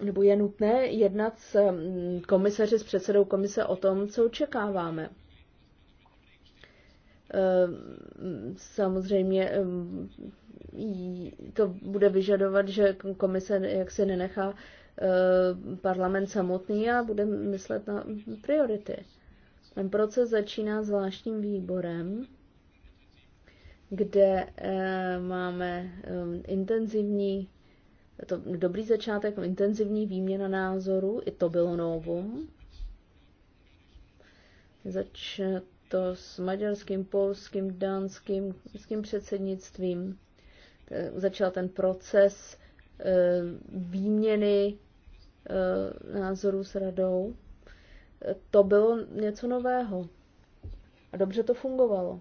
nebo je nutné jednat s mm, komisaři, s předsedou komise o tom, co očekáváme. Ehm, samozřejmě ehm, to bude vyžadovat, že komise jak se nenechá ehm, parlament samotný a bude myslet na priority. Ten proces začíná zvláštním výborem, kde eh, máme eh, intenzivní, to dobrý začátek, no, intenzivní výměna názorů, i to bylo novum. Zač to s maďarským, polským, dánským, s tím předsednictvím. Eh, začal ten proces e, výměny e, názorů s radou to bylo něco nového. A dobře to fungovalo.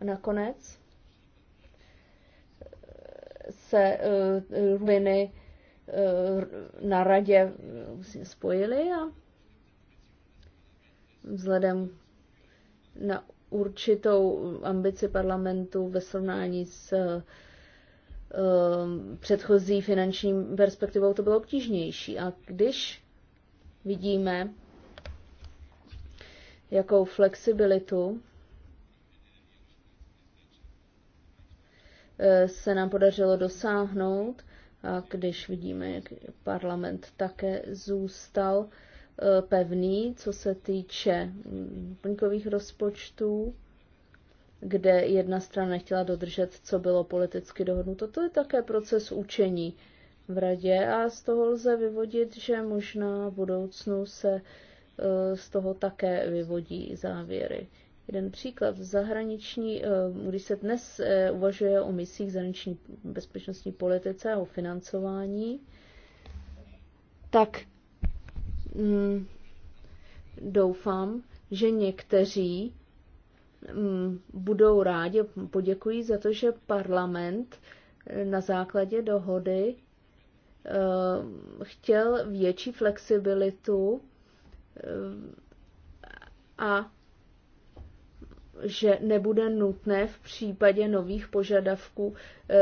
A nakonec eh, se uh, eh, viny uh, eh, na radě spojily a vzhledem na určitou ambici parlamentu ve srovnání s uh, předchozí finanční perspektivou to bylo obtížnější. A když vidíme, jakou flexibilitu eh, se nám podařilo dosáhnout, a když vidíme, jak parlament také zůstal eh, pevný, co se týče mm, plňkových rozpočtů, kde jedna strana nechtěla dodržet, co bylo politicky dohodnuto. To je také proces učení v radě a z toho lze vyvodit, že možná v budoucnu se Eh, z toho také vyvodí závěry. Jeden příklad v zahraniční, eh, když se dnes eh, uvažuje o misích zahraniční bezpečnostní politice a o financování, tak mm, doufám, že někteří mm, budou rádi, poděkují za to, že parlament na základě dohody chtěl větší flexibilitu a že nebude nutné v případě nových požadavků eh,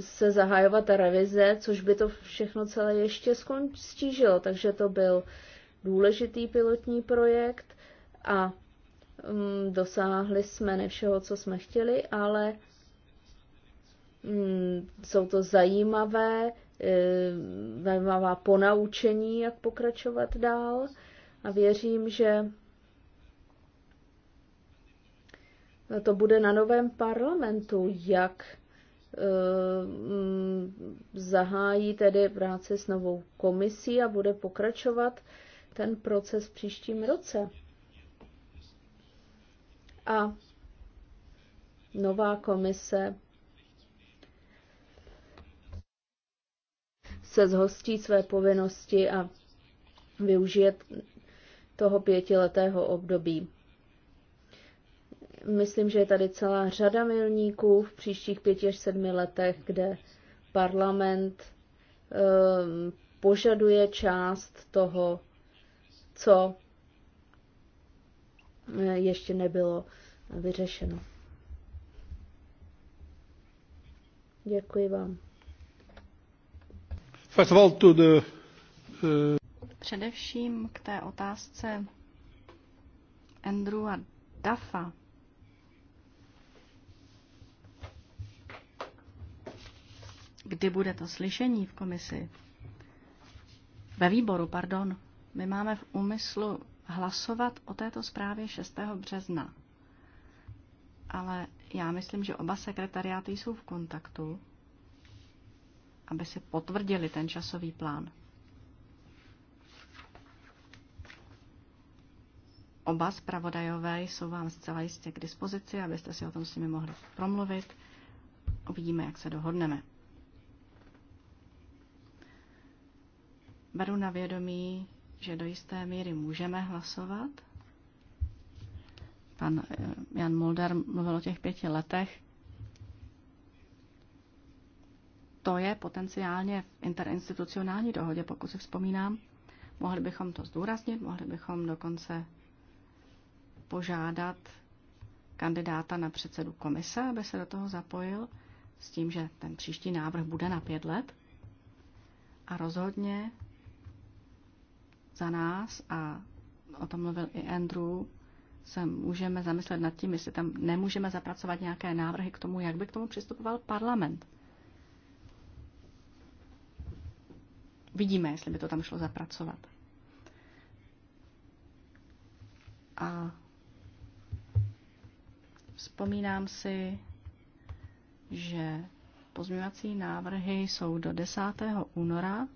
se zahajovat revize, což by to všechno celé ještě stížilo. Takže to byl důležitý pilotní projekt a mm, dosáhli jsme ne všeho, co jsme chtěli, ale mm, jsou to zajímavé, eh, zajímavá ponaučení, jak pokračovat dál a věřím, že to bude na novém parlamentu, jak eh, zahájí tedy práce s novou komisí a bude pokračovat ten proces v příštím roce. A nová komise se zhostí své povinnosti a využije toho pětiletého období. Myslím, že je tady celá řada milníků v příštích pěti až sedmi letech, kde parlament um, požaduje část toho, co eh, ještě nebylo vyřešeno. Děkuji vám. First of all, to the, uh především k té otázce Andrew a Dafa. Kdy bude to slyšení v komisi? Ve výboru, pardon. My máme v úmyslu hlasovat o této zprávě 6. března. Ale já myslím, že oba sekretariáty jsou v kontaktu, aby si potvrdili ten časový plán. Oba zpravodajové jsou vám zcela jistě k dispozici, abyste si o tom s nimi mohli promluvit. Uvidíme, jak se dohodneme. Beru na vědomí, že do jisté míry můžeme hlasovat. Pan eh, Jan Mulder mluvil o těch pěti letech. To je potenciálně v interinstitucionální dohodě, pokud si vzpomínám. Mohli bychom to zdůraznit, mohli bychom dokonce požádat kandidáta na předsedu komise, aby se do toho zapojil, s tím, že ten příští návrh bude na pět let. A rozhodně za nás, a o tom mluvil i Andrew, se můžeme zamyslet nad tím, jestli tam nemůžeme zapracovat nějaké návrhy k tomu, jak by k tomu přistupoval parlament. Vidíme, jestli by to tam šlo zapracovat. A Vzpomínám si, že pozměňovací návrhy jsou do 10. února,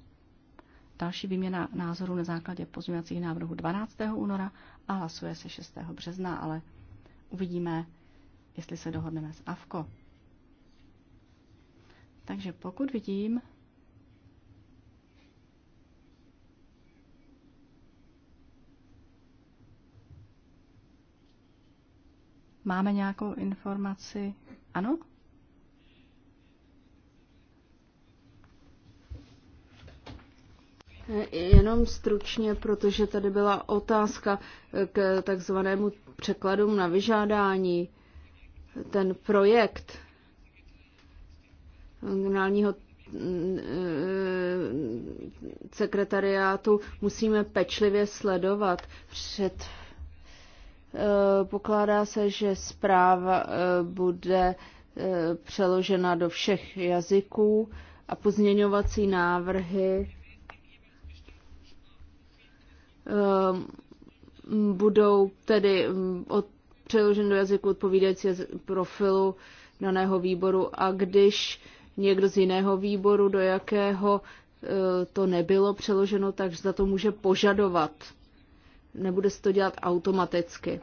další výměna názorů na základě pozměňovacích návrhů 12. února a hlasuje se 6. března, ale uvidíme, jestli se dohodneme s AVKO. Takže pokud vidím, Máme nějakou informaci? Ano? Jenom stručně, protože tady byla otázka k takzvanému překladům na vyžádání. Ten projekt generálního mm, e, sekretariátu musíme pečlivě sledovat. Před Eh, pokládá se, že zpráva eh, bude eh, přeložena do všech jazyků a pozměňovací návrhy budou tedy mm, od, přeložen do jazyku odpovídající profilu daného výboru a když někdo z jiného výboru, do jakého to nebylo přeloženo, tak za to může požadovat nebude se to dělat automaticky.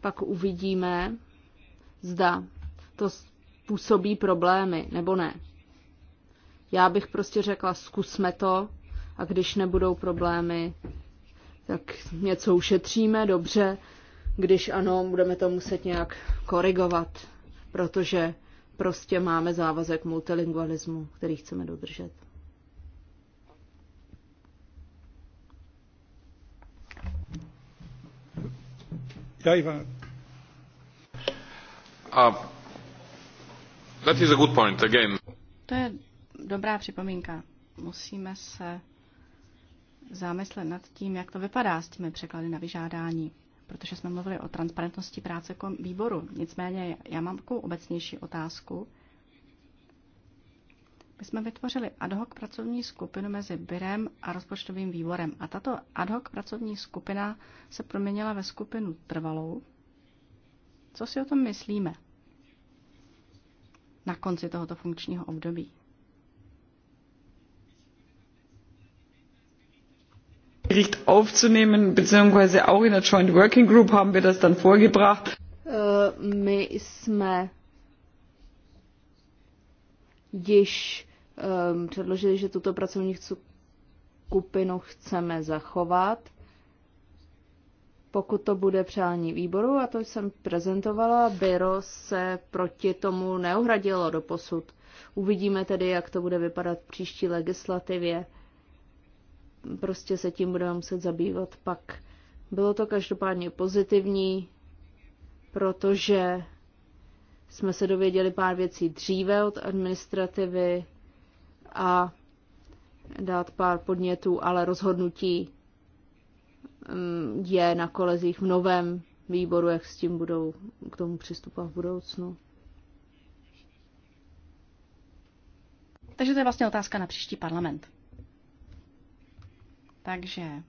Pak uvidíme, zda to působí problémy nebo ne. Já bych prostě řekla, zkusme to a když nebudou problémy, tak něco ušetříme, dobře. Když ano, budeme to muset nějak korigovat, protože prostě máme závazek multilingualismu, který chceme dodržet. To je dobrá připomínka. Musíme se zamyslet nad tím, jak to vypadá s těmi překlady na vyžádání, protože jsme mluvili o transparentnosti práce výboru. Nicméně já mám takovou obecnější otázku my jsme vytvořili ad hoc pracovní skupinu mezi Birem a rozpočtovým výborem. A tato ad hoc pracovní skupina se proměnila ve skupinu trvalou. Co si o tom myslíme na konci tohoto funkčního období? Bericht aufzunehmen, beziehungsweise auch in der Joint Working Group haben wir das dann vorgebracht. Äh, my jsme když um, ehm, předložili, že tuto pracovní skupinu chceme zachovat. Pokud to bude přání výboru, a to jsem prezentovala, byro se proti tomu neuhradilo do posud. Uvidíme tedy, jak to bude vypadat v příští legislativě. Prostě se tím budeme muset zabývat pak. Bylo to každopádně pozitivní, protože jsme se dověděli pár věcí dříve od administrativy a dát pár podnětů, ale rozhodnutí mm, je na kolezích v novém výboru, jak s tím budou k tomu přistupovat v budoucnu. Takže to je vlastně otázka na příští parlament. Takže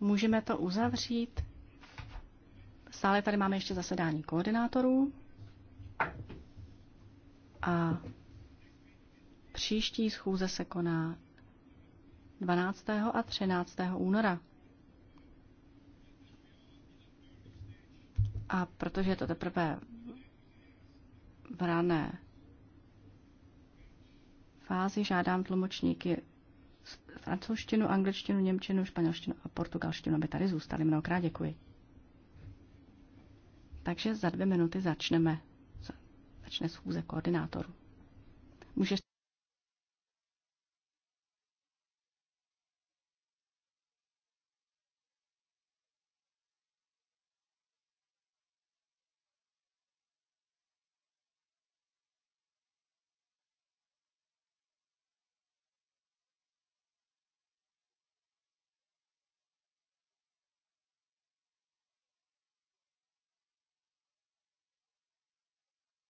můžeme to uzavřít sále tady máme ještě zasedání koordinátorů. A příští schůze se koná 12. a 13. února. A protože je to teprve v rané fázi, žádám tlumočníky francouzštinu, angličtinu, němčinu, španělštinu a portugalštinu, aby tady zůstali. Mnohokrát děkuji. Takže za dvě minuty začneme. Začne schůze koordinátorů. Můžeš